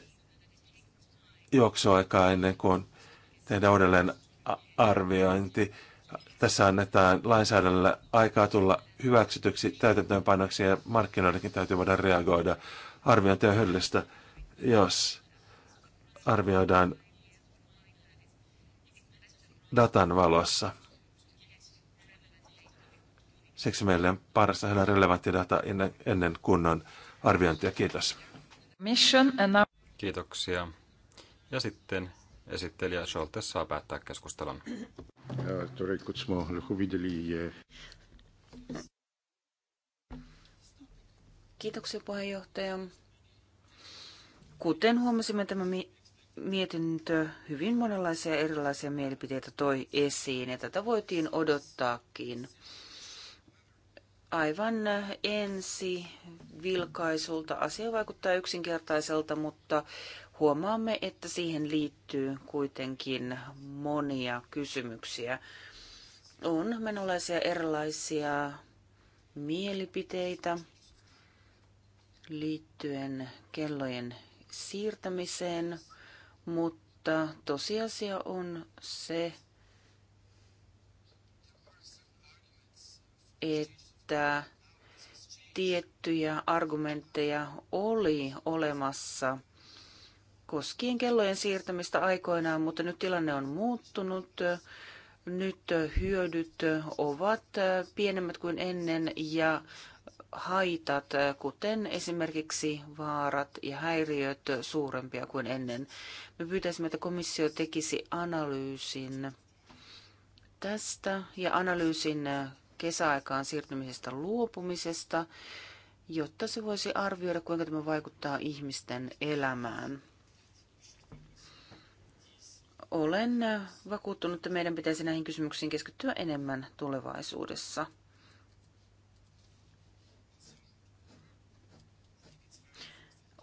juoksuaikaa ennen kuin tehdään uudelleen arviointi. Tässä annetaan lainsäädännölle aikaa tulla hyväksytyksi täytäntöönpanoksi ja markkinoidenkin täytyy voida reagoida arviointia hyllistä, jos arvioidaan datan valossa. Siksi meille on parasta saada relevantti data ennen kunnon arviointia. Kiitos. Mission and. Kiitoksia. Ja sitten esittelijä Scholtes saa päättää keskustelun. Kiitoksia puheenjohtaja. Kuten huomasimme, tämä mietintö hyvin monenlaisia erilaisia mielipiteitä toi esiin ja tätä voitiin odottaakin. Aivan ensi vilkaisulta asia vaikuttaa yksinkertaiselta, mutta huomaamme, että siihen liittyy kuitenkin monia kysymyksiä. On menolaisia erilaisia mielipiteitä liittyen kellojen siirtämiseen – mutta tosiasia on se, että tiettyjä argumentteja oli olemassa koskien kellojen siirtämistä aikoinaan, mutta nyt tilanne on muuttunut. Nyt hyödyt ovat pienemmät kuin ennen ja haitat, äh, kuten esimerkiksi vaarat ja häiriöt, suurempia kuin ennen. Me pyytäisimme, että komissio tekisi analyysin tästä ja analyysin äh, kesäaikaan siirtymisestä luopumisesta, jotta se voisi arvioida, kuinka tämä vaikuttaa ihmisten elämään. Olen äh, vakuuttunut, että meidän pitäisi näihin kysymyksiin keskittyä enemmän tulevaisuudessa.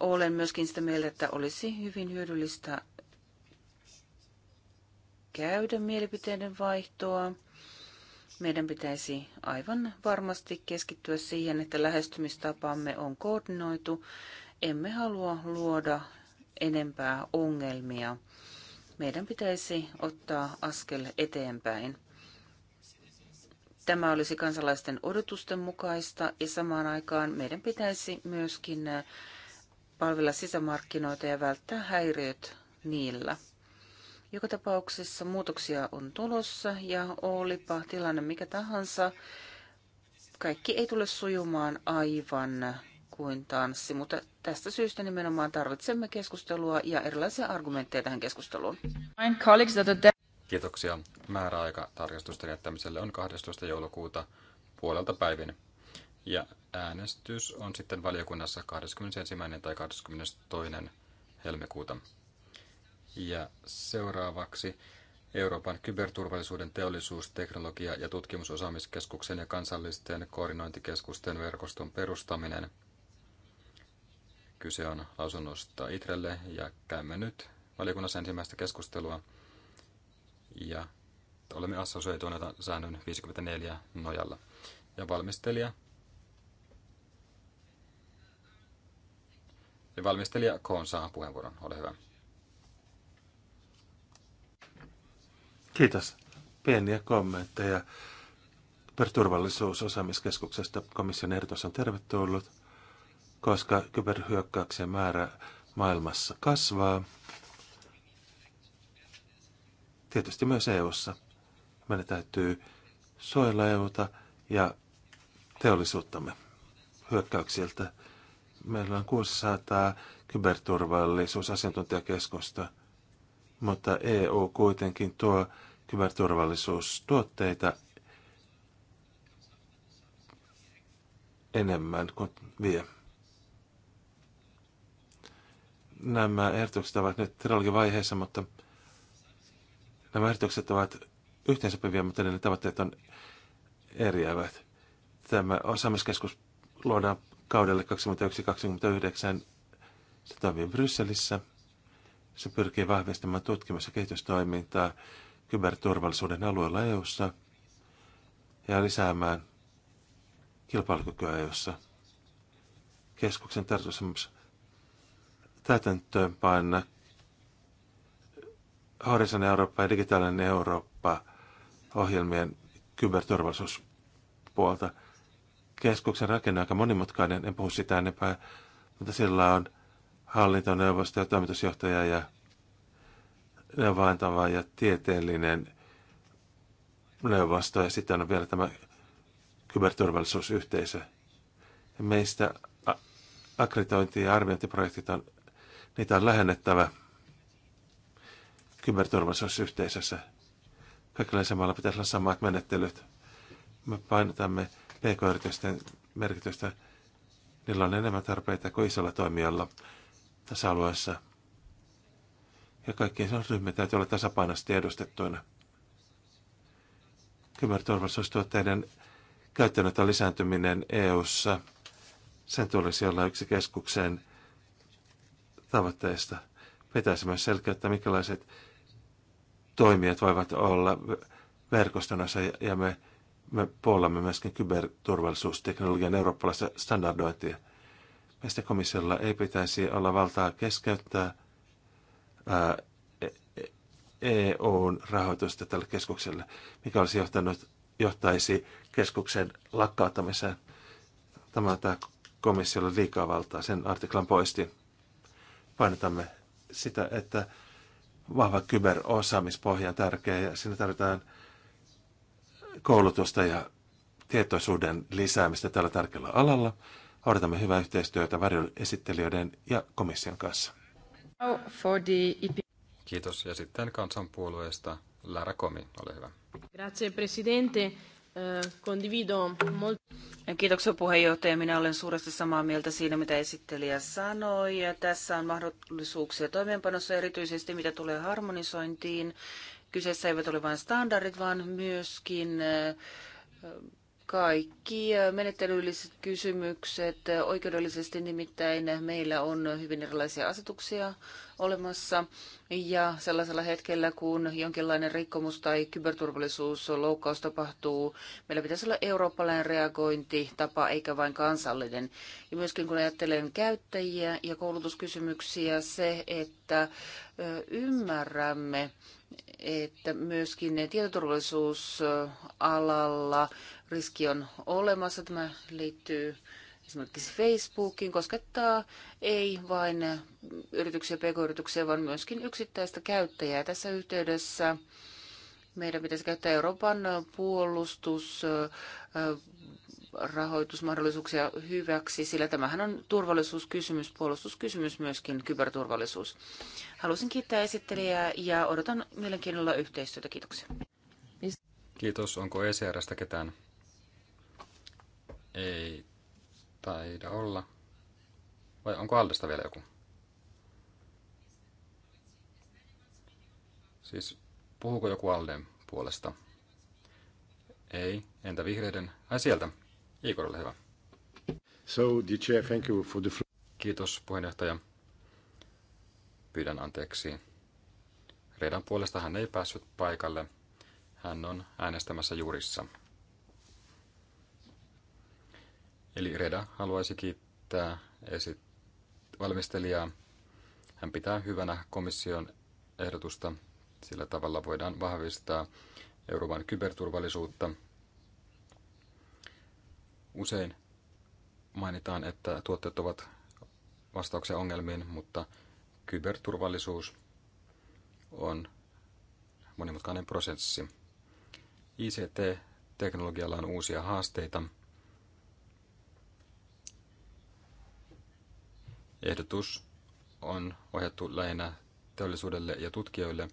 olen myöskin sitä mieltä, että olisi hyvin hyödyllistä käydä mielipiteiden vaihtoa. Meidän pitäisi aivan varmasti keskittyä siihen, että lähestymistapamme on koordinoitu. Emme halua luoda enempää ongelmia. Meidän pitäisi ottaa askel eteenpäin. Tämä olisi kansalaisten odotusten mukaista ja samaan aikaan meidän pitäisi myöskin palvella sisämarkkinoita ja välttää häiriöt niillä. Joka tapauksessa muutoksia on tulossa ja olipa tilanne mikä tahansa, kaikki ei tule sujumaan aivan kuin tanssi, mutta tästä syystä nimenomaan tarvitsemme keskustelua ja erilaisia argumentteja tähän keskusteluun. Kiitoksia. Määräaika tarkastusten jättämiselle on 12. joulukuuta puolelta päivin. Ja äänestys on sitten valiokunnassa 21. tai 22. helmikuuta. Ja seuraavaksi Euroopan kyberturvallisuuden teollisuus-, teknologia- ja tutkimusosaamiskeskuksen ja kansallisten koordinointikeskusten verkoston perustaminen. Kyse on lausunnosta Itrelle ja käymme nyt valiokunnassa ensimmäistä keskustelua. Ja olemme assosioituneita säännön 54 nojalla. Ja valmistelija Ja valmistelija Koon saa puheenvuoron. Ole hyvä. Kiitos. Pieniä kommentteja. Kyberturvallisuusosaamiskeskuksesta komission ehdotus on tervetullut, koska kyberhyökkäyksen määrä maailmassa kasvaa. Tietysti myös EU:ssa. Meidän täytyy suojella EUta ja teollisuuttamme hyökkäyksiltä Meillä on 600 kyberturvallisuusasiantuntijakeskosta, mutta EU kuitenkin tuo kyberturvallisuustuotteita enemmän kuin vie. Nämä ehdotukset ovat nyt trilogivaiheessa, mutta nämä ehdotukset ovat yhteensopivia, mutta ne tavoitteet on eriävät. Tämä osaamiskeskus luodaan kaudelle 2021-2029. Se toimii Brysselissä. Se pyrkii vahvistamaan tutkimus- ja kehitystoimintaa kyberturvallisuuden alueella EU:ssa ja lisäämään kilpailukykyä EU:ssa. Keskuksen tarkoitus on täytäntöönpanna Horizon Eurooppa ja digitaalinen Eurooppa ohjelmien kyberturvallisuuspuolta – keskuksen rakenne aika monimutkainen, en puhu sitä enempää, mutta sillä on hallintoneuvosto ja toimitusjohtaja ja neuvontava ja tieteellinen neuvosto ja sitten on vielä tämä kyberturvallisuusyhteisö. Ja meistä akkreditointi- ja arviointiprojektit on, niitä on lähennettävä kyberturvallisuusyhteisössä. Kaikilla samalla pitäisi olla samat menettelyt. Me painotamme pk-yritysten merkitystä. Niillä on enemmän tarpeita kuin isolla toimijalla tässä alueessa. Ja kaikkien ryhmien täytyy olla tasapainoisesti edustettuina. Kyberturvallisuustuotteiden käyttöönoton lisääntyminen EU-ssa, sen tulisi olla yksi keskuksen tavoitteista. Pitäisi myös selkeyttää, minkälaiset toimijat voivat olla verkostonassa ja me me puolamme myöskin kyberturvallisuusteknologian eurooppalaista standardointia. Meistä komissiolla ei pitäisi olla valtaa keskeyttää EUn e rahoitusta tälle keskukselle, mikä olisi johtanut, johtaisi keskuksen lakkauttamiseen. Tämä tämä komissiolle liikaa valtaa. Sen artiklan poistin. Painotamme sitä, että vahva kyberosaamispohja on tärkeä ja siinä tarvitaan – koulutusta ja tietoisuuden lisäämistä tällä tärkeällä alalla. Odotamme hyvää yhteistyötä varjoesittelijöiden ja komission kanssa. E Kiitos. Ja sitten kansanpuolueesta Lara Komi, ole hyvä. Grazie, presidente. Eh, condivido molto. Kiitoksia puheenjohtaja. Minä olen suuresti samaa mieltä siinä, mitä esittelijä sanoi. Ja tässä on mahdollisuuksia toimeenpanossa erityisesti, mitä tulee harmonisointiin Kyseessä eivät ole vain standardit, vaan myöskin äh, kaikki äh, menettelylliset kysymykset. Oikeudellisesti nimittäin meillä on hyvin erilaisia asetuksia olemassa. Ja sellaisella hetkellä, kun jonkinlainen rikkomus tai kyberturvallisuusloukkaus tapahtuu, meillä pitäisi olla eurooppalainen reagointitapa eikä vain kansallinen. Ja myöskin kun ajattelen käyttäjiä ja koulutuskysymyksiä, se, että ymmärrämme, että myöskin tietoturvallisuusalalla riski on olemassa. Tämä liittyy esimerkiksi Facebookiin koskettaa ei vain yrityksiä, pk-yrityksiä, vaan myöskin yksittäistä käyttäjää. Tässä yhteydessä meidän pitäisi käyttää Euroopan puolustus rahoitusmahdollisuuksia hyväksi, sillä tämähän on turvallisuuskysymys, puolustuskysymys myöskin kyberturvallisuus. Haluaisin kiittää esittelijää ja odotan mielenkiinnolla yhteistyötä. Kiitoksia. Kiitos. Onko ECRstä ketään? Ei Taida olla. Vai onko Aldesta vielä joku? Siis puhuuko joku Alden puolesta? Ei. Entä vihreiden? Ai sieltä. Igor, ole hyvä. So, the chair, thank you for the Kiitos puheenjohtaja. Pyydän anteeksi. Reidan puolesta hän ei päässyt paikalle. Hän on äänestämässä jurissa. Eli Reda haluaisi kiittää esit- valmistelijaa. Hän pitää hyvänä komission ehdotusta. Sillä tavalla voidaan vahvistaa Euroopan kyberturvallisuutta. Usein mainitaan, että tuotteet ovat vastauksia ongelmiin, mutta kyberturvallisuus on monimutkainen prosessi. ICT-teknologialla on uusia haasteita, Ehdotus on ohjattu lähinnä teollisuudelle ja tutkijoille,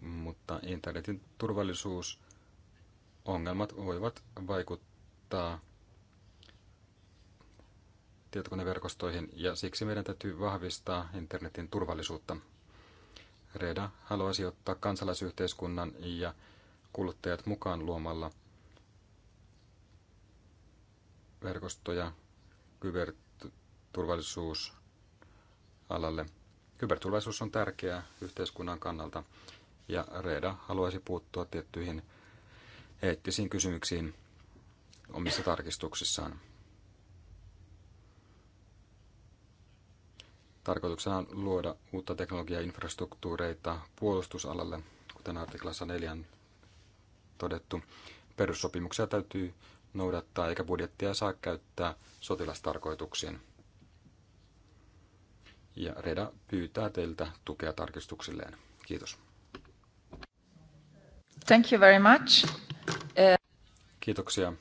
mutta internetin turvallisuusongelmat voivat vaikuttaa tietokoneverkostoihin ja siksi meidän täytyy vahvistaa internetin turvallisuutta. Reda haluaisi ottaa kansalaisyhteiskunnan ja kuluttajat mukaan luomalla verkostoja kyber- turvallisuusalalle. Kyberturvallisuus on tärkeää yhteiskunnan kannalta ja Reda haluaisi puuttua tiettyihin eettisiin kysymyksiin omissa tarkistuksissaan. Tarkoituksena on luoda uutta teknologiainfrastruktuureita puolustusalalle, kuten artiklassa 4 todettu. Perussopimuksia täytyy noudattaa eikä budjettia saa käyttää sotilastarkoituksiin ja Reda pyytää teiltä tukea tarkistuksilleen. Kiitos. Thank you very much. Eh, Kiitoksia.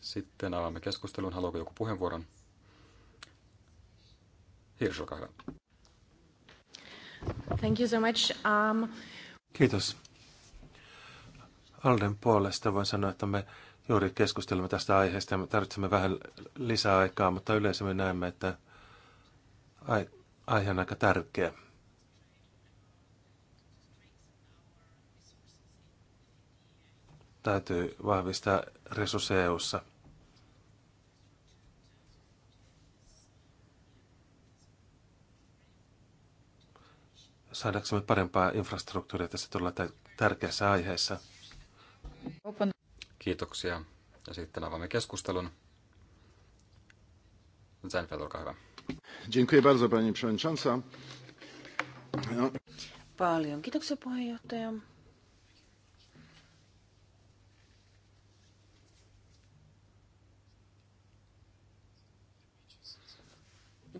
Sitten avaamme keskustelun. Haluaako joku puheenvuoron? Hirsch, olkaa hyvä. Thank you so much. Um... Kiitos. Alden puolesta voin sanoa, että me juuri keskustelemme tästä aiheesta ja me tarvitsemme vähän lisää aikaa, mutta yleensä me näemme, että aihe on aika tärkeä. Täytyy vahvistaa resursseja e saadaksemme parempaa infrastruktuuria tässä todella tärkeässä aiheessa. Kiitoksia. Ja sitten avaamme keskustelun. Zenfeld, olkaa hyvä. No. Paljon kiitoksia puheenjohtaja.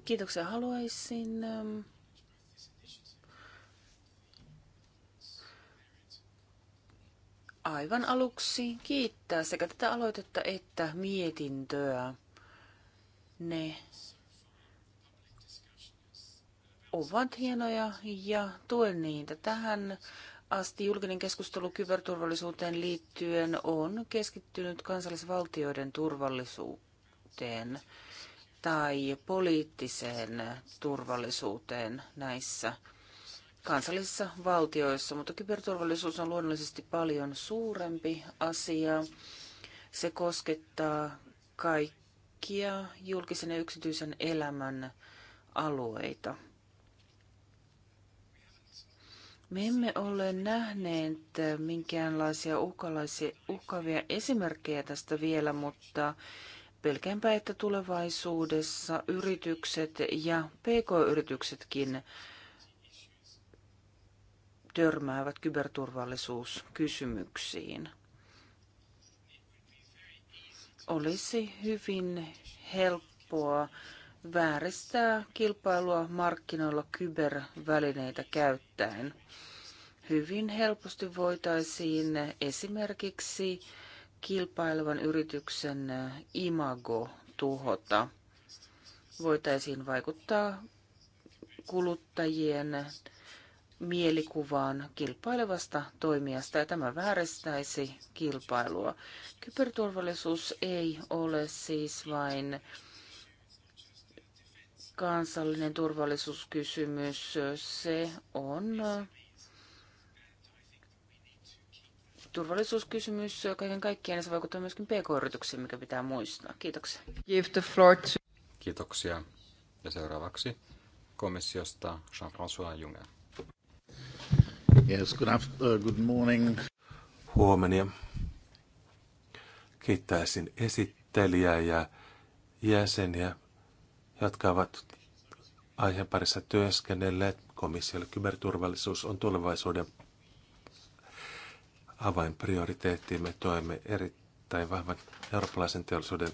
Kiitoksia haluaisin. Ähm, aivan aluksi kiittää sekä tätä aloitetta että mietintöä. Ne ovat hienoja ja tuen niitä. Tähän asti julkinen keskustelu kyberturvallisuuteen liittyen on keskittynyt kansallisvaltioiden turvallisuuteen tai poliittiseen turvallisuuteen näissä kansallisissa valtioissa, mutta kyberturvallisuus on luonnollisesti paljon suurempi asia. Se koskettaa kaikkia julkisen ja yksityisen elämän alueita. Me emme ole nähneet minkäänlaisia uhkaavia esimerkkejä tästä vielä, mutta pelkäänpä, että tulevaisuudessa yritykset ja pk-yrityksetkin törmäävät kyberturvallisuuskysymyksiin. Olisi hyvin helppoa vääristää kilpailua markkinoilla kybervälineitä käyttäen. Hyvin helposti voitaisiin esimerkiksi kilpailevan yrityksen imago tuhota. Voitaisiin vaikuttaa kuluttajien mielikuvaan kilpailevasta toimijasta ja tämä vääristäisi kilpailua. Kyberturvallisuus ei ole siis vain kansallinen turvallisuuskysymys. Se on äh, turvallisuuskysymys kaiken kaikkiaan ja se vaikuttaa myöskin pk-yrityksiin, mikä pitää muistaa. Kiitoksia. Give the floor to... Kiitoksia. Ja seuraavaksi komissiosta Jean-François Junger. Yes, good, after, uh, good morning. Huomenia. Kiittäisin esittelijää ja jäseniä jotka ovat aiheen parissa työskennelleet komissiolle. Kyberturvallisuus on tulevaisuuden avainprioriteetti. Me toimme erittäin vahvan eurooppalaisen teollisuuden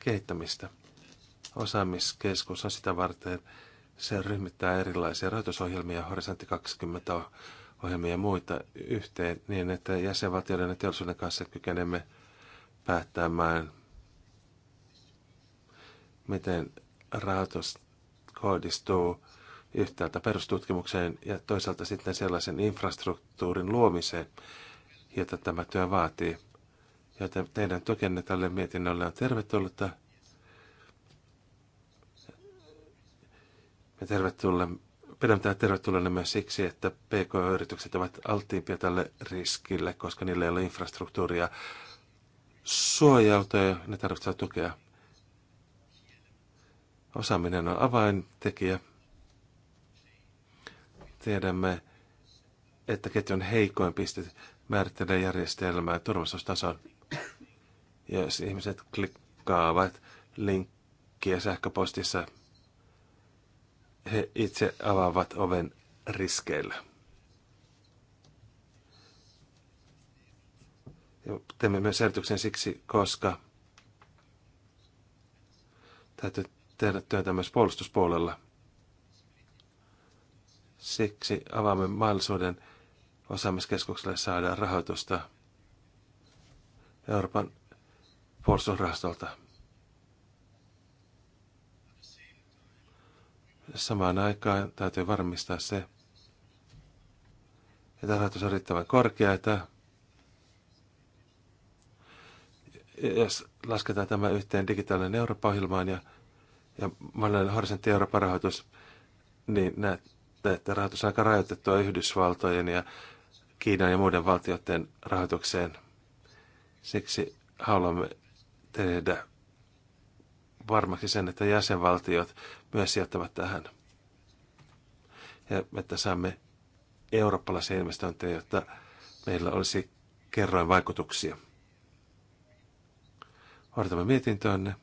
kehittämistä. Osaamiskeskus on sitä varten, se ryhmittää erilaisia rahoitusohjelmia, Horisontti 20 ohjelmia ja muita yhteen niin, että jäsenvaltioiden ja teollisuuden kanssa kykenemme päättämään, miten rahoitus kohdistuu yhtäältä perustutkimukseen ja toisaalta sitten sellaisen infrastruktuurin luomiseen, jota tämä työ vaatii. Joten teidän tukenne tälle mietinnölle on tervetullutta. Me tervetulle, pidämme tämä tervetulleena myös siksi, että PK-yritykset ovat alttiimpia tälle riskille, koska niillä ei ole infrastruktuuria suojautua ja ne tarvitsevat tukea. Osaaminen on avaintekijä. Tiedämme, että ketjun heikoin piste määrittelee järjestelmää turvallisuustason. Jos ihmiset klikkaavat linkkiä sähköpostissa, he itse avaavat oven riskeillä. Ja teemme myös selityksen siksi, koska täytyy tehdä työtä myös puolustuspuolella. Siksi avaamme mahdollisuuden osaamiskeskukselle saada rahoitusta Euroopan puolustusrahastolta. Samaan aikaan täytyy varmistaa se, että rahoitus on riittävän korkea, että jos lasketaan tämä yhteen digitaalinen Eurooppa-ohjelmaan ja ja monen horisontti Euroopan rahoitus, niin näette, että rahoitus on aika rajoitettua Yhdysvaltojen ja Kiinan ja muiden valtioiden rahoitukseen. Siksi haluamme tehdä varmaksi sen, että jäsenvaltiot myös sijoittavat tähän. Ja että saamme eurooppalaisia investointeja, jotta meillä olisi kerroin vaikutuksia. Odotamme mietintöönne.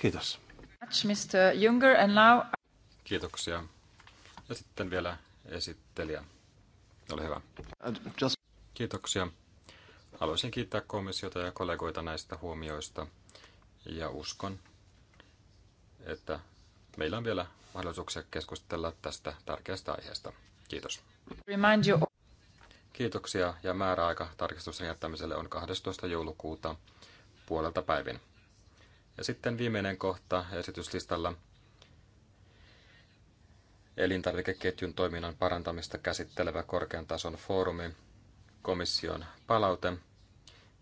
Kiitos. Mr. Junger, and now... Kiitoksia. Ja sitten vielä esittelijä. Ole hyvä. Just... Kiitoksia. Haluaisin kiittää komissiota ja kollegoita näistä huomioista ja uskon, että meillä on vielä mahdollisuuksia keskustella tästä tärkeästä aiheesta. Kiitos. Kiitoksia ja määräaika tarkistuksen jättämiselle on 12. joulukuuta puolelta päivin. Ja sitten viimeinen kohta esityslistalla elintarvikeketjun toiminnan parantamista käsittelevä korkean tason foorumi, komission palaute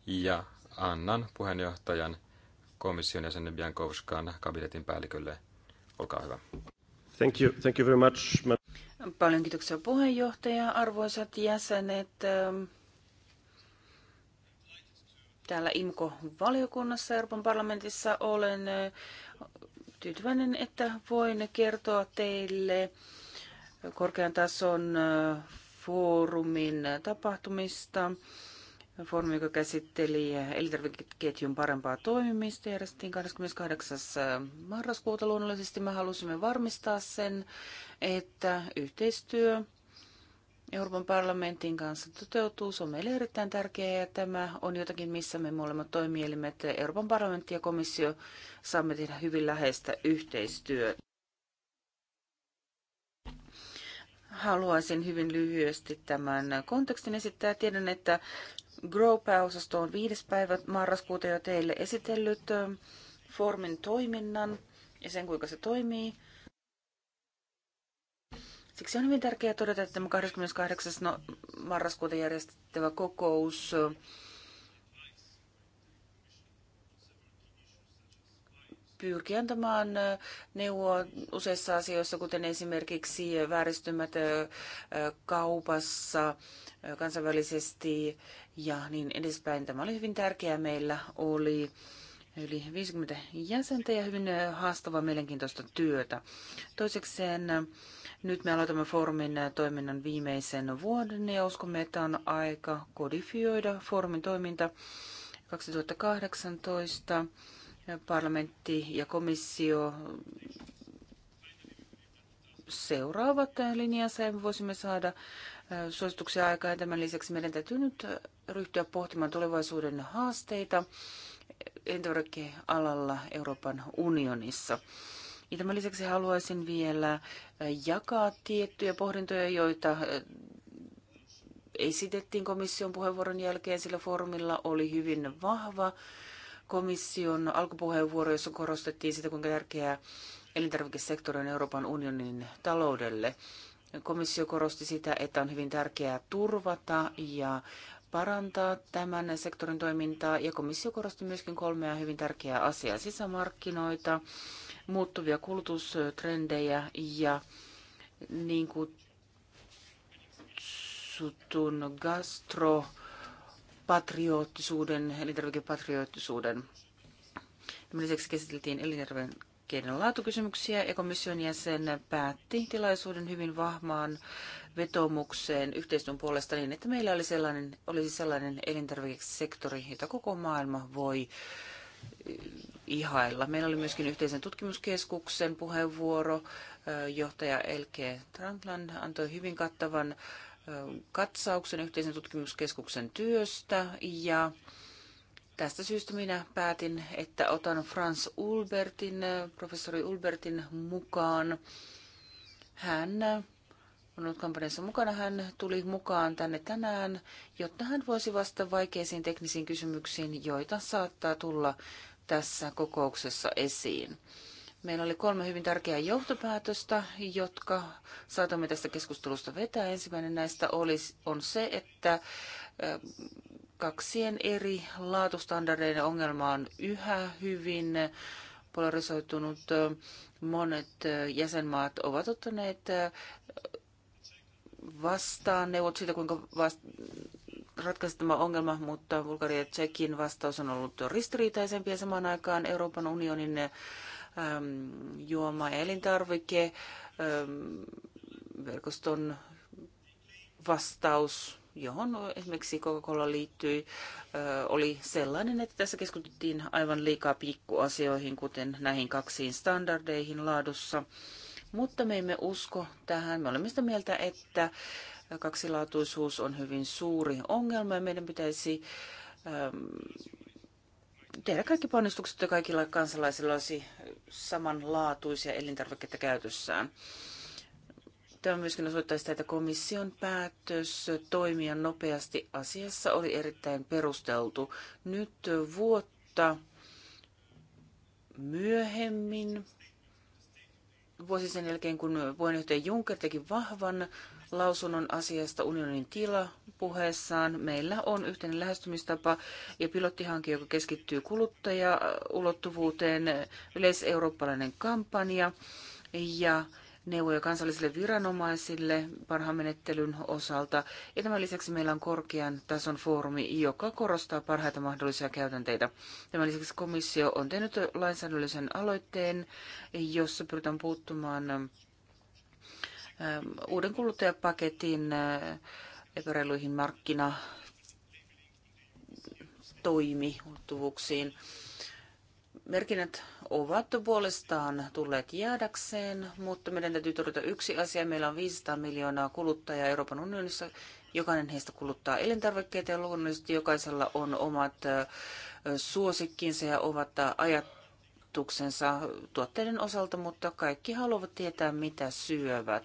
ja annan puheenjohtajan komission jäsenen Biankovskan kabinetin päällikölle. Olkaa hyvä. Thank you. Thank you very much. Paljon kiitoksia puheenjohtaja, arvoisat jäsenet. Ähm, täällä IMKO-valiokunnassa Euroopan parlamentissa. Olen tyytyväinen, että voin kertoa teille korkean tason foorumin tapahtumista. Foorumi, joka käsitteli elintarvikeketjun parempaa toimimista, järjestettiin 28. marraskuuta luonnollisesti. Me halusimme varmistaa sen, että yhteistyö Euroopan parlamentin kanssa toteutuu. Se on meille erittäin tärkeää ja tämä on jotakin, missä me molemmat toimielimet, Euroopan parlamentti ja komissio, saamme tehdä hyvin läheistä yhteistyötä. Haluaisin hyvin lyhyesti tämän kontekstin esittää. Tiedän, että grow osasto on viides päivä marraskuuta jo teille esitellyt eh, Formin toiminnan ja sen, kuinka se toimii. Siksi on hyvin tärkeää todeta, että tämä 28. No, marraskuuta järjestettävä kokous pyrkii antamaan neuvoa useissa asioissa, kuten esimerkiksi vääristymät kaupassa kansainvälisesti ja niin edespäin. Tämä oli hyvin tärkeää. Meillä oli yli 50 jäsentä ja hyvin haastavaa mielenkiintoista työtä. Toisekseen nyt me aloitamme foorumin äh, toiminnan viimeisen vuoden ja uskomme, että on aika kodifioida foorumin toiminta 2018. Äh, parlamentti ja komissio seuraavat äh, linjansa ja me voisimme saada suosituksia aikaa. tämän lisäksi meidän täytyy nyt ryhtyä pohtimaan tulevaisuuden haasteita elintarvikealalla Euroopan unionissa. Ja tämän lisäksi haluaisin vielä äh, jakaa tiettyjä pohdintoja, joita äh, esitettiin komission puheenvuoron jälkeen, sillä foorumilla oli hyvin vahva komission alkupuheenvuoro, jossa korostettiin sitä, kuinka tärkeää elintarvikesektori on Euroopan unionin taloudelle. Komissio korosti sitä, että on hyvin tärkeää turvata ja parantaa tämän sektorin toimintaa, ja komissio korosti myöskin kolmea hyvin tärkeää asiaa, sisämarkkinoita, muuttuvia kulutustrendejä ja niin kutsutun gastropatriottisuuden, elintarvikepatriottisuuden. Tämän lisäksi käsiteltiin elintarvikkeiden laatukysymyksiä ja komission jäsen päätti tilaisuuden hyvin vahvaan vetomukseen yhteistyön puolesta niin, että meillä oli sellainen, olisi sellainen elintarvikesektori, jota koko maailma voi ihailla. Meillä oli myöskin yhteisen tutkimuskeskuksen puheenvuoro. Johtaja Elke Trantland antoi hyvin kattavan katsauksen yhteisen tutkimuskeskuksen työstä ja Tästä syystä minä päätin, että otan Franz Ulbertin, professori Ulbertin mukaan. Hän on ollut kampanjassa mukana. Hän tuli mukaan tänne tänään, jotta hän voisi vastata vaikeisiin teknisiin kysymyksiin, joita saattaa tulla tässä kokouksessa esiin. Meillä oli kolme hyvin tärkeää johtopäätöstä, jotka saatamme tästä keskustelusta vetää. Ensimmäinen näistä olisi, on se, että kaksien eri laatustandardeiden ongelma on yhä hyvin polarisoitunut. Monet jäsenmaat ovat ottaneet vastaan neuvot siitä, kuinka vasta ratkaista tämä ongelma, mutta Bulgarian ja Tsekin vastaus on ollut ristiriitaisempi ja samaan aikaan Euroopan unionin äm, juoma- ja elintarvikeverkoston ähm, verkoston vastaus johon esimerkiksi Coca-Cola liittyi, äh, oli sellainen, että tässä keskityttiin aivan liikaa pikkuasioihin, kuten näihin kaksiin standardeihin laadussa. Mutta me emme usko tähän. Me olemme sitä mieltä, että kaksilaatuisuus on hyvin suuri ongelma ja meidän pitäisi ähm, tehdä kaikki ponnistukset, että kaikilla kansalaisilla olisi samanlaatuisia elintarvikkeita käytössään. Tämä myöskin osoittaa sitä, että komission päätös toimia nopeasti asiassa oli erittäin perusteltu. Nyt vuotta myöhemmin, vuosi sen jälkeen kun puheenjohtaja Juncker teki vahvan lausunnon asiasta unionin tila puheessaan. Meillä on yhteinen lähestymistapa ja pilottihanke, joka keskittyy kuluttajaulottuvuuteen, yleiseurooppalainen kampanja ja neuvoja kansallisille viranomaisille parhaan menettelyn osalta. Ja tämän lisäksi meillä on korkean tason foorumi, joka korostaa parhaita mahdollisia käytänteitä. Tämän lisäksi komissio on tehnyt lainsäädännöllisen aloitteen, jossa pyritään puuttumaan uuden kuluttajapaketin epäreiluihin markkinatoimiulottuvuuksiin. Merkinnät ovat puolestaan tulleet jäädäkseen, mutta meidän täytyy todeta yksi asia. Meillä on 500 miljoonaa kuluttajaa Euroopan unionissa. Jokainen heistä kuluttaa elintarvikkeita ja luonnollisesti jokaisella on omat suosikkinsa ja ovat ajat kulutuksensa tuotteiden osalta, mutta kaikki haluavat tietää, mitä syövät.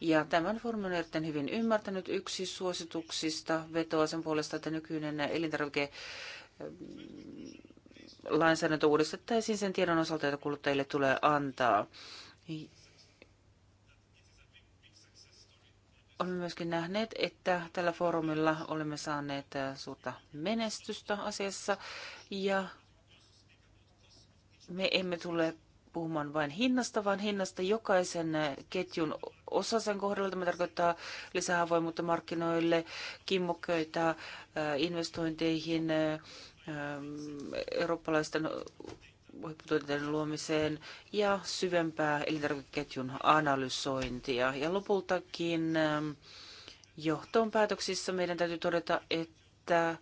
Ja tämän foorumin erittäin hyvin ymmärtänyt yksi suosituksista vetoa sen puolesta, että nykyinen elintarvike ähm, lainsäädäntö uudistettaisiin sen tiedon osalta, jota kuluttajille tulee antaa. Olemme myöskin nähneet, että tällä foorumilla olemme saaneet äh, suurta menestystä asiassa ja me emme tule puhumaan vain hinnasta, vaan hinnasta jokaisen ketjun osa sen kohdalla. Tämä tarkoittaa lisää avoimuutta markkinoille, kimmoköitä äh, investointeihin, äh, eurooppalaisten huipputuotteiden luomiseen ja syvempää elintarvikeketjun analysointia. Ja lopultakin ähm, johtoon päätöksissä meidän täytyy todeta, että äh,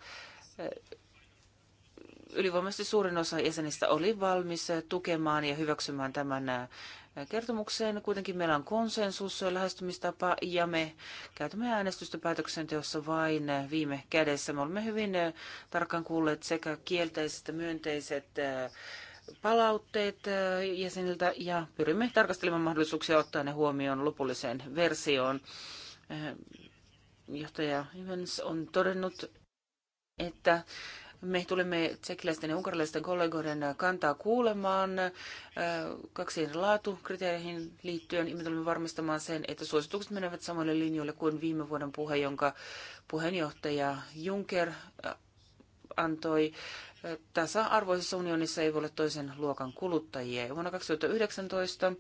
ylivoimaisesti suurin osa jäsenistä oli valmis tukemaan ja hyväksymään tämän äh, kertomukseen. Kuitenkin meillä on konsensus äh, lähestymistapa ja me käytämme äänestystä päätöksenteossa vain äh, viime kädessä. Me olemme hyvin tarkkaan kuulleet sekä kielteiset että myönteiset palautteet jäseniltä ja pyrimme tarkastelemaan mahdollisuuksia ottaa ne huomioon lopulliseen versioon. Johtaja Ivens on todennut, että me tulemme tsekkiläisten ja unkarilaisten kollegoiden kantaa kuulemaan äh, kaksiin laatukriteereihin liittyen. Me tulemme varmistamaan sen, että suositukset menevät samalle linjoille kuin viime vuoden puhe, jonka puheenjohtaja Juncker äh, antoi. Äh, tasa-arvoisessa unionissa ei voi olla toisen luokan kuluttajia. Vuonna 2019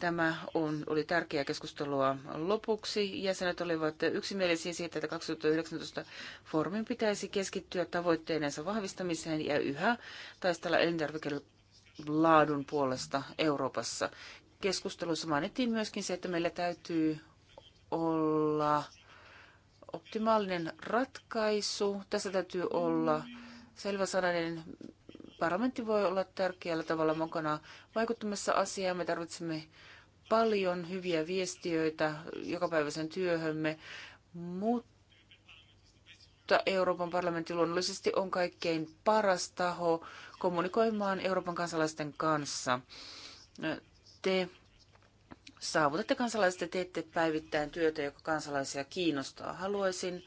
Tämä on, oli tärkeää keskustelua lopuksi. Jäsenet olivat yksimielisiä siitä, että 2019 foorumin pitäisi keskittyä tavoitteidensa vahvistamiseen ja yhä taistella elintarvikelaadun puolesta Euroopassa. Keskustelussa mainittiin myöskin se, että meillä täytyy olla optimaalinen ratkaisu. Tässä täytyy olla selvä sananen parlamentti voi olla tärkeällä tavalla mukana vaikuttamassa asiaan. Me tarvitsemme paljon hyviä viestiöitä jokapäiväisen työhömme, mutta Euroopan parlamentti luonnollisesti on kaikkein paras taho kommunikoimaan Euroopan kansalaisten kanssa. Te saavutatte kansalaiset ja teette päivittäin työtä, joka kansalaisia kiinnostaa. Haluaisin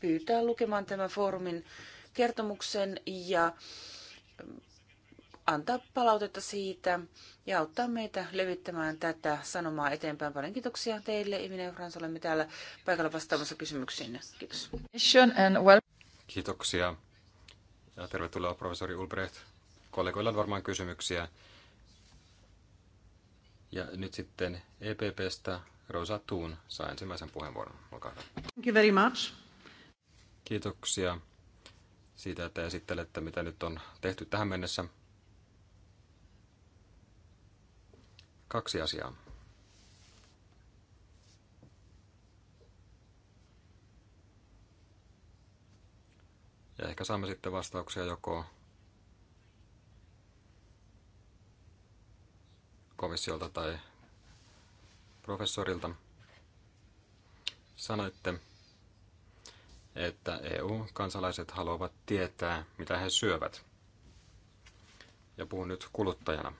pyytää lukemaan tämän foorumin kertomuksen ja antaa palautetta siitä ja auttaa meitä levittämään tätä sanomaa eteenpäin. Paljon kiitoksia teille. Emine ja Frans, olemme täällä paikalla vastaamassa kysymyksiin. Kiitos. Kiitoksia. Ja tervetuloa professori Ulbrecht. Kollegoilla on varmaan kysymyksiä. Ja nyt sitten EPPstä Rosa Tuun saa ensimmäisen puheenvuoron. Olkaa hyvä. Thank you very much. Kiitoksia siitä, että esittelette, mitä nyt on tehty tähän mennessä. Kaksi asiaa. Ja ehkä saamme sitten vastauksia joko komissiolta tai professorilta. Sanoitte, että EU-kansalaiset haluavat tietää, mitä he syövät. Ja puhun nyt kuluttajana.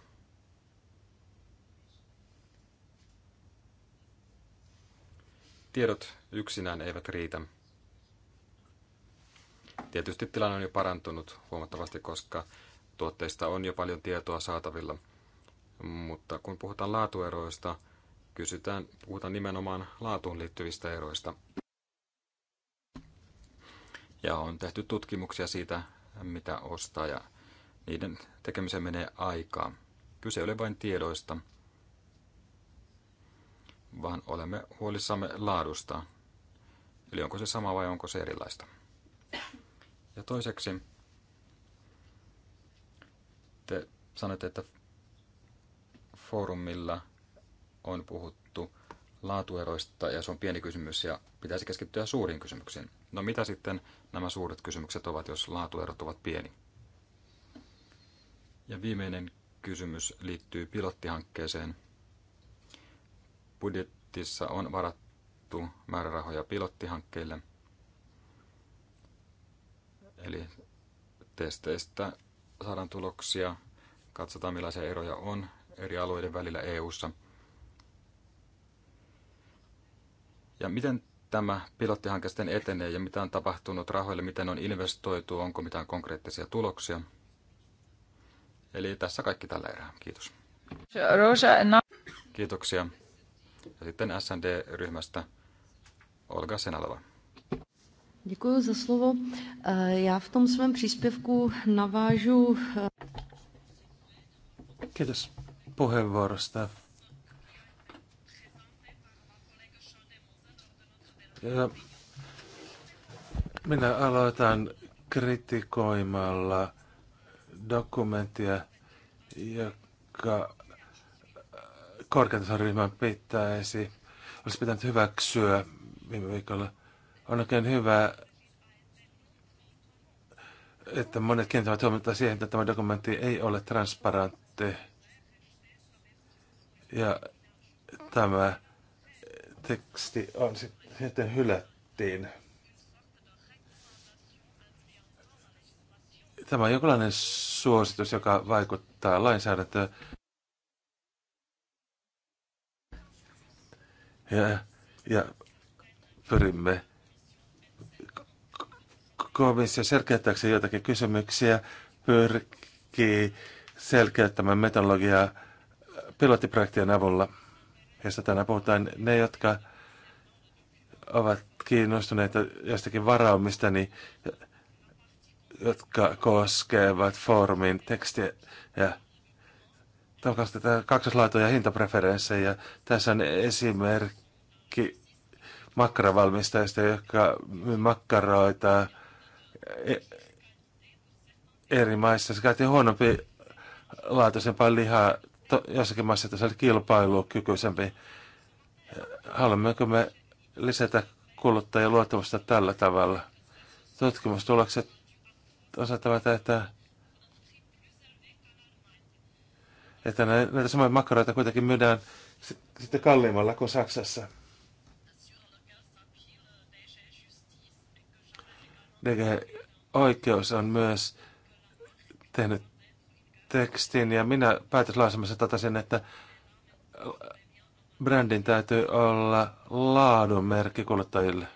Tiedot yksinään eivät riitä. Tietysti tilanne on jo parantunut huomattavasti, koska tuotteista on jo paljon tietoa saatavilla. Mutta kun puhutaan laatueroista, kysytään, puhutaan nimenomaan laatuun liittyvistä eroista. Ja on tehty tutkimuksia siitä, mitä ostaa ja niiden tekemiseen menee aikaa. Kyse ei ole vain tiedoista, vaan olemme huolissamme laadusta. Eli onko se sama vai onko se erilaista. Ja toiseksi te sanoitte, että foorumilla on puhuttu laatueroista ja se on pieni kysymys ja pitäisi keskittyä suuriin kysymyksiin. No mitä sitten nämä suuret kysymykset ovat, jos laatuerot ovat pieni? Ja viimeinen kysymys liittyy pilottihankkeeseen. Budjetissa on varattu määrärahoja pilottihankkeille. Eli testeistä saadaan tuloksia, katsotaan millaisia eroja on eri alueiden välillä EU:ssa. Ja miten tämä pilottihanke sitten etenee ja mitä on tapahtunut rahoille, miten on investoitu, onko mitään konkreettisia tuloksia. Eli tässä kaikki tällä erää. Kiitos. No- Kiitoksia. Ja sitten SND-ryhmästä Olga Senalova. Děkuji za slovo. Eh, já v tom svém příspěvku navážu... Eh, Kiitos puheenvuorosta. Ja minä aloitan kritikoimalla dokumenttia, joka korkeantasoryhmän pitäisi, olisi pitänyt hyväksyä viime viikolla. On oikein hyvä, että monet kiinnittävät huomiota siihen, että tämä dokumentti ei ole transparantti. Ja tämä teksti on sitten sitten hylättiin. Tämä on jonkinlainen suositus, joka vaikuttaa lainsäädäntöön. Ja, ja pyrimme komissio selkeyttääkseen jotakin kysymyksiä, pyrkii selkeyttämään metodologiaa pilottiprojektien avulla, josta tänään puhutaan. Ne, jotka ovat kiinnostuneita jostakin niin jotka koskevat foorumin tekstiä ja kaksoslaatuja ja hintapreferenssejä. Tässä on esimerkki makkaravalmistajista, jotka makkaroita e- eri maissa. Se käytiin huonompi laatuisempaa lihaa. jossakin maissa se oli kilpailukykyisempi. Haluammeko me lisätä kuluttajien luottamusta tällä tavalla. Tutkimustulokset osoittavat, että, että näitä samoja makkaroita kuitenkin myydään sitten kalliimmalla kuin Saksassa. DG Oikeus on myös tehnyt tekstin ja minä päätöslausemassa totesin, että brändin täytyy olla laadun merkki kuluttajille.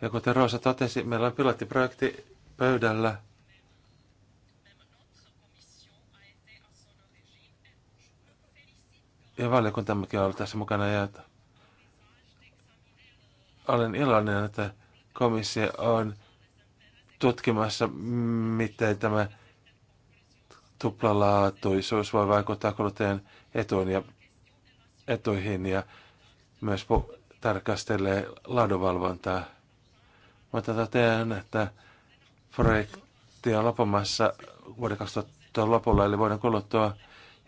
Ja kuten Roosa totesi, meillä on pilottiprojekti pöydällä. Ja valiokuntammekin on ollut tässä mukana. Ja olen iloinen, että komissio on tutkimassa, miten tämä tuplalaatuisuus voi vaikuttaa kuluttajan etuun ja etuihin ja myös tarkastelee laadunvalvontaa. Mutta totean, että projekti on lopumassa vuoden 2000 lopulla, eli vuoden kuluttua.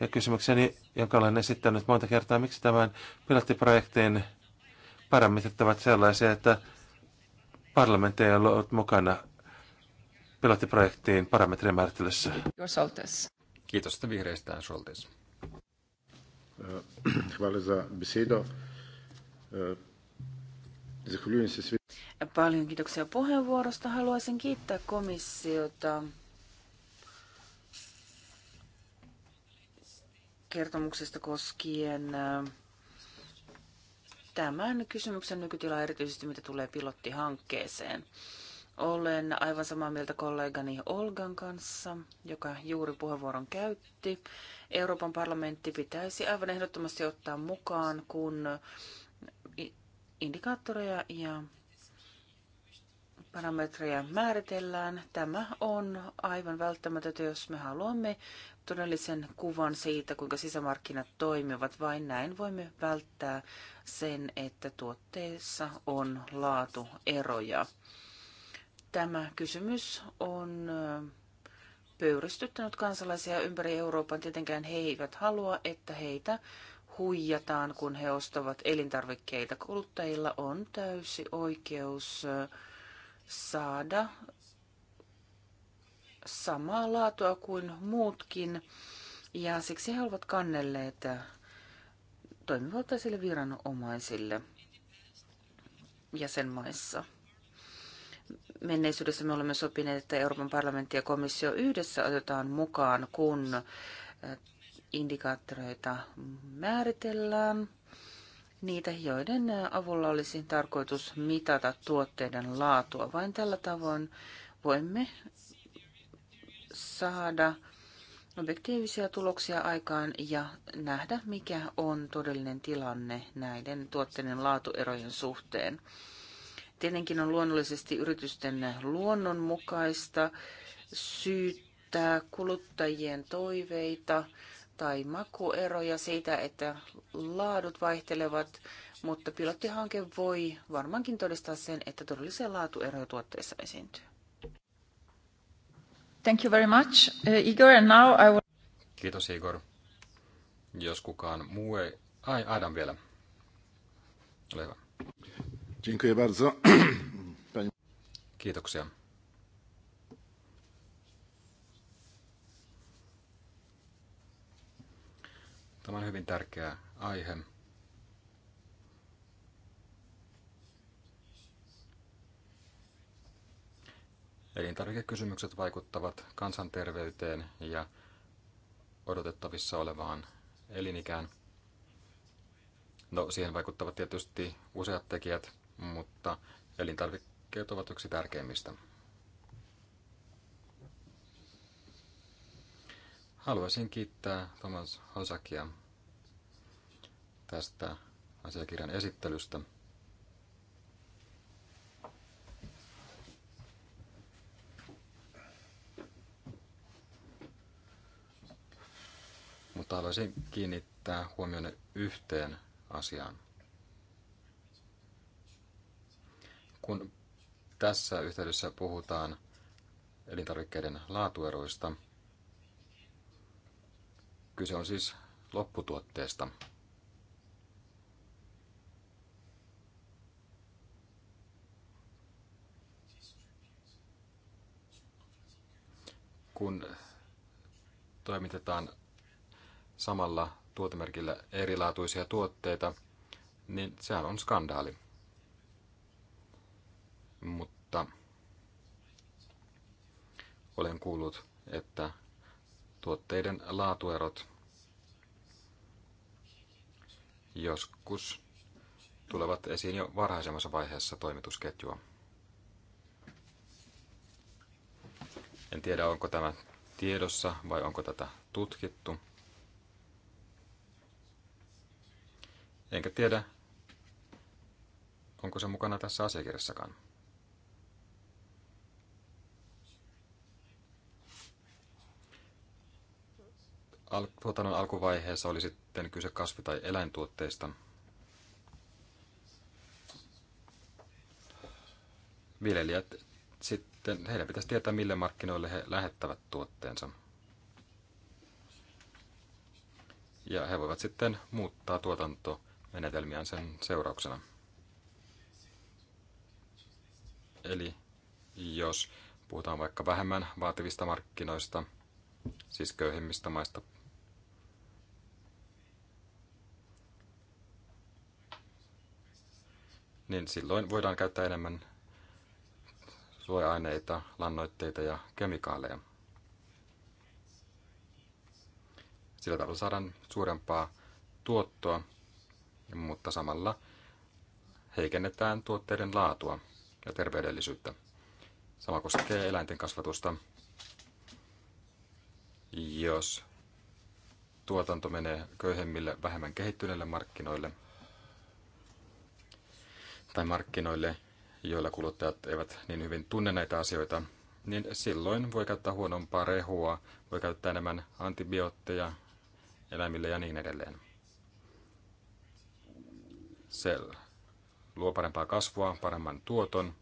Ja kysymykseni, jonka olen esittänyt monta kertaa, miksi tämän pilottiprojektin parametrit ovat sellaisia, että parlamentti ei ollut mukana pilottiprojektiin parametrien määrittelyssä. Kiitos, että vihreistään Soltis. Eh, hvala za besedo. Eh, zahvaljujem se Paljon kiitoksia puheenvuorosta. Haluaisin kiittää komissiota kertomuksesta koskien eh, tämän kysymyksen nykytilaa erityisesti mitä tulee pilottihankkeeseen. Olen aivan samaa mieltä kollegani Olgan kanssa, joka juuri puheenvuoron käytti. Euroopan parlamentti pitäisi aivan ehdottomasti ottaa mukaan, kun indikaattoreja ja parametreja määritellään. Tämä on aivan välttämätöntä, jos me haluamme todellisen kuvan siitä, kuinka sisämarkkinat toimivat. Vain näin voimme välttää sen, että tuotteissa on laatueroja. Tämä kysymys on pöyristyttänyt kansalaisia ympäri Euroopan. Tietenkään he eivät halua, että heitä huijataan, kun he ostavat elintarvikkeita. Kuluttajilla on täysi oikeus saada samaa laatua kuin muutkin, ja siksi he ovat kannelleet toimivaltaisille viranomaisille jäsenmaissa menneisyydessä me olemme sopineet, että Euroopan parlamentti ja komissio yhdessä otetaan mukaan, kun indikaattoreita määritellään. Niitä, joiden avulla olisi tarkoitus mitata tuotteiden laatua. Vain tällä tavoin voimme saada objektiivisia tuloksia aikaan ja nähdä, mikä on todellinen tilanne näiden tuotteiden laatuerojen suhteen. Tietenkin on luonnollisesti yritysten luonnonmukaista syyttää kuluttajien toiveita tai makueroja siitä, että laadut vaihtelevat, mutta pilottihanke voi varmaankin todistaa sen, että todellisia laatueroja tuotteissa esiintyy. Thank you very much, uh, Igor. And now I will... Kiitos Igor. Jos kukaan muu ei... Ai, Adam vielä. Ole hyvä. Dziękuję bardzo. Kiitoksia. Tämä on hyvin tärkeä aihe. Elintarvikekysymykset vaikuttavat kansanterveyteen ja odotettavissa olevaan elinikään. No, siihen vaikuttavat tietysti useat tekijät, mutta elintarvikkeet ovat yksi tärkeimmistä. Haluaisin kiittää Thomas Hosakia tästä asiakirjan esittelystä. Mutta haluaisin kiinnittää huomioon yhteen asiaan. Kun tässä yhteydessä puhutaan elintarvikkeiden laatueroista, kyse on siis lopputuotteesta. Kun toimitetaan samalla tuotemerkillä erilaatuisia tuotteita, niin sehän on skandaali mutta olen kuullut, että tuotteiden laatuerot joskus tulevat esiin jo varhaisemmassa vaiheessa toimitusketjua. En tiedä, onko tämä tiedossa vai onko tätä tutkittu. Enkä tiedä, onko se mukana tässä asiakirjassakaan. al- tuotannon alkuvaiheessa oli sitten kyse kasvi- tai eläintuotteista. Viljelijät sitten, heidän pitäisi tietää, mille markkinoille he lähettävät tuotteensa. Ja he voivat sitten muuttaa tuotantomenetelmiään sen seurauksena. Eli jos puhutaan vaikka vähemmän vaativista markkinoista, siis köyhimmistä maista niin silloin voidaan käyttää enemmän suoja-aineita, lannoitteita ja kemikaaleja. Sillä tavalla saadaan suurempaa tuottoa, mutta samalla heikennetään tuotteiden laatua ja terveydellisyyttä. Sama koskee eläinten kasvatusta. Jos tuotanto menee köyhemmille, vähemmän kehittyneille markkinoille, tai markkinoille, joilla kuluttajat eivät niin hyvin tunne näitä asioita, niin silloin voi käyttää huonompaa rehua, voi käyttää enemmän antibiootteja eläimille ja niin edelleen. Se luo parempaa kasvua, paremman tuoton,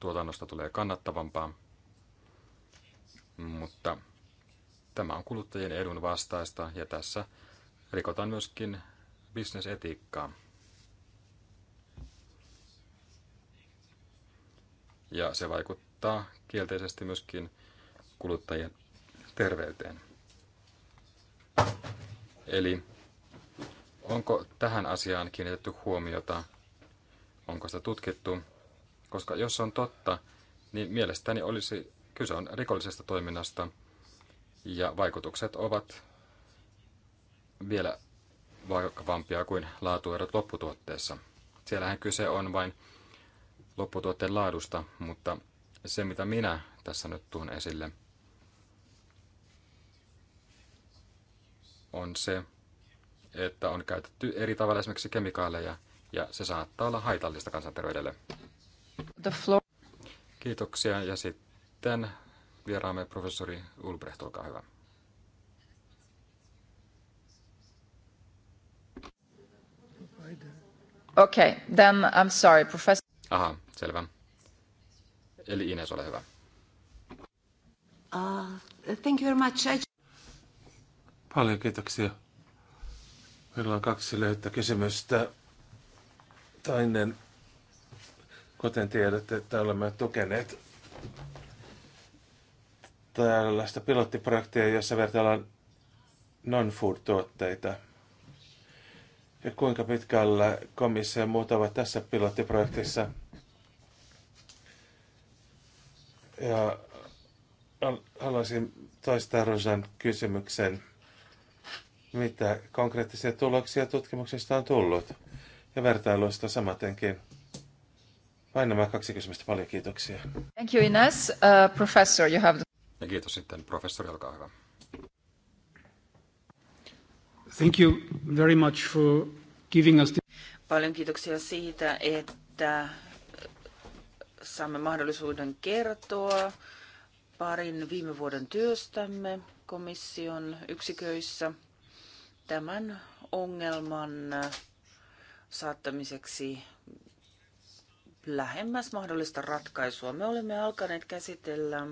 tuotannosta tulee kannattavampaa, mutta tämä on kuluttajien edun vastaista ja tässä rikotaan myöskin bisnesetiikkaa. ja se vaikuttaa kielteisesti myöskin kuluttajien terveyteen. Eli onko tähän asiaan kiinnitetty huomiota? Onko sitä tutkittu? Koska jos on totta, niin mielestäni olisi kyse on rikollisesta toiminnasta ja vaikutukset ovat vielä vakavampia kuin laatuerot lopputuotteessa. Siellähän kyse on vain lopputuotteen laadusta, mutta se mitä minä tässä nyt tuon esille on se, että on käytetty eri tavalla esimerkiksi kemikaaleja ja se saattaa olla haitallista kansanterveydelle. The floor. Kiitoksia ja sitten vieraamme professori Ulbrecht, olkaa hyvä. Okay, then I'm sorry, professor. Aha, Selvä. Eli Ines, ole hyvä. Uh, thank you very much. Paljon kiitoksia. Meillä on kaksi lyhyttä kysymystä. Tainen, kuten tiedätte, että olemme tukeneet tällaista pilottiprojektia, jossa vertaillaan non-food-tuotteita. Ja kuinka pitkällä komissio ja muut ovat tässä pilottiprojektissa? Ja haluaisin toistaa Rosan kysymyksen, mitä konkreettisia tuloksia tutkimuksista on tullut ja vertailuista samatenkin. Vain nämä kaksi kysymystä. Paljon kiitoksia. Thank you, Ines. Uh, professor, you have the... Ja kiitos sitten. Professori, olkaa hyvä. Thank you very much for giving us the... Paljon kiitoksia siitä, että saamme mahdollisuuden kertoa parin viime vuoden työstämme komission yksiköissä tämän ongelman saattamiseksi lähemmäs mahdollista ratkaisua. Me olemme alkaneet käsitellä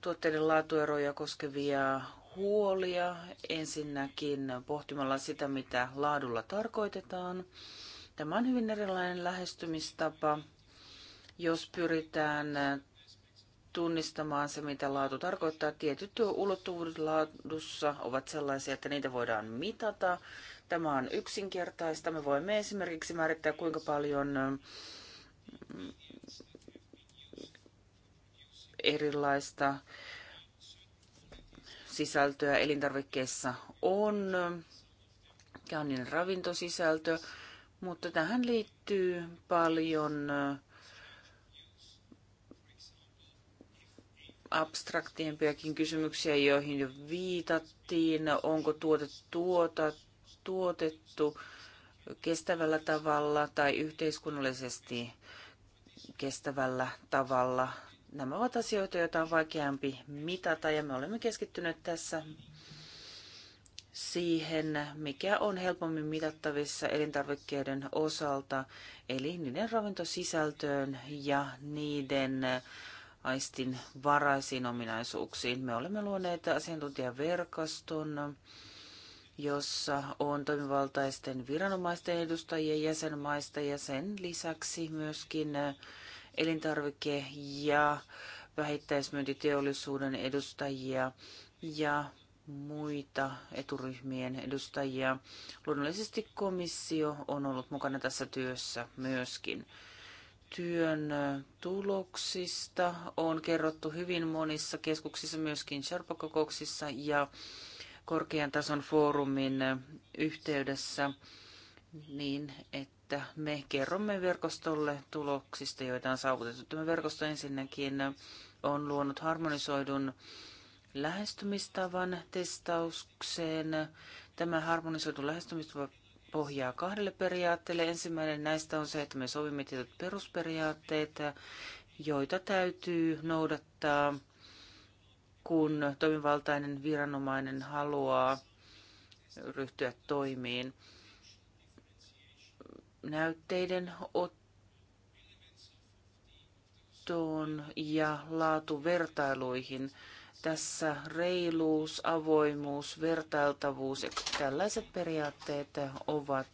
tuotteiden laatueroja koskevia huolia. Ensinnäkin pohtimalla sitä, mitä laadulla tarkoitetaan. Tämä on hyvin erilainen lähestymistapa, jos pyritään tunnistamaan se, mitä laatu tarkoittaa. Tietyt ulottuvuudet laadussa ovat sellaisia, että niitä voidaan mitata. Tämä on yksinkertaista. Me voimme esimerkiksi määrittää, kuinka paljon mm, erilaista sisältöä elintarvikkeessa on, mikä on niin ravintosisältö, mutta tähän liittyy paljon abstraktiempiakin kysymyksiä, joihin jo viitattiin. Onko tuote tuota, tuotettu kestävällä tavalla tai yhteiskunnallisesti kestävällä tavalla? Nämä ovat asioita, joita on vaikeampi mitata ja me olemme keskittyneet tässä siihen, mikä on helpommin mitattavissa elintarvikkeiden osalta, eli niiden ravintosisältöön ja niiden aistin varaisiin ominaisuuksiin. Me olemme luoneet asiantuntijaverkoston, jossa on toimivaltaisten viranomaisten edustajia jäsenmaista ja sen lisäksi myöskin elintarvike- ja vähittäismyyntiteollisuuden edustajia ja muita eturyhmien edustajia. Luonnollisesti komissio on ollut mukana tässä työssä myöskin. Työn tuloksista on kerrottu hyvin monissa keskuksissa, myöskin Sherpa-kokouksissa ja korkean tason foorumin yhteydessä niin, että me kerromme verkostolle tuloksista, joita on saavutettu. Tämä verkosto ensinnäkin on luonut harmonisoidun lähestymistavan testaukseen. Tämä harmonisoitu lähestymistapa pohjaa kahdelle periaatteelle. Ensimmäinen näistä on se, että me sovimme tietyt perusperiaatteet, joita täytyy noudattaa, kun toimivaltainen viranomainen haluaa ryhtyä toimiin. Näytteiden ottoon ja laatuvertailuihin tässä reiluus, avoimuus, vertailtavuus ja tällaiset periaatteet ovat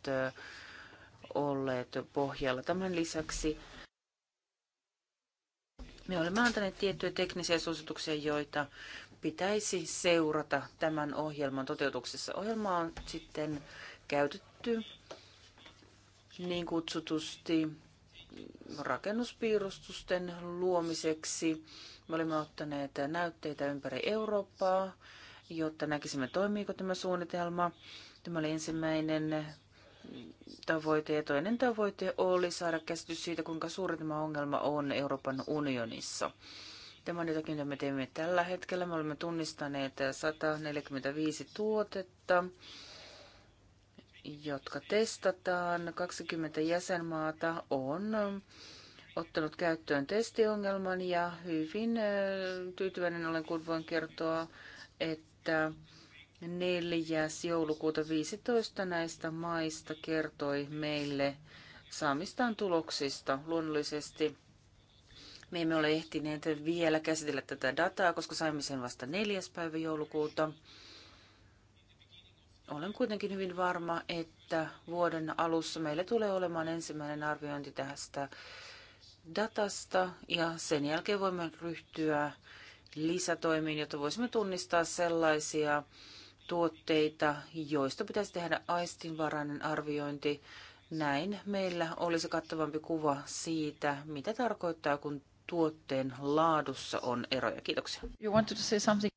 olleet pohjalla. Tämän lisäksi me olemme antaneet tiettyjä teknisiä suosituksia, joita pitäisi seurata tämän ohjelman toteutuksessa. Ohjelma on sitten käytetty niin kutsutusti rakennuspiirustusten luomiseksi me olimme ottaneet näytteitä ympäri Eurooppaa, jotta näkisimme, toimiiko tämä suunnitelma. Tämä oli ensimmäinen tavoite ja toinen tavoite oli saada käsitys siitä, kuinka suuri tämä ongelma on Euroopan unionissa. Tämä on jotakin, mitä me teemme tällä hetkellä. Me olemme tunnistaneet 145 tuotetta, jotka testataan. 20 jäsenmaata on ottanut käyttöön testiongelman ja hyvin tyytyväinen olen, kun voin kertoa, että 4. joulukuuta 15 näistä maista kertoi meille saamistaan tuloksista. Luonnollisesti me emme ole ehtineet vielä käsitellä tätä dataa, koska saimme sen vasta 4. päivä joulukuuta. Olen kuitenkin hyvin varma, että vuoden alussa meillä tulee olemaan ensimmäinen arviointi tästä datasta ja sen jälkeen voimme ryhtyä lisätoimiin, jotta voisimme tunnistaa sellaisia tuotteita, joista pitäisi tehdä aistinvarainen arviointi. Näin meillä olisi kattavampi kuva siitä, mitä tarkoittaa, kun tuotteen laadussa on eroja. Kiitoksia. You wanted to say something?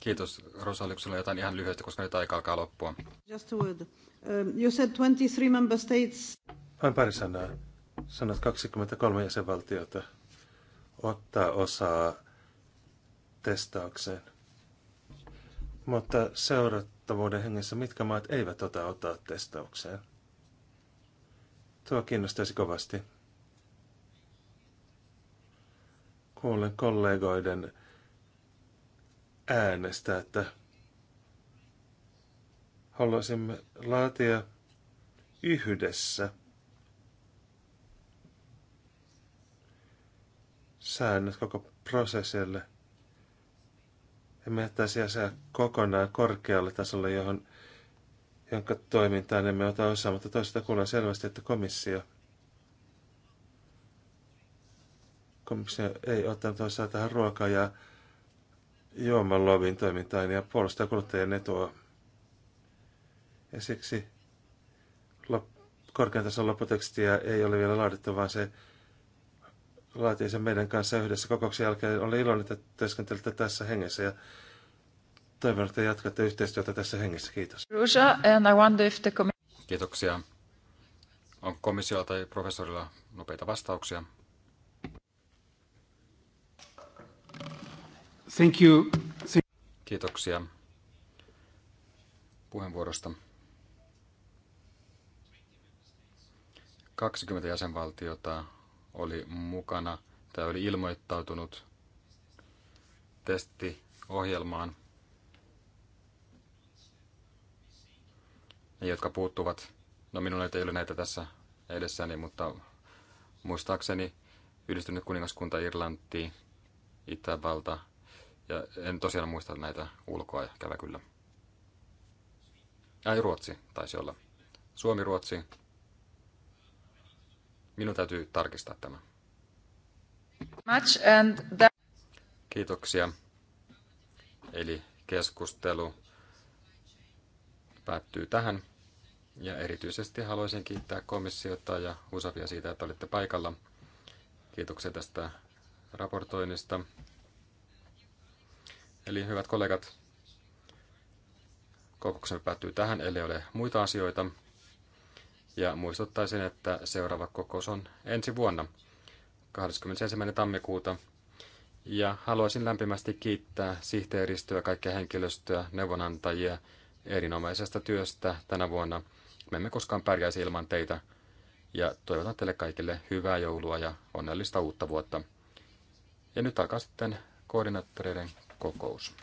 Kiitos. Rosaliuksella jotain ihan lyhyesti, koska nyt aika alkaa loppua. Just a word. Um, you said 23 member states. Vain pari sanaa sanat 23 jäsenvaltiota ottaa osaa testaukseen. Mutta seurattavuuden hengessä mitkä maat eivät ota ottaa testaukseen? Tuo kiinnostaisi kovasti. Kuulen kollegoiden äänestä, että haluaisimme laatia yhdessä – säännöt koko prosessille. Emme jättäisi asiaa kokonaan korkealle tasolle, johon, jonka toimintaan emme ota osaa, mutta toisaalta kuullaan selvästi, että komissio, komissio ei ottanut osaa tähän ruokaa ja juomalovin toimintaan ja puolustaa kuluttajien etua. Ja siksi lop- korkean tason lopputekstiä ei ole vielä laadittu, vaan se laatii sen meidän kanssa yhdessä kokouksen jälkeen. Olen iloinen, että työskentelette tässä hengessä ja toivon, että jatkatte yhteistyötä tässä hengessä. Kiitos. Kiitoksia. Onko komissiolla tai professorilla nopeita vastauksia? Thank you. Kiitoksia puheenvuorosta. 20 jäsenvaltiota oli mukana tai oli ilmoittautunut testiohjelmaan, ne jotka puuttuvat, no minulla ei ole näitä tässä edessäni, mutta muistaakseni yhdistynyt kuningaskunta Irlanti, Itävalta, ja en tosiaan muista näitä ulkoa ikävä kyllä. Ai Ruotsi taisi olla. Suomi, Ruotsi, Minun täytyy tarkistaa tämä. Kiitoksia. Eli keskustelu päättyy tähän. Ja erityisesti haluaisin kiittää komissiota ja Usafia siitä, että olitte paikalla. Kiitoksia tästä raportoinnista. Eli hyvät kollegat, kokouksemme päättyy tähän, ellei ole muita asioita. Ja muistuttaisin, että seuraava kokous on ensi vuonna 21. tammikuuta. Ja haluaisin lämpimästi kiittää sihteeristöä, kaikkia henkilöstöä, neuvonantajia erinomaisesta työstä tänä vuonna. Me emme koskaan pärjäisi ilman teitä. Ja toivotan teille kaikille hyvää joulua ja onnellista uutta vuotta. Ja nyt alkaa sitten koordinaattoreiden kokous.